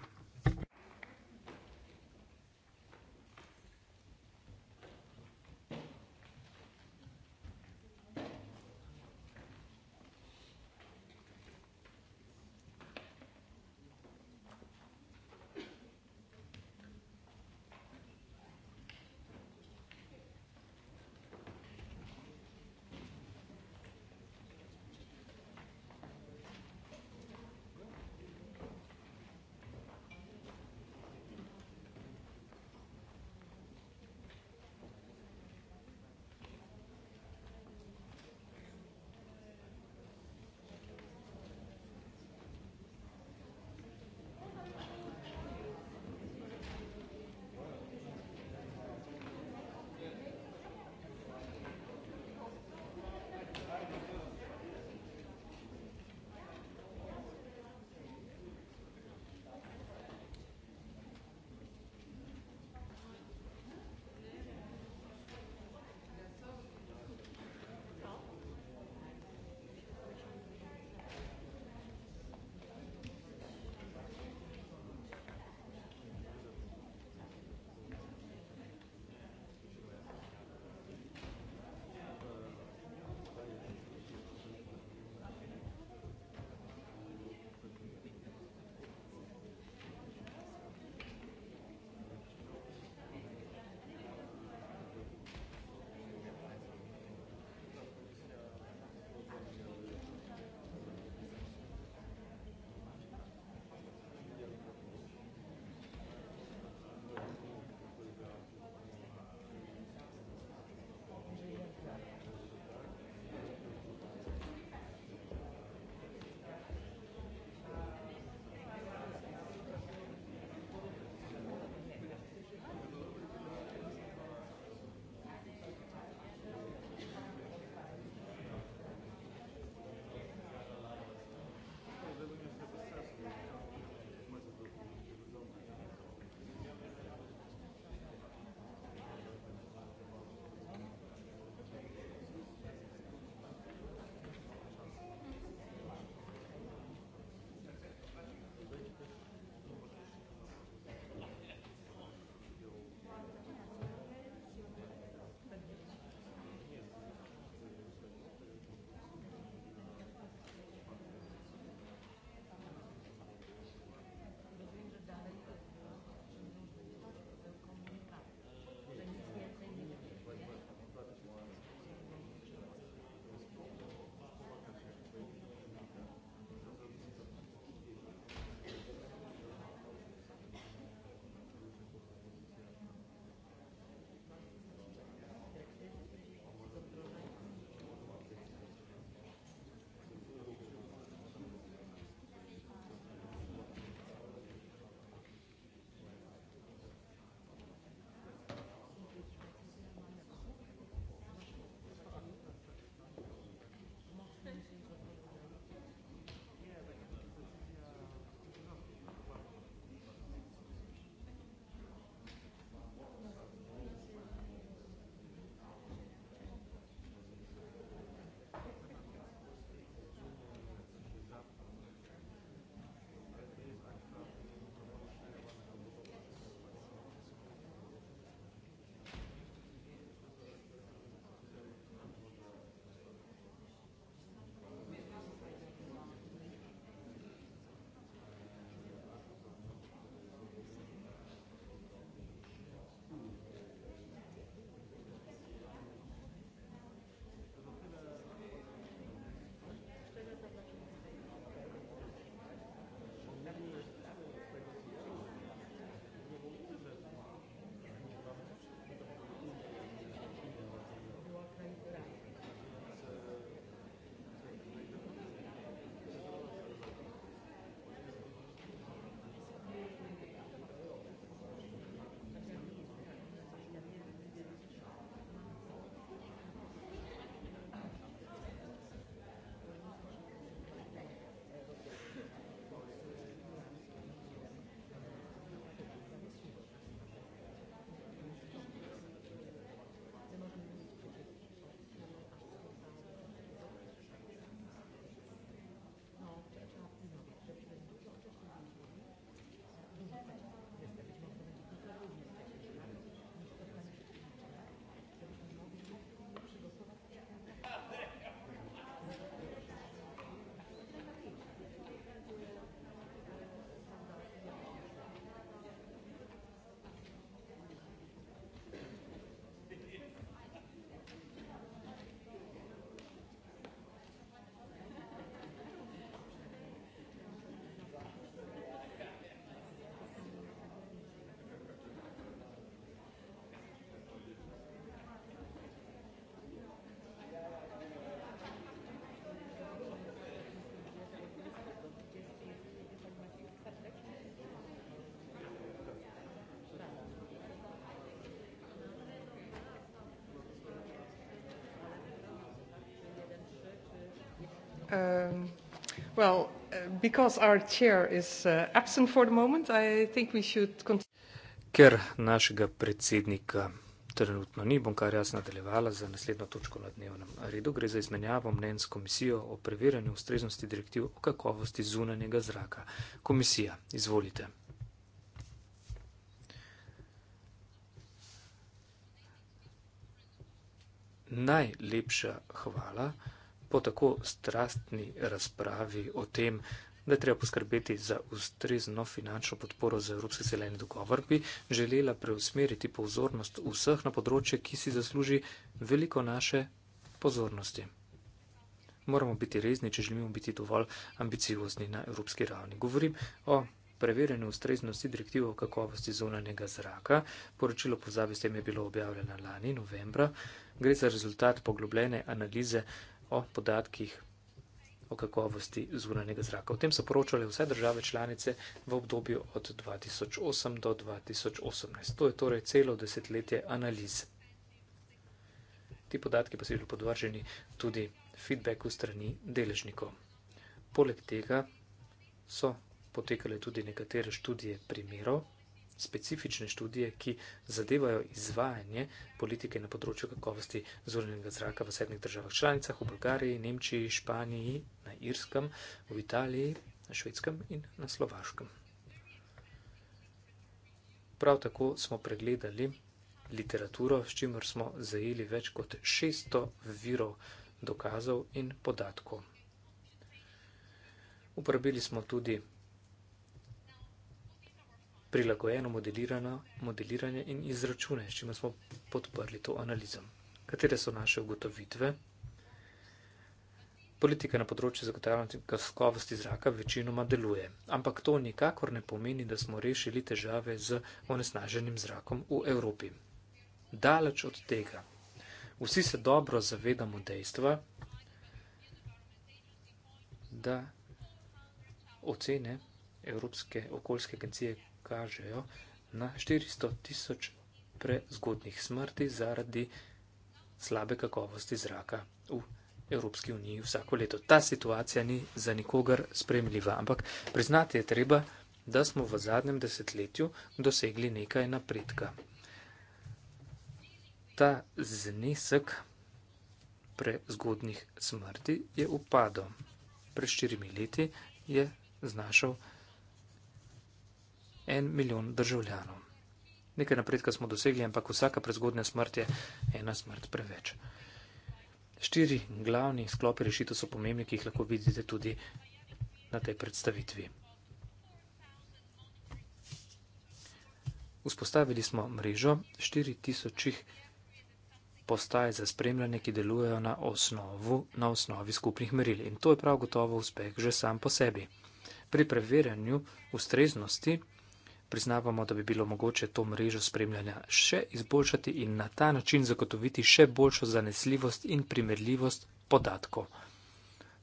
Um, well, uh, because our chair is uh, absent for the moment, I think we should continue. Ker našega predsednika trenutno ni, bom kar jaz nadaljevala za naslednjo točko na dnevnem redu. Gre za izmenjavo mnen s komisijo o preverjanju ustreznosti direktiv o kakovosti zunanjega zraka. Komisija, izvolite. Najlepša hvala po tako strastni razpravi o tem, da je treba poskrbeti za ustrezno finančno podporo za Evropski zeleni dogovor, bi želela preusmeriti pozornost vseh na področje, ki si zasluži veliko naše pozornosti. Moramo biti resni, če želimo biti dovolj ambiciozni na evropski ravni. Govorim o preverjanju ustreznosti direktive o kakovosti zunanjega zraka. Poročilo pozabi s tem je bilo objavljeno lani novembra. Gre za rezultat poglobljene analize o podatkih o kakovosti zunanjega zraka. O tem so poročale vse države članice v obdobju od 2008 do 2018. To je torej celo desetletje analiz. Ti podatki pa so bili podvrženi tudi feedbacku strani deležnikov. Poleg tega so potekale tudi nekatere študije primerov, specifične študije, ki zadevajo izvajanje politike na področju kakovosti zornjenega zraka v sedmih državah članicah, v Bolgariji, Nemčiji, Španiji, na Irskem, v Italiji, na Švedskem in na Slovaškem. Prav tako smo pregledali literaturo, s čimer smo zajeli več kot 600 virov dokazov in podatkov. Uporabili smo tudi prilagojeno modeliranje in izračune, s čimer smo podprli to analizo. Katere so naše ugotovitve? Politika na področju zagotavljanja kakovosti zraka večinoma deluje, ampak to nikakor ne pomeni, da smo rešili težave z onesnaženim zrakom v Evropi. Daleč od tega. Vsi se dobro zavedamo dejstva, da ocene Evropske okoljske agencije kažejo na 400 tisoč prezgodnih smrti zaradi slabe kakovosti zraka v Evropski uniji vsako leto. Ta situacija ni za nikogar spremljiva, ampak priznati je treba, da smo v zadnjem desetletju dosegli nekaj napredka. Ta znesek prezgodnih smrti je upadal. Pred štirimi leti je znašal en milijon državljanov. Nekaj napredka smo dosegli, ampak vsaka prezgodnja smrt je ena smrt preveč. Štiri glavni sklopi rešitev so pomembni, ki jih lahko vidite tudi na tej predstavitvi. Vzpostavili smo mrežo 4000 postaj za spremljanje, ki delujejo na osnovi, na osnovi skupnih meril. In to je prav gotovo uspeh že sam po sebi. Pri preverjanju ustreznosti priznavamo, da bi bilo mogoče to mrežo spremljanja še izboljšati in na ta način zagotoviti še boljšo zanesljivost in primerljivost podatkov.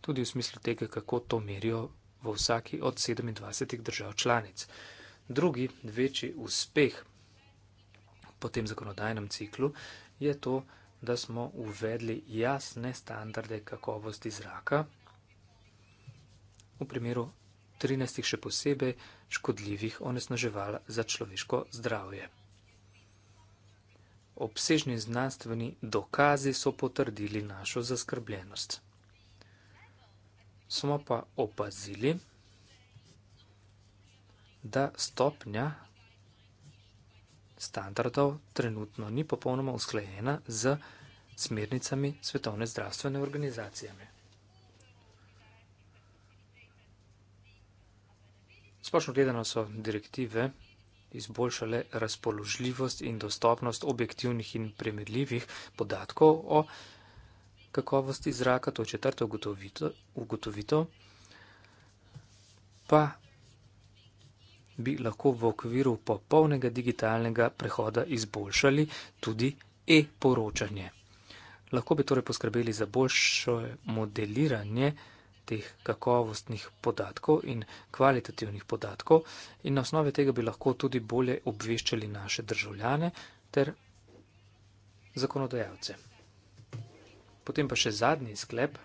Tudi v smislu tega, kako to merijo v vsaki od 27 držav članic. Drugi večji uspeh po tem zakonodajnem ciklu je to, da smo uvedli jasne standarde kakovosti zraka v primeru 13 še posebej škodljivih onesnaževal za človeško zdravje. Obsežni znanstveni dokazi so potrdili našo zaskrbljenost. Smo pa opazili, da stopnja standardov trenutno ni popolnoma usklajena z smernicami Svetovne zdravstvene organizacije. Splošno gledano so direktive izboljšale razpoložljivost in dostopnost objektivnih in primerljivih podatkov o kakovosti zraka, to je četrto ugotovitev, pa bi lahko v okviru popolnega digitalnega prehoda izboljšali tudi e-poročanje. Lahko bi torej poskrbeli za boljše modeliranje teh kakovostnih podatkov in kvalitativnih podatkov in na osnovi tega bi lahko tudi bolje obveščali naše državljane ter zakonodajalce. Potem pa še zadnji sklep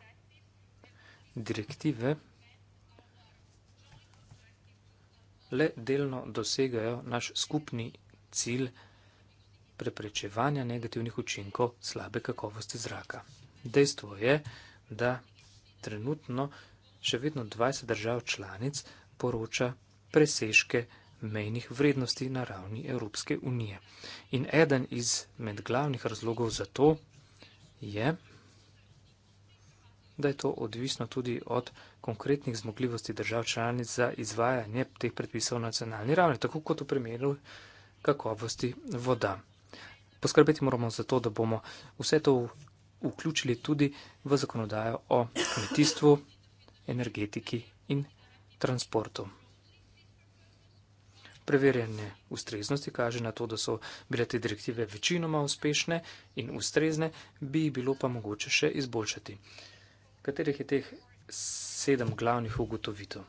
direktive le delno dosegajo naš skupni cilj preprečevanja negativnih učinkov slabe kakovosti zraka. Dejstvo je, da trenutno še vedno 20 držav članic poroča presežke mejnih vrednosti na ravni Evropske unije. In eden izmed glavnih razlogov za to je, da je to odvisno tudi od konkretnih zmogljivosti držav članic za izvajanje teh predpisov na nacionalni ravni, tako kot v primeru kakovosti voda. Poskrbeti moramo za to, da bomo vse to vključili tudi v zakonodajo o kmetijstvu, energetiki in transportu. Preverjanje ustreznosti kaže na to, da so bile te direktive večinoma uspešne in ustrezne, bi jih bilo pa mogoče še izboljšati. Katerih je teh sedem glavnih ugotovitev?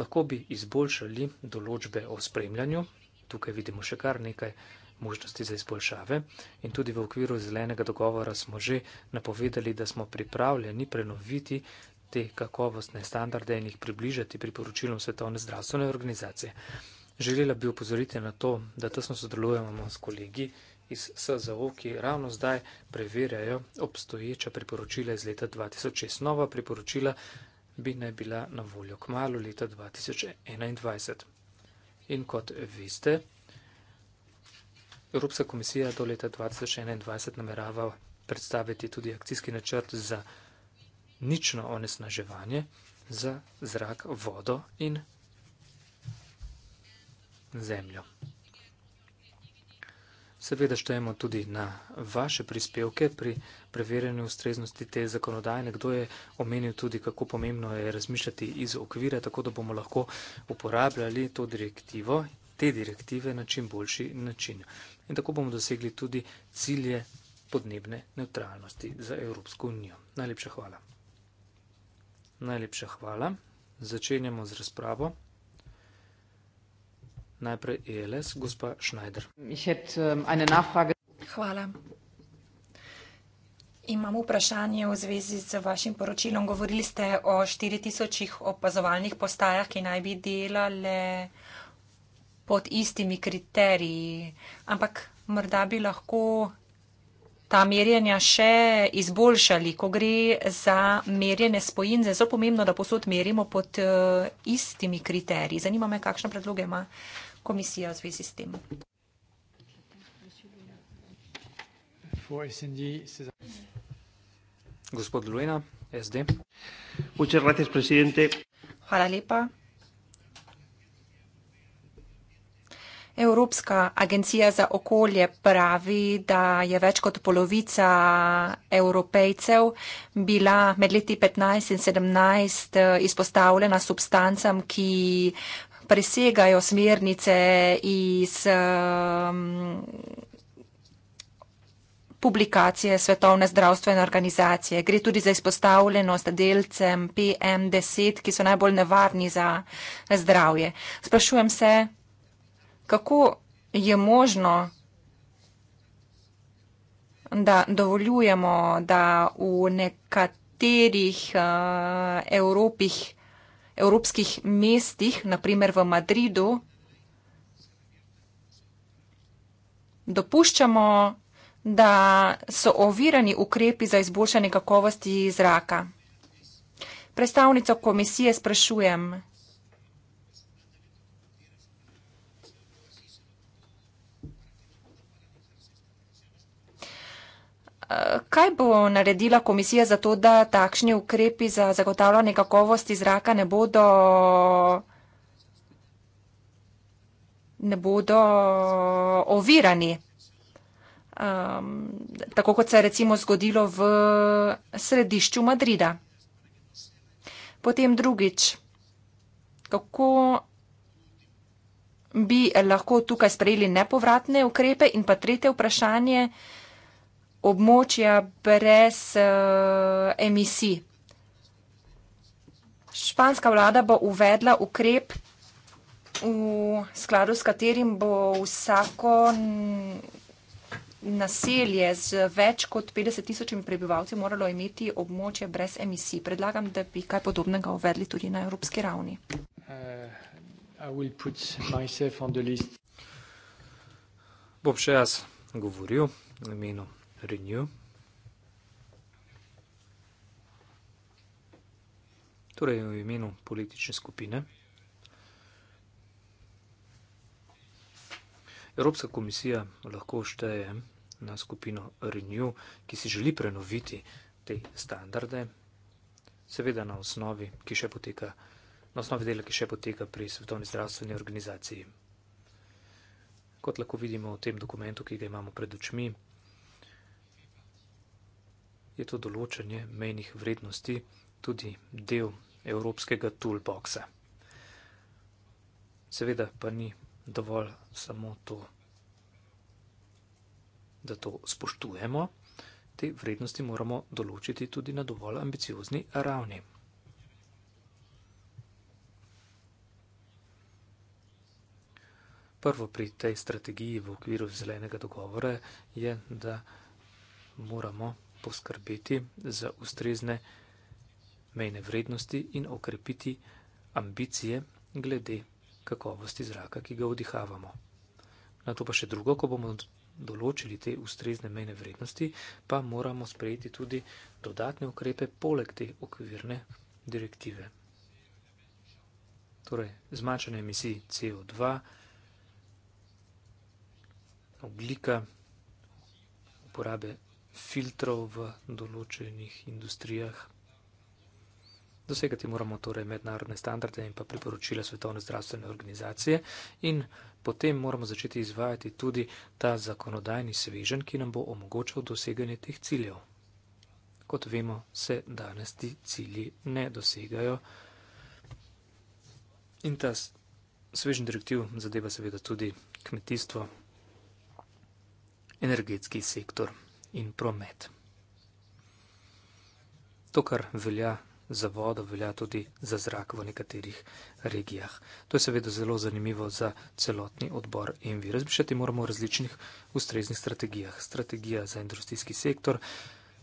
Lahko bi izboljšali določbe o spremljanju, tukaj vidimo še kar nekaj možnosti za izboljšave in tudi v okviru zelenega dogovora smo že napovedali, da smo pripravljeni prenoviti te kakovostne standarde in jih približati priporočilom Svetovne zdravstvene organizacije. Želela bi upozoriti na to, da tesno sodelujemo s kolegi iz SZO, ki ravno zdaj preverjajo obstoječa priporočila iz leta 2006. Nova priporočila bi naj bila na voljo k malu leta 2021. In kot veste, Evropska komisija do leta 2021 namerava predstaviti tudi akcijski načrt za nično onesnaževanje za zrak, vodo in zemljo. Seveda štejemo tudi na vaše prispevke pri preverjanju ustreznosti te zakonodajne. Kdo je omenil tudi, kako pomembno je razmišljati iz okvira, tako da bomo lahko uporabljali to direktivo te direktive na čim boljši način. In tako bomo dosegli tudi cilje podnebne neutralnosti za Evropsko unijo. Najlepša hvala. Najlepša hvala. Začenjamo z razpravo. Najprej ELS, gospa Schneider. Ähm, hvala. Imam vprašanje v zvezi z vašim poročilom. Govorili ste o 4000 opazovalnih postajah, ki naj bi delale pod istimi kriteriji, ampak morda bi lahko ta merjenja še izboljšali, ko gre za merjene spojine. Zelo pomembno, da posod merimo pod uh, istimi kriteriji. Zanima me, kakšne predloge ima komisija v zvezi s tem. Gospod Lujna, SD. Hvala lepa, Evropska agencija za okolje pravi, da je več kot polovica evropejcev bila med leti 15 in 17 eh, izpostavljena substancam, ki presegajo smernice iz um, publikacije Svetovne zdravstvene organizacije. Gre tudi za izpostavljenost delcem PM10, ki so najbolj nevarni za zdravje. Sprašujem se, kako je možno, da dovoljujemo, da v nekaterih uh, Evropih, evropskih mestih, naprimer v Madridu, dopuščamo, da so ovirani ukrepi za izboljšanje kakovosti zraka. Predstavnico komisije sprašujem, Kaj bo naredila komisija za to, da takšni ukrepi za zagotavljanje kakovosti zraka ne bodo, ne bodo ovirani? Um, tako kot se je recimo zgodilo v središču Madrida. Potem drugič, kako bi lahko tukaj sprejeli nepovratne ukrepe in pa tretje vprašanje, uh, območja brez uh, emisij. Španska vlada bo uvedla ukrep, v skladu s katerim bo vsako naselje z več kot 50 tisočimi prebivalci moralo imeti območje brez emisij. Predlagam, da bi kaj podobnega uvedli tudi na evropski ravni. Eh, uh, Bob še jaz govoril v imenu renew. Torej, v imenu politične skupine. Evropska komisija lahko šteje na skupino Renew, ki si želi prenoviti te standarde, seveda na osnovi, ki še poteka, na osnovi dela, ki še poteka pri Svetovni zdravstveni organizaciji. Kot lahko vidimo v tem dokumentu, ki ga imamo pred očmi, je to določanje mejnih vrednosti tudi del evropskega toolboxa. Seveda pa ni dovolj samo to, da to spoštujemo, te vrednosti moramo določiti tudi na dovolj ambiciozni ravni. Prvo pri tej strategiji v okviru zelenega dogovora je, da moramo poskrbeti za ustrezne mejne vrednosti in okrepiti ambicije glede kakovosti zraka, ki ga vdihavamo. Na to pa še drugo, ko bomo določili te ustrezne mejne vrednosti, pa moramo sprejeti tudi dodatne ukrepe poleg te okvirne direktive. Torej, zmanjšanje emisij CO2, oglika, uporabe filtrov v določenih industrijah. Dosegati moramo torej mednarodne standarde in pa priporočila Svetovne zdravstvene organizacije in potem moramo začeti izvajati tudi ta zakonodajni svežen, ki nam bo omogočal doseganje teh ciljev. Kot vemo, se danes ti cilji ne dosegajo in ta svežen direktiv zadeva seveda tudi kmetijstvo, energetski sektor in promet. To, kar velja za vodo, velja tudi za zrak v nekaterih regijah. To je seveda zelo zanimivo za celotni odbor in vi. Razmišljati moramo o različnih ustreznih strategijah. Strategija za industrijski sektor,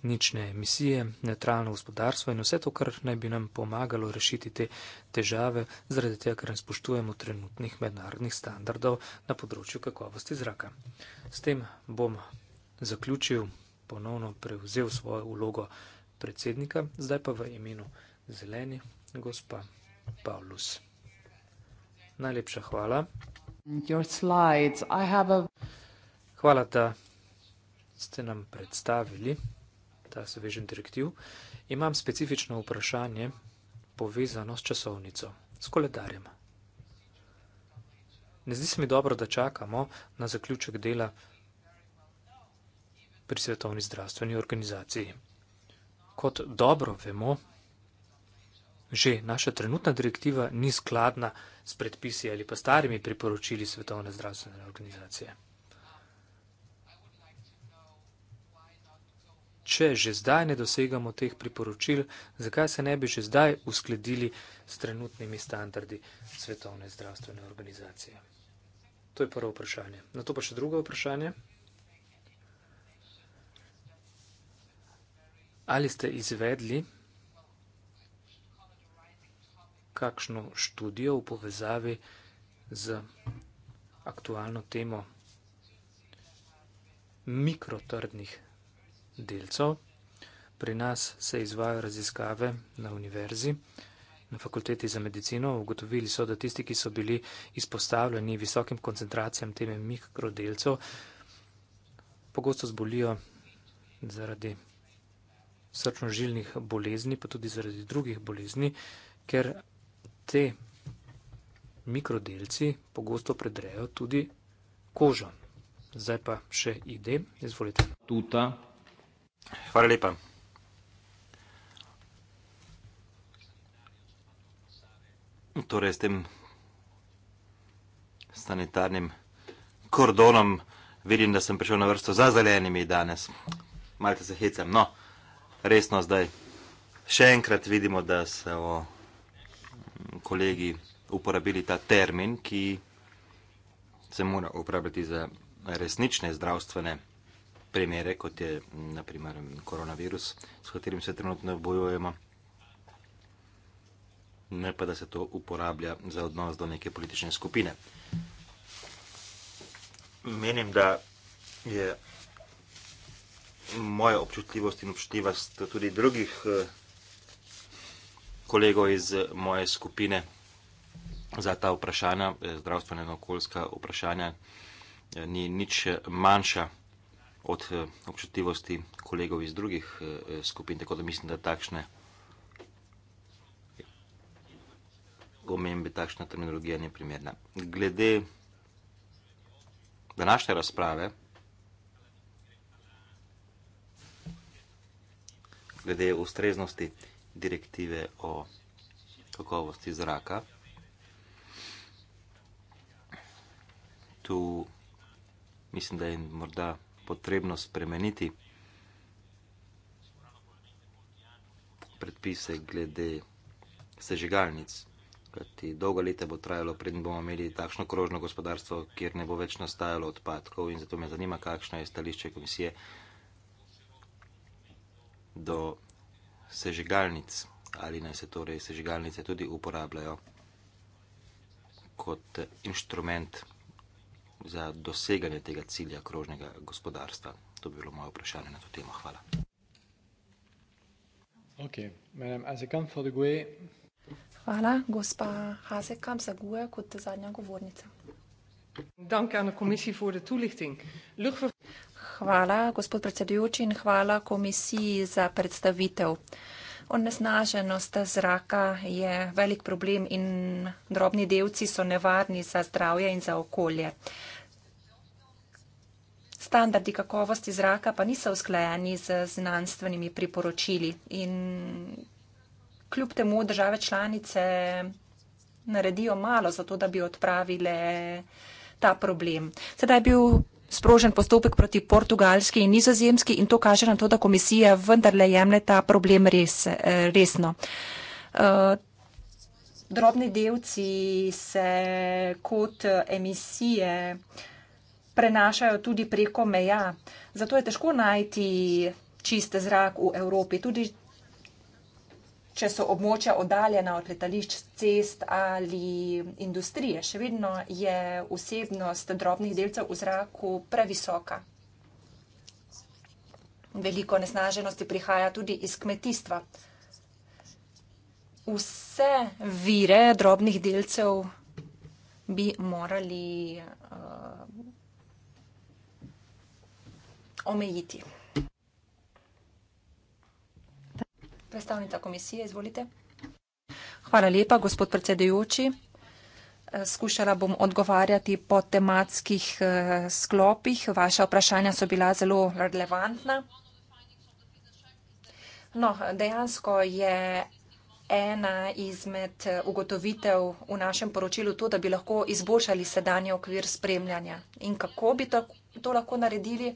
nične emisije, neutralno gospodarstvo in vse to, kar naj bi nam pomagalo rešiti te težave, zaradi tega, ker ne spoštujemo trenutnih mednarodnih standardov na področju kakovosti zraka. S tem bom zaključil ponovno prevzel svojo vlogo predsednika, zdaj pa v imenu zeleni gospa Paulus. Najlepša hvala. A... Hvala, da ste nam predstavili ta svežen direktiv. Imam specifično vprašanje povezano s časovnico, s koledarjem. Ne zdi se mi dobro, da čakamo na zaključek dela pri Svetovni zdravstveni organizaciji. Kot dobro vemo, že naša trenutna direktiva ni skladna s predpisi ali pa starimi priporočili Svetovne zdravstvene organizacije. Če že zdaj ne dosegamo teh priporočil, zakaj se ne bi že zdaj uskladili s trenutnimi standardi Svetovne zdravstvene organizacije? To je prvo vprašanje. Na to pa še drugo vprašanje. ali ste izvedli kakšno študijo v povezavi z aktualno temo mikrotrdnih delcev. Pri nas se izvajo raziskave na univerzi, na fakulteti za medicino. Ugotovili so, da tisti, ki so bili izpostavljeni visokim koncentracijam teme mikrodelcev, pogosto zbolijo zaradi srčnožilnih bolezni, pa tudi zaradi drugih bolezni, ker te mikrodelci pogosto predrejo tudi kožo. Zdaj pa še ide, izvolite. Tuta. Hvala lepa. Torej, s tem sanitarnim kordonom vidim, da sem prišel na vrsto za zelenimi danes. Malce se hecam. No resno zdaj. Še enkrat vidimo, da so kolegi uporabili ta termin, ki se mora uporabljati za resnične zdravstvene primere, kot je naprimer koronavirus, s katerim se trenutno bojujemo. Ne pa, da se to uporablja za odnos do neke politične skupine. Menim, da je moja občutljivost in občutljivost tudi drugih eh, kolegov iz eh, moje skupine za ta vprašanja, eh, zdravstvene in okoljska vprašanja, ni nič manjša od občutljivosti kolegov iz drugih skupin, tako da mislim, da takšne omembe, takšna terminologija ni primerna. Glede današnje razprave, glede ustreznosti direktive o kakovosti zraka. Tu mislim, da je morda potrebno spremeniti predpise glede sežigalnic. Kajti dolga leta bo trajalo, predn bomo imeli takšno krožno gospodarstvo, kjer ne bo več nastajalo odpadkov in zato me zanima, kakšno je stališče komisije do sežigalnic, ali naj se torej sežigalnice tudi uporabljajo kot inštrument za doseganje tega cilja krožnega gospodarstva. To bi bilo moje vprašanje na to temo. Hvala. Okay. Madam Azekam Fodegue. E. Hvala, gospa Hazekam Zaguje, kot zadnja govornica. Danke an der Kommissie voor de toelichting. Luchtver... Hvala, gospod predsedujoči, in hvala komisiji za predstavitev. Onesnaženost zraka je velik problem in drobni delci so nevarni za zdravje in za okolje. Standardi kakovosti zraka pa niso usklajeni z znanstvenimi priporočili in kljub temu države članice naredijo malo za to, da bi odpravile ta problem. Sedaj je bil sprožen postopek proti portugalski in nizozemski in to kaže na to, da komisija vendarle jemlje ta problem res, eh, resno. Eh, drobni delci se kot emisije prenašajo tudi preko meja, zato je težko najti čiste zrak v Evropi. Tudi če so območja oddaljena od letališč, cest ali industrije. Še vedno je vsebnost drobnih delcev v zraku previsoka. Veliko nesnaženosti prihaja tudi iz kmetijstva. Vse vire drobnih delcev bi morali uh, omejiti. Predstavnica komisije, izvolite. Hvala lepa, gospod predsedujoči. Eh, skušala bom odgovarjati po tematskih eh, sklopih. Vaša vprašanja so bila zelo relevantna. No, dejansko je ena izmed eh, ugotovitev v našem poročilu to, da bi lahko izboljšali sedanje okvir spremljanja. In kako bi to, to lahko naredili?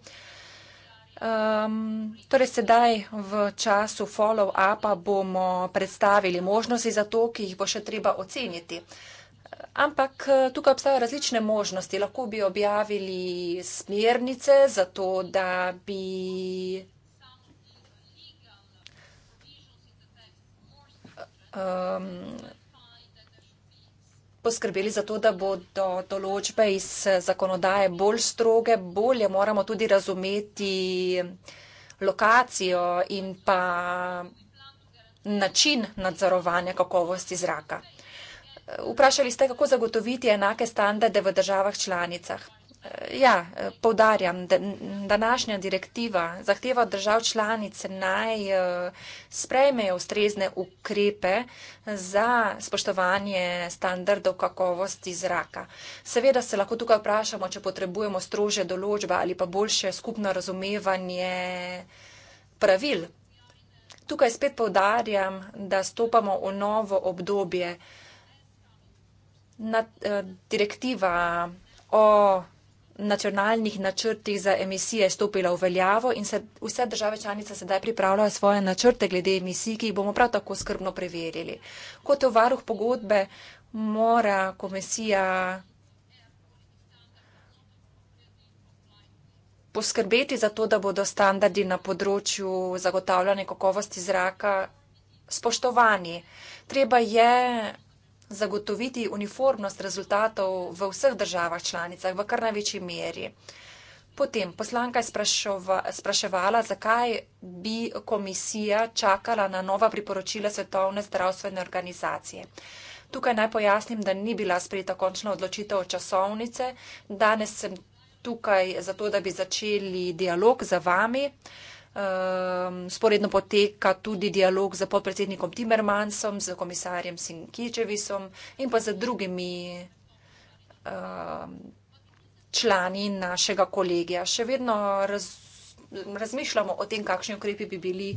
Um, torej sedaj v času follow-upa bomo predstavili možnosti za to, ki jih bo še treba oceniti. Ampak eh, tukaj obstajajo različne možnosti. Lahko bi objavili smernice za to, da bi. Um, poskrbeli za to, da bodo določbe iz eh, zakonodaje bolj stroge, bolje moramo tudi razumeti lokacijo in pa način nadzorovanja kakovosti zraka. Eh, vprašali ste, kako zagotoviti enake standarde v državah članicah. Eh, ja, eh, povdarjam, da današnja direktiva zahteva od držav članice naj eh, sprejmejo ustrezne ukrepe za spoštovanje standardov kakovosti zraka. Seveda se lahko tukaj vprašamo, če potrebujemo strože določba ali pa boljše skupno razumevanje pravil. Tukaj spet povdarjam, da stopamo v novo obdobje. Direktiva o nacionalnih načrtih za emisije stopila v veljavo in se vse države članice sedaj pripravljajo svoje načrte glede emisij, ki jih bomo prav tako skrbno preverili. Kot je varuh pogodbe, mora komisija poskrbeti za to, da bodo standardi na področju zagotavljanja kakovosti zraka spoštovani. Treba je zagotoviti uniformnost rezultatov v vseh državah članicah v kar največji meri. Potem poslanka je sprašova, spraševala, zakaj bi komisija čakala na nova priporočila Svetovne zdravstvene organizacije. Tukaj naj pojasnim, da ni bila sprejeta končna odločitev časovnice. Danes sem tukaj zato, da bi začeli dialog za vami. Uh, Um, sporedno poteka tudi dialog z podpredsednikom Timmermansom, z komisarjem Sinkičevisom in pa z drugimi um, člani našega kolegija. Še vedno raz, razmišljamo o tem, kakšni ukrepi bi bili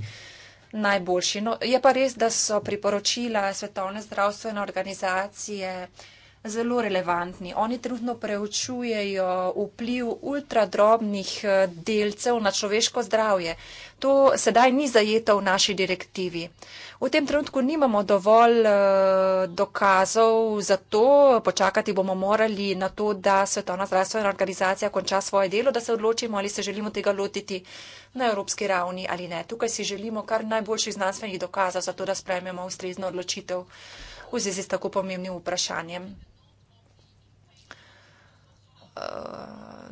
najboljši. No, je pa res, da so priporočila Svetovne zdravstvene organizacije uh, zelo relevantni. Oni trudno preučujejo vpliv ultradrobnih eh, delcev na človeško zdravje. To sedaj ni zajeto v naši direktivi. V tem trenutku nimamo dovolj eh, dokazov za to, počakati bomo morali na to, da Svetovna zdravstvena organizacija konča svoje delo, da se odločimo, ali se želimo tega lotiti na evropski ravni ali ne. Tukaj si želimo kar najboljših znanstvenih dokazov za to, da sprejmemo ustrezno odločitev v zvezi s tako pomembnim vprašanjem.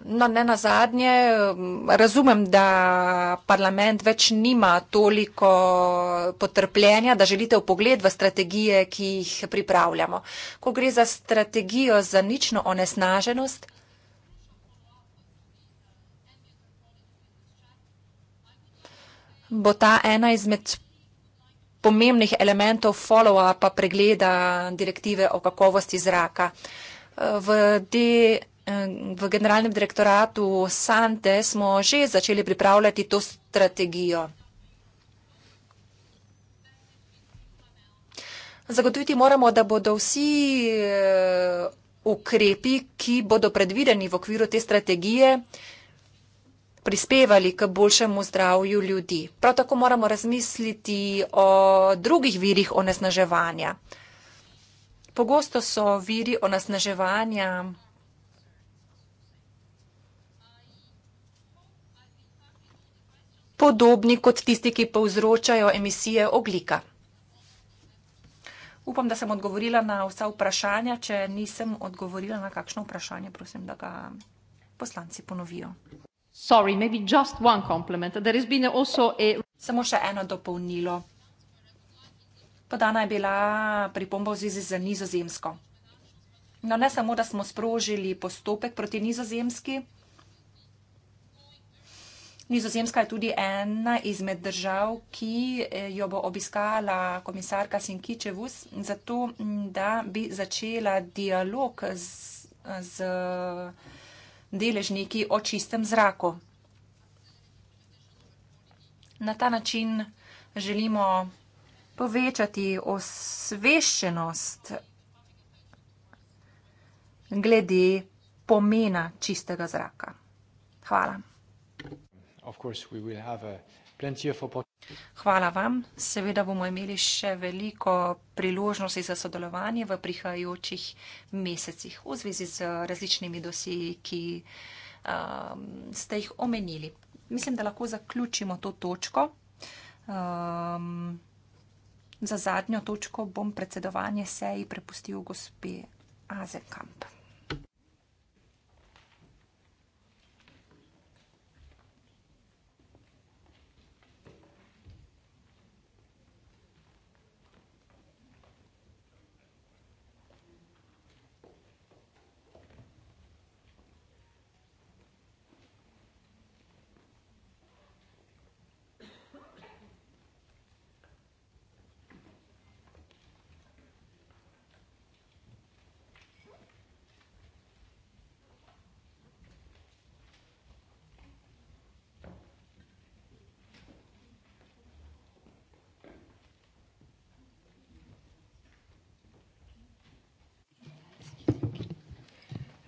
No, ne na zadnje, razumem, da parlament več nima toliko potrpljenja, da želite upogled v strategije, ki jih pripravljamo. Ko gre za strategijo za nično onesnaženost, bo ta ena izmed pomembnih elementov follow-upa pregleda direktive o kakovosti zraka. V D v generalnem direktoratu Sante smo že začeli pripravljati to strategijo. Zagotoviti moramo, da bodo vsi eh, ukrepi, ki bodo predvideni v okviru te strategije, prispevali k boljšemu zdravju ljudi. Prav tako moramo razmisliti o drugih virih onesnaževanja. Pogosto so viri onesnaževanja podobni kot tisti, ki povzročajo emisije oglika. Upam, da sem odgovorila na vsa vprašanja. Če nisem odgovorila na kakšno vprašanje, prosim, da ga poslanci ponovijo. Sorry, maybe just one compliment. There has been also a... Samo še eno dopolnilo. Podana je bila pripomba v zvezi z nizozemsko. No, ne samo, da smo sprožili postopek proti nizozemski. Nizozemska je tudi ena izmed držav, ki eh, jo bo obiskala komisarka Sinkičevus, zato da bi začela dialog z, z deležniki o čistem zraku. Na ta način želimo povečati osveščenost glede pomena čistega zraka. Hvala. Uh, Hvala vam. Seveda bomo imeli še veliko priložnosti za sodelovanje v prihajajočih mesecih v zvezi z različnimi dosiji, ki um, ste jih omenili. Mislim, da lahko zaključimo to točko. Um, za zadnjo točko bom predsedovanje seji prepustil gospe Azenkamp.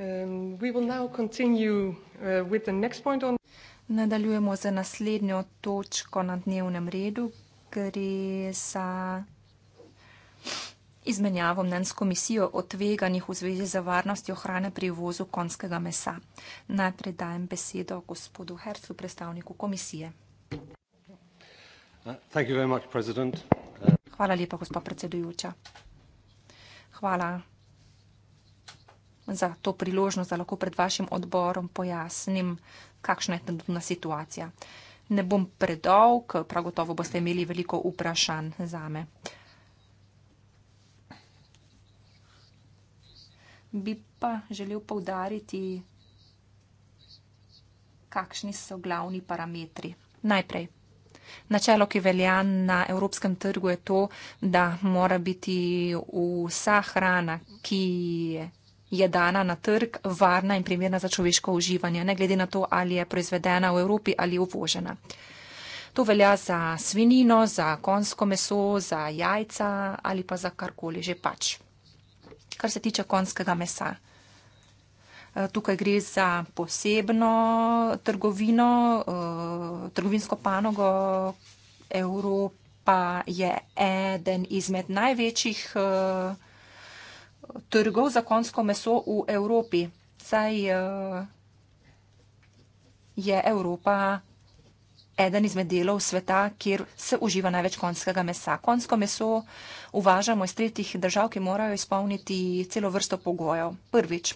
Um, uh, Nadaljujemo z naslednjo točko na dnevnem redu. Gre za izmenjavo mnen s komisijo o tveganjih v zvezi z varnostjo hrane pri uvozu konjskega mesa. Najprej dajem besedo gospodu Hercu, predstavniku komisije. Uh, Hvala lepa, gospod predsedujoča. Hvala za to priložnost, da lahko pred vašim odborom pojasnim, kakšna je trenutna situacija. Ne bom predolg, prav gotovo boste imeli veliko vprašanj za me. Bi pa želel povdariti, kakšni so glavni parametri. Najprej. Načelo, ki velja na evropskem trgu, je to, da mora biti vsa hrana, ki je dana na trg varna in primerna za človeško uživanje, ne glede na to, ali je proizvedena v Evropi ali uvožena. To velja za svinino, za konsko meso, za jajca ali pa za karkoli že pač. Kar se tiče konskega mesa. Eh, tukaj gre za posebno trgovino, eh, trgovinsko panogo. Evropa je eden izmed največjih eh, trgov za konsko meso v Evropi, saj eh, je Evropa eden izmed delov sveta, kjer se uživa največ konskega mesa. Konsko meso uvažamo iz tretjih držav, ki morajo izpolniti celo vrsto pogojev. Prvič,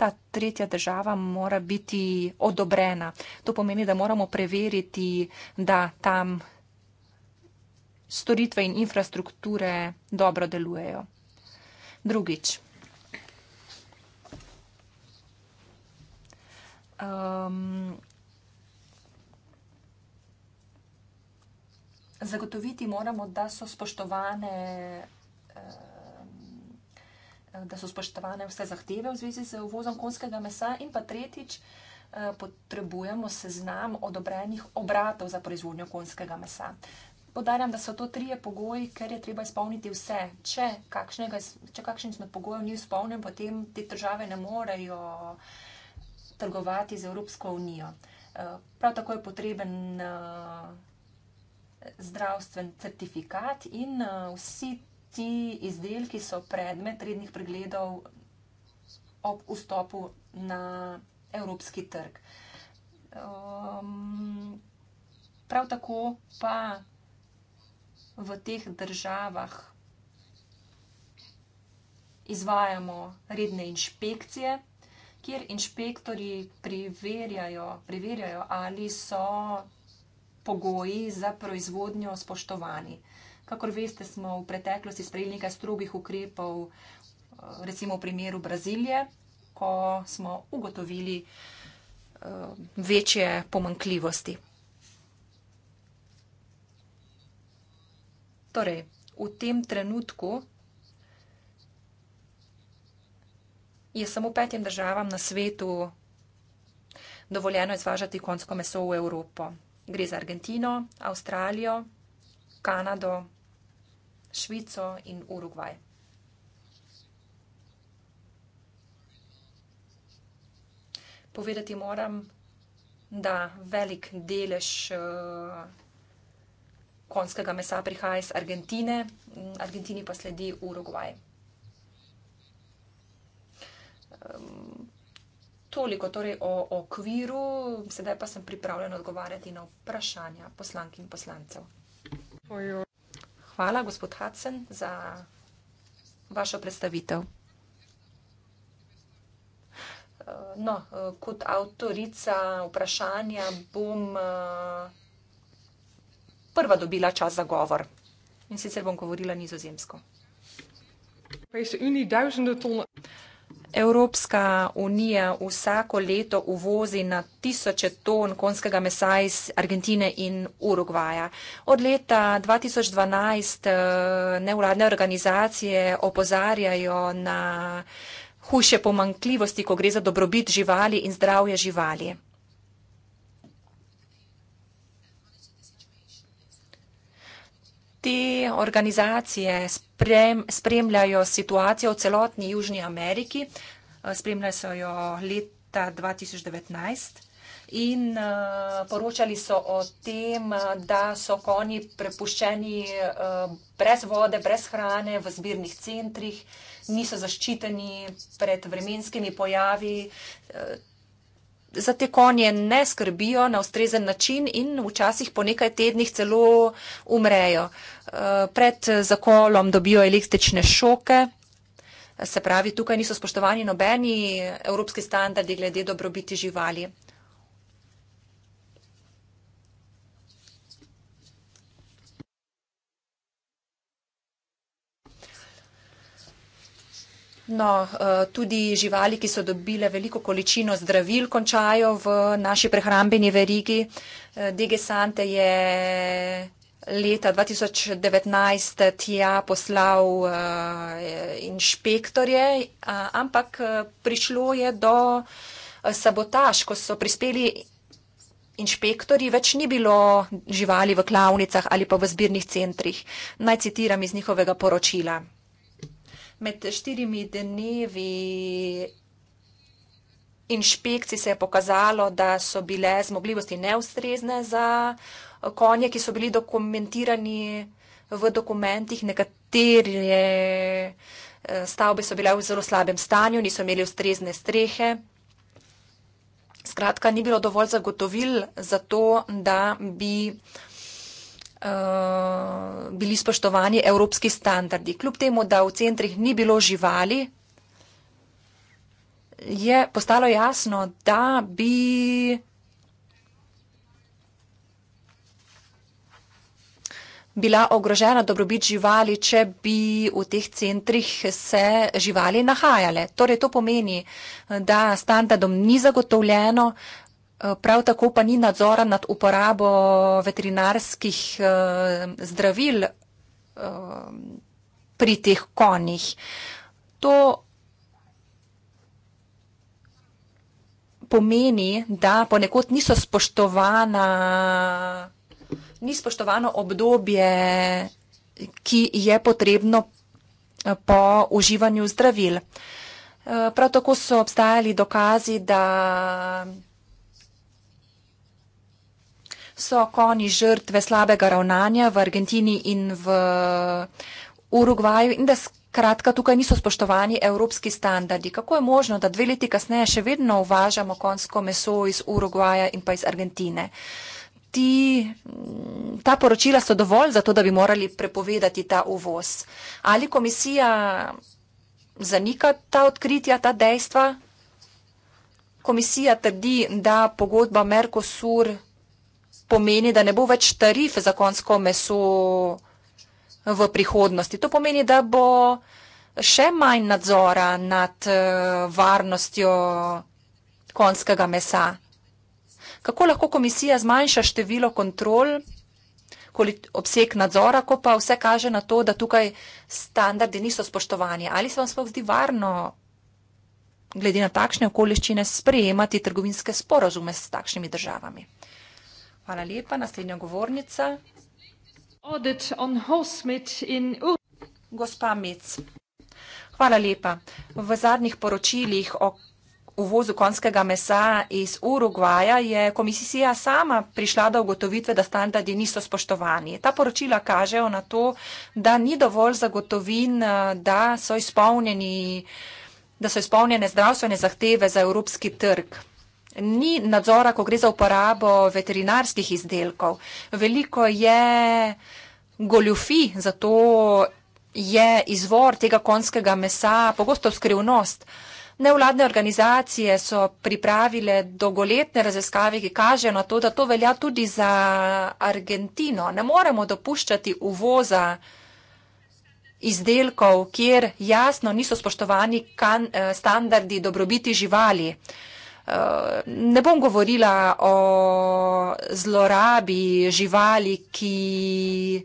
ta tretja država mora biti odobrena. To pomeni, da moramo preveriti, da tam storitve in infrastrukture dobro delujejo drugič. Um, zagotoviti moramo, da so spoštovane. Da so spoštovane vse zahteve v zvezi z uvozom konjskega mesa, in pa tretjič, potrebujemo seznam odobrenih obratov za proizvodnjo konjskega mesa. Podarjam, da so to trije pogoji, ker je treba izpolniti vse. Če, kakšnega, če kakšen izmed pogojev ni izpolnjen, potem te države ne morejo trgovati z Evropsko unijo. Eh, prav tako je potreben eh, zdravstven certifikat in eh, vsi ti izdelki so predmet rednih pregledov ob vstopu na evropski trg. Ehm, prav tako pa v teh državah izvajamo redne inšpekcije, kjer inšpektori preverjajo, preverjajo ali so pogoji za proizvodnjo spoštovani. Kakor veste, smo v preteklosti sprejeli nekaj strogih ukrepov, eh, recimo v primeru Brazilije, ko smo ugotovili eh, večje pomankljivosti. Torej, v tem trenutku je samo petim državam na svetu dovoljeno izvažati konjsko meso v Evropo. Gre za Argentino, Avstralijo, Kanado, Švico in Urugvaj. Povedati moram, da velik delež uh, konjskega mesa prihaja iz Argentine, Argentini pa sledi Urugvaj. Ehm, toliko torej o okviru, sedaj pa sem pripravljen odgovarjati na vprašanja poslank in poslancev. Hvala, gospod Hudson, za vašo predstavitev. Ehm, no, eh, kot avtorica vprašanja bom. Uh, prva dobila čas za govor. In sicer bom govorila nizozemsko. Evropska unija vsako leto uvozi na tisoče ton konjskega mesa iz Argentine in Urugvaja. Od leta 2012 eh, neuradne organizacije opozarjajo na hujše pomankljivosti, ko gre za dobrobit živali in zdravje živali. te organizacije sprem, spremljajo situacijo v celotni Južni Ameriki, eh, spremljajo so jo leta 2019 in eh, poročali so o tem, da so konji prepuščeni eh, brez vode, brez hrane v zbirnih centrih, niso zaščiteni pred vremenskimi pojavi, za te konje ne skrbijo na ustrezen način in včasih po nekaj tednih celo umrejo. Eh, pred zakolom dobijo električne šoke, se pravi, tukaj niso spoštovani nobeni evropski standardi glede dobrobiti živali. verjetno eh, tudi živali, ki so dobile veliko količino zdravil, končajo v naši prehrambeni verigi. Eh, DG Sante je leta 2019 tja poslal eh, inšpektorje, ampak prišlo je do sabotaž, ko so prispeli inšpektori, več ni bilo živali v klavnicah ali pa v zbirnih centrih. Naj citiram iz njihovega poročila. Med štirimi dnevi inšpekcij se je pokazalo, da so bile zmogljivosti neustrezne za konje, ki so bili dokumentirani v dokumentih. Nekatere eh, stavbe so bile v zelo slabem stanju, niso imeli ustrezne strehe. Skratka, ni bilo dovolj zagotovil za to, da bi. Eh, bili spoštovani evropski standardi. Kljub temu, da v centrih ni bilo živali, je postalo jasno, da bi bila ogrožena dobrobit živali, če bi v teh centrih se živali nahajale. Torej, to pomeni, da standardom ni zagotovljeno, uh, Prav tako pa ni nadzora nad uporabo veterinarskih eh, zdravil eh, pri teh konjih. To pomeni, da ponekod niso spoštovana, ni spoštovano obdobje, ki je potrebno eh, po uživanju zdravil. Prav tako so obstajali dokazi, da so konji žrtve slabega ravnanja v Argentini in v Urugvaju in da skratka tukaj niso spoštovani evropski standardi. Kako je možno, da dve leti kasneje še vedno uvažamo konsko meso iz Urugvaja in pa iz Argentine? Ti, mm, ta poročila so dovolj za to, da bi morali prepovedati ta uvoz. Ali komisija zanika ta odkritja, ta dejstva? Komisija trdi, da pogodba Mercosur pomeni, da ne bo več tarif za konsko meso v prihodnosti. To pomeni, da bo še manj nadzora nad eh, varnostjo konskega mesa. Kako lahko komisija zmanjša število kontrol, obseg nadzora, ko pa vse kaže na to, da tukaj standardi niso spoštovani? Ali se vam sploh zdi varno, glede na takšne okoliščine, sprejemati trgovinske sporozume s takšnimi državami? Hvala lepa. Naslednja govornica. Audit on Hosmit in U. Gospa Mec. Hvala lepa. V zadnjih poročilih o uvozu konjskega mesa iz Urugvaja je komisija sama prišla do ugotovitve, da standardi niso spoštovani. Ta poročila kažejo na to, da ni dovolj zagotovin, eh, da so izpolnjeni da so izpolnjene zdravstvene zahteve za evropski trg ni nadzora, ko gre za uporabo veterinarskih izdelkov. Veliko je goljufi, zato je izvor tega konskega mesa pogosto skrivnost. Nevladne organizacije so pripravile dolgoletne raziskave, ki kažejo na to, da to velja tudi za Argentino. Ne moremo dopuščati uvoza izdelkov, kjer jasno niso spoštovani kan, eh, standardi dobrobiti živali ne bom govorila o zlorabi živali, ki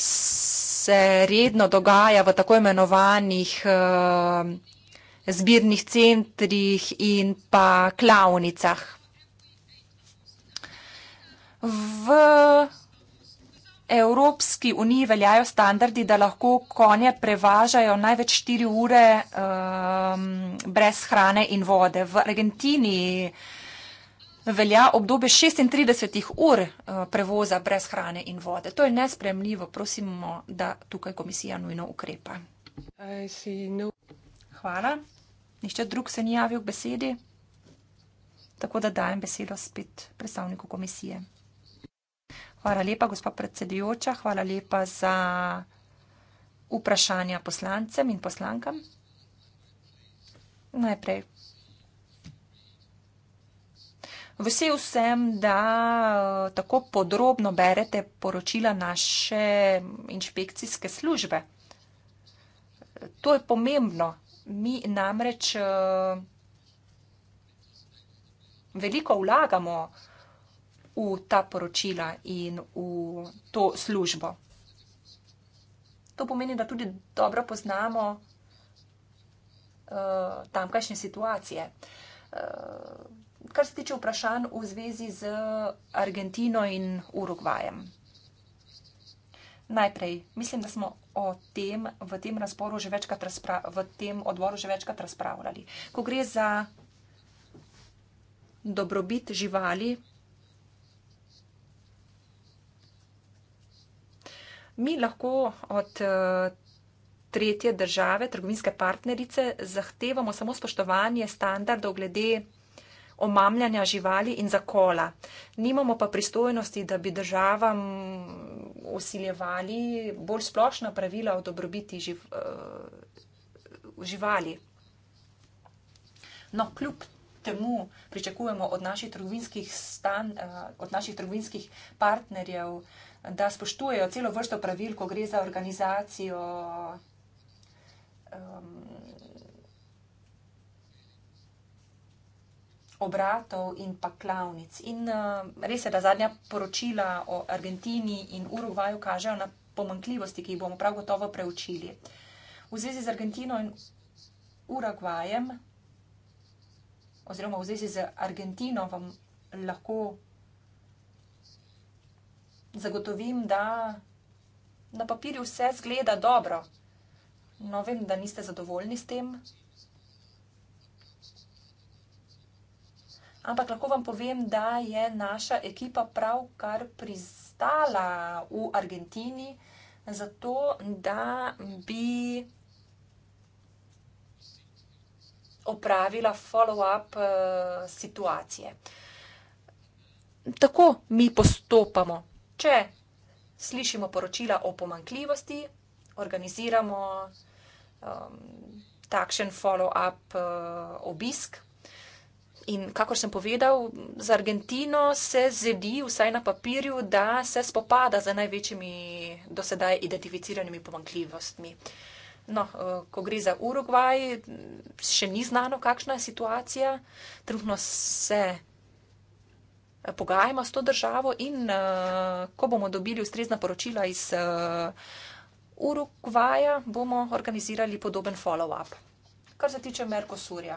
se redno dogaja v tako imenovanih eh, zbirnih centrih in pa klavnicah. V Evropski uniji veljajo standardi, da lahko konje prevažajo največ 4 ure um, brez hrane in vode. V Argentini velja obdobje 36 ur uh, prevoza brez hrane in vode. To je nespremljivo. Prosimo, da tukaj komisija nujno ukrepa. No. Hvala. Nihče drug se ni javil k besedi. Tako da dajem besedo spet predstavniku komisije. Hvala lepa, gospa predsedujoča. Hvala lepa za vprašanja poslancem in poslankam. Najprej. Vesel sem, da eh, tako podrobno berete poročila naše inšpekcijske službe. To je pomembno. Mi namreč eh, veliko vlagamo v v ta poročila in v to službo. To pomeni, da tudi dobro poznamo uh, tamkajšnje situacije. Uh, kar se tiče vprašanj v zvezi z Argentino in Urugvajem. Najprej, mislim, da smo o tem v tem, že v tem odboru že večkrat razpravljali. Ko gre za dobrobit živali, mi lahko od eh, tretje države, trgovinske partnerice, zahtevamo samo spoštovanje standardov glede omamljanja živali in zakola. Nimamo pa pristojnosti, da bi državam usiljevali bolj splošna pravila o dobrobiti živ, eh, živali. No, kljub temu pričakujemo od naših trgovinskih, stan, eh, od naših trgovinskih partnerjev, da spoštujejo celo vrsto pravil, ko gre za organizacijo. Um, obratov in pa klavnic. In uh, res je, da zadnja poročila o Argentini in Urugvaju kažejo na pomankljivosti, ki jih bomo prav gotovo preučili. V zvezi z Argentino in Urugvajem, oziroma v zvezi z Argentino, vam lahko zagotovim, da na papirju vse zgleda dobro. No, vem, da niste zadovoljni s tem. Ampak lahko vam povem, da je naša ekipa pravkar pristala v Argentini, zato da bi opravila follow-up eh, situacije. Tako mi postopamo. Če slišimo poročila o pomankljivosti, organiziramo um, takšen follow-up uh, obisk. In kako sem povedal, z Argentino se zdi, vsaj na papirju, da se spopada z največjimi dosedaj identificiranimi pomankljivostmi. No, uh, ko gre za Urugvaj, še ni znano, kakšna je situacija. Trenutno se pogajamo s to državo in uh, ko bomo dobili ustrezna poročila iz uh, Urugvaja, bomo organizirali podoben follow-up. Kar se tiče Merkosurja.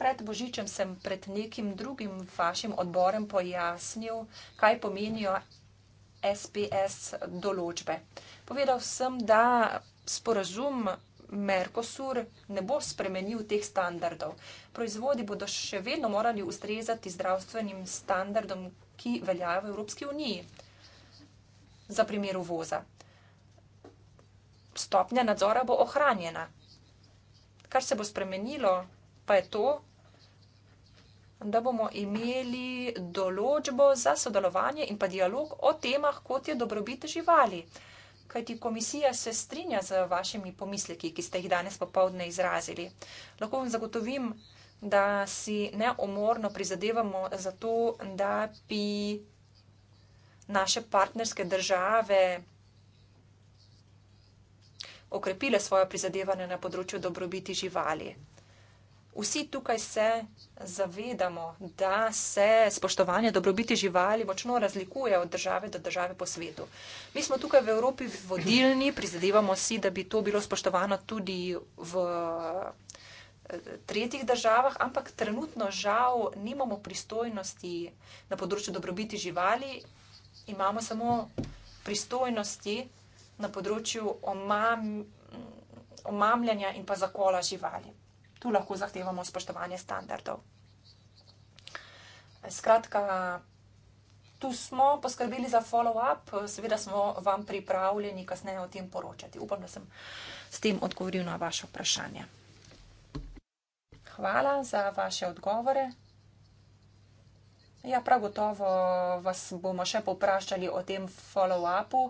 Pred Božičem sem pred nekim drugim vašim odborem pojasnil, kaj pomenijo SPS določbe. Povedal sem, da sporazum Mercosur ne bo spremenil teh standardov. Proizvodi bodo še vedno morali ustrezati zdravstvenim standardom, ki veljajo v Evropski uniji za primer uvoza. Stopnja nadzora bo ohranjena. Kar se bo spremenilo, pa je to, da bomo imeli določbo za sodelovanje in pa dialog o temah, kot je dobrobit živali kajti komisija se strinja z vašimi pomisleki, ki ste jih danes popovdne izrazili. Lahko vam zagotovim, da si neumorno prizadevamo za to, da bi naše partnerske države okrepile svoje prizadevanje na področju dobrobiti živali. Vsi tukaj se zavedamo, da se spoštovanje dobrobiti živali močno razlikuje od države do države po svetu. Mi smo tukaj v Evropi vodilni, prizadevamo si, da bi to bilo spoštovano tudi v eh, tretjih državah, ampak trenutno žal nimamo pristojnosti na področju dobrobiti živali, imamo samo pristojnosti na področju omam, omamljanja in pa zakola živali tu lahko zahtevamo spoštovanje standardov. Skratka, tu smo poskrbeli za follow-up, seveda smo vam pripravljeni kasneje o tem poročati. Upam, da sem s tem odgovoril na vaše vprašanje. Hvala za vaše odgovore. Ja, prav gotovo vas bomo še povpraščali o tem follow-upu.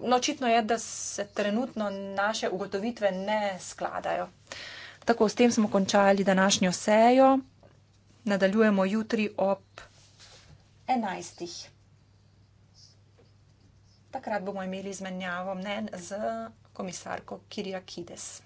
no, očitno je, da se trenutno naše ugotovitve ne skladajo. Tako, s tem smo končali današnjo sejo. Nadaljujemo jutri ob 11. Takrat bomo imeli izmenjavo mnen z komisarko Kirja Kides.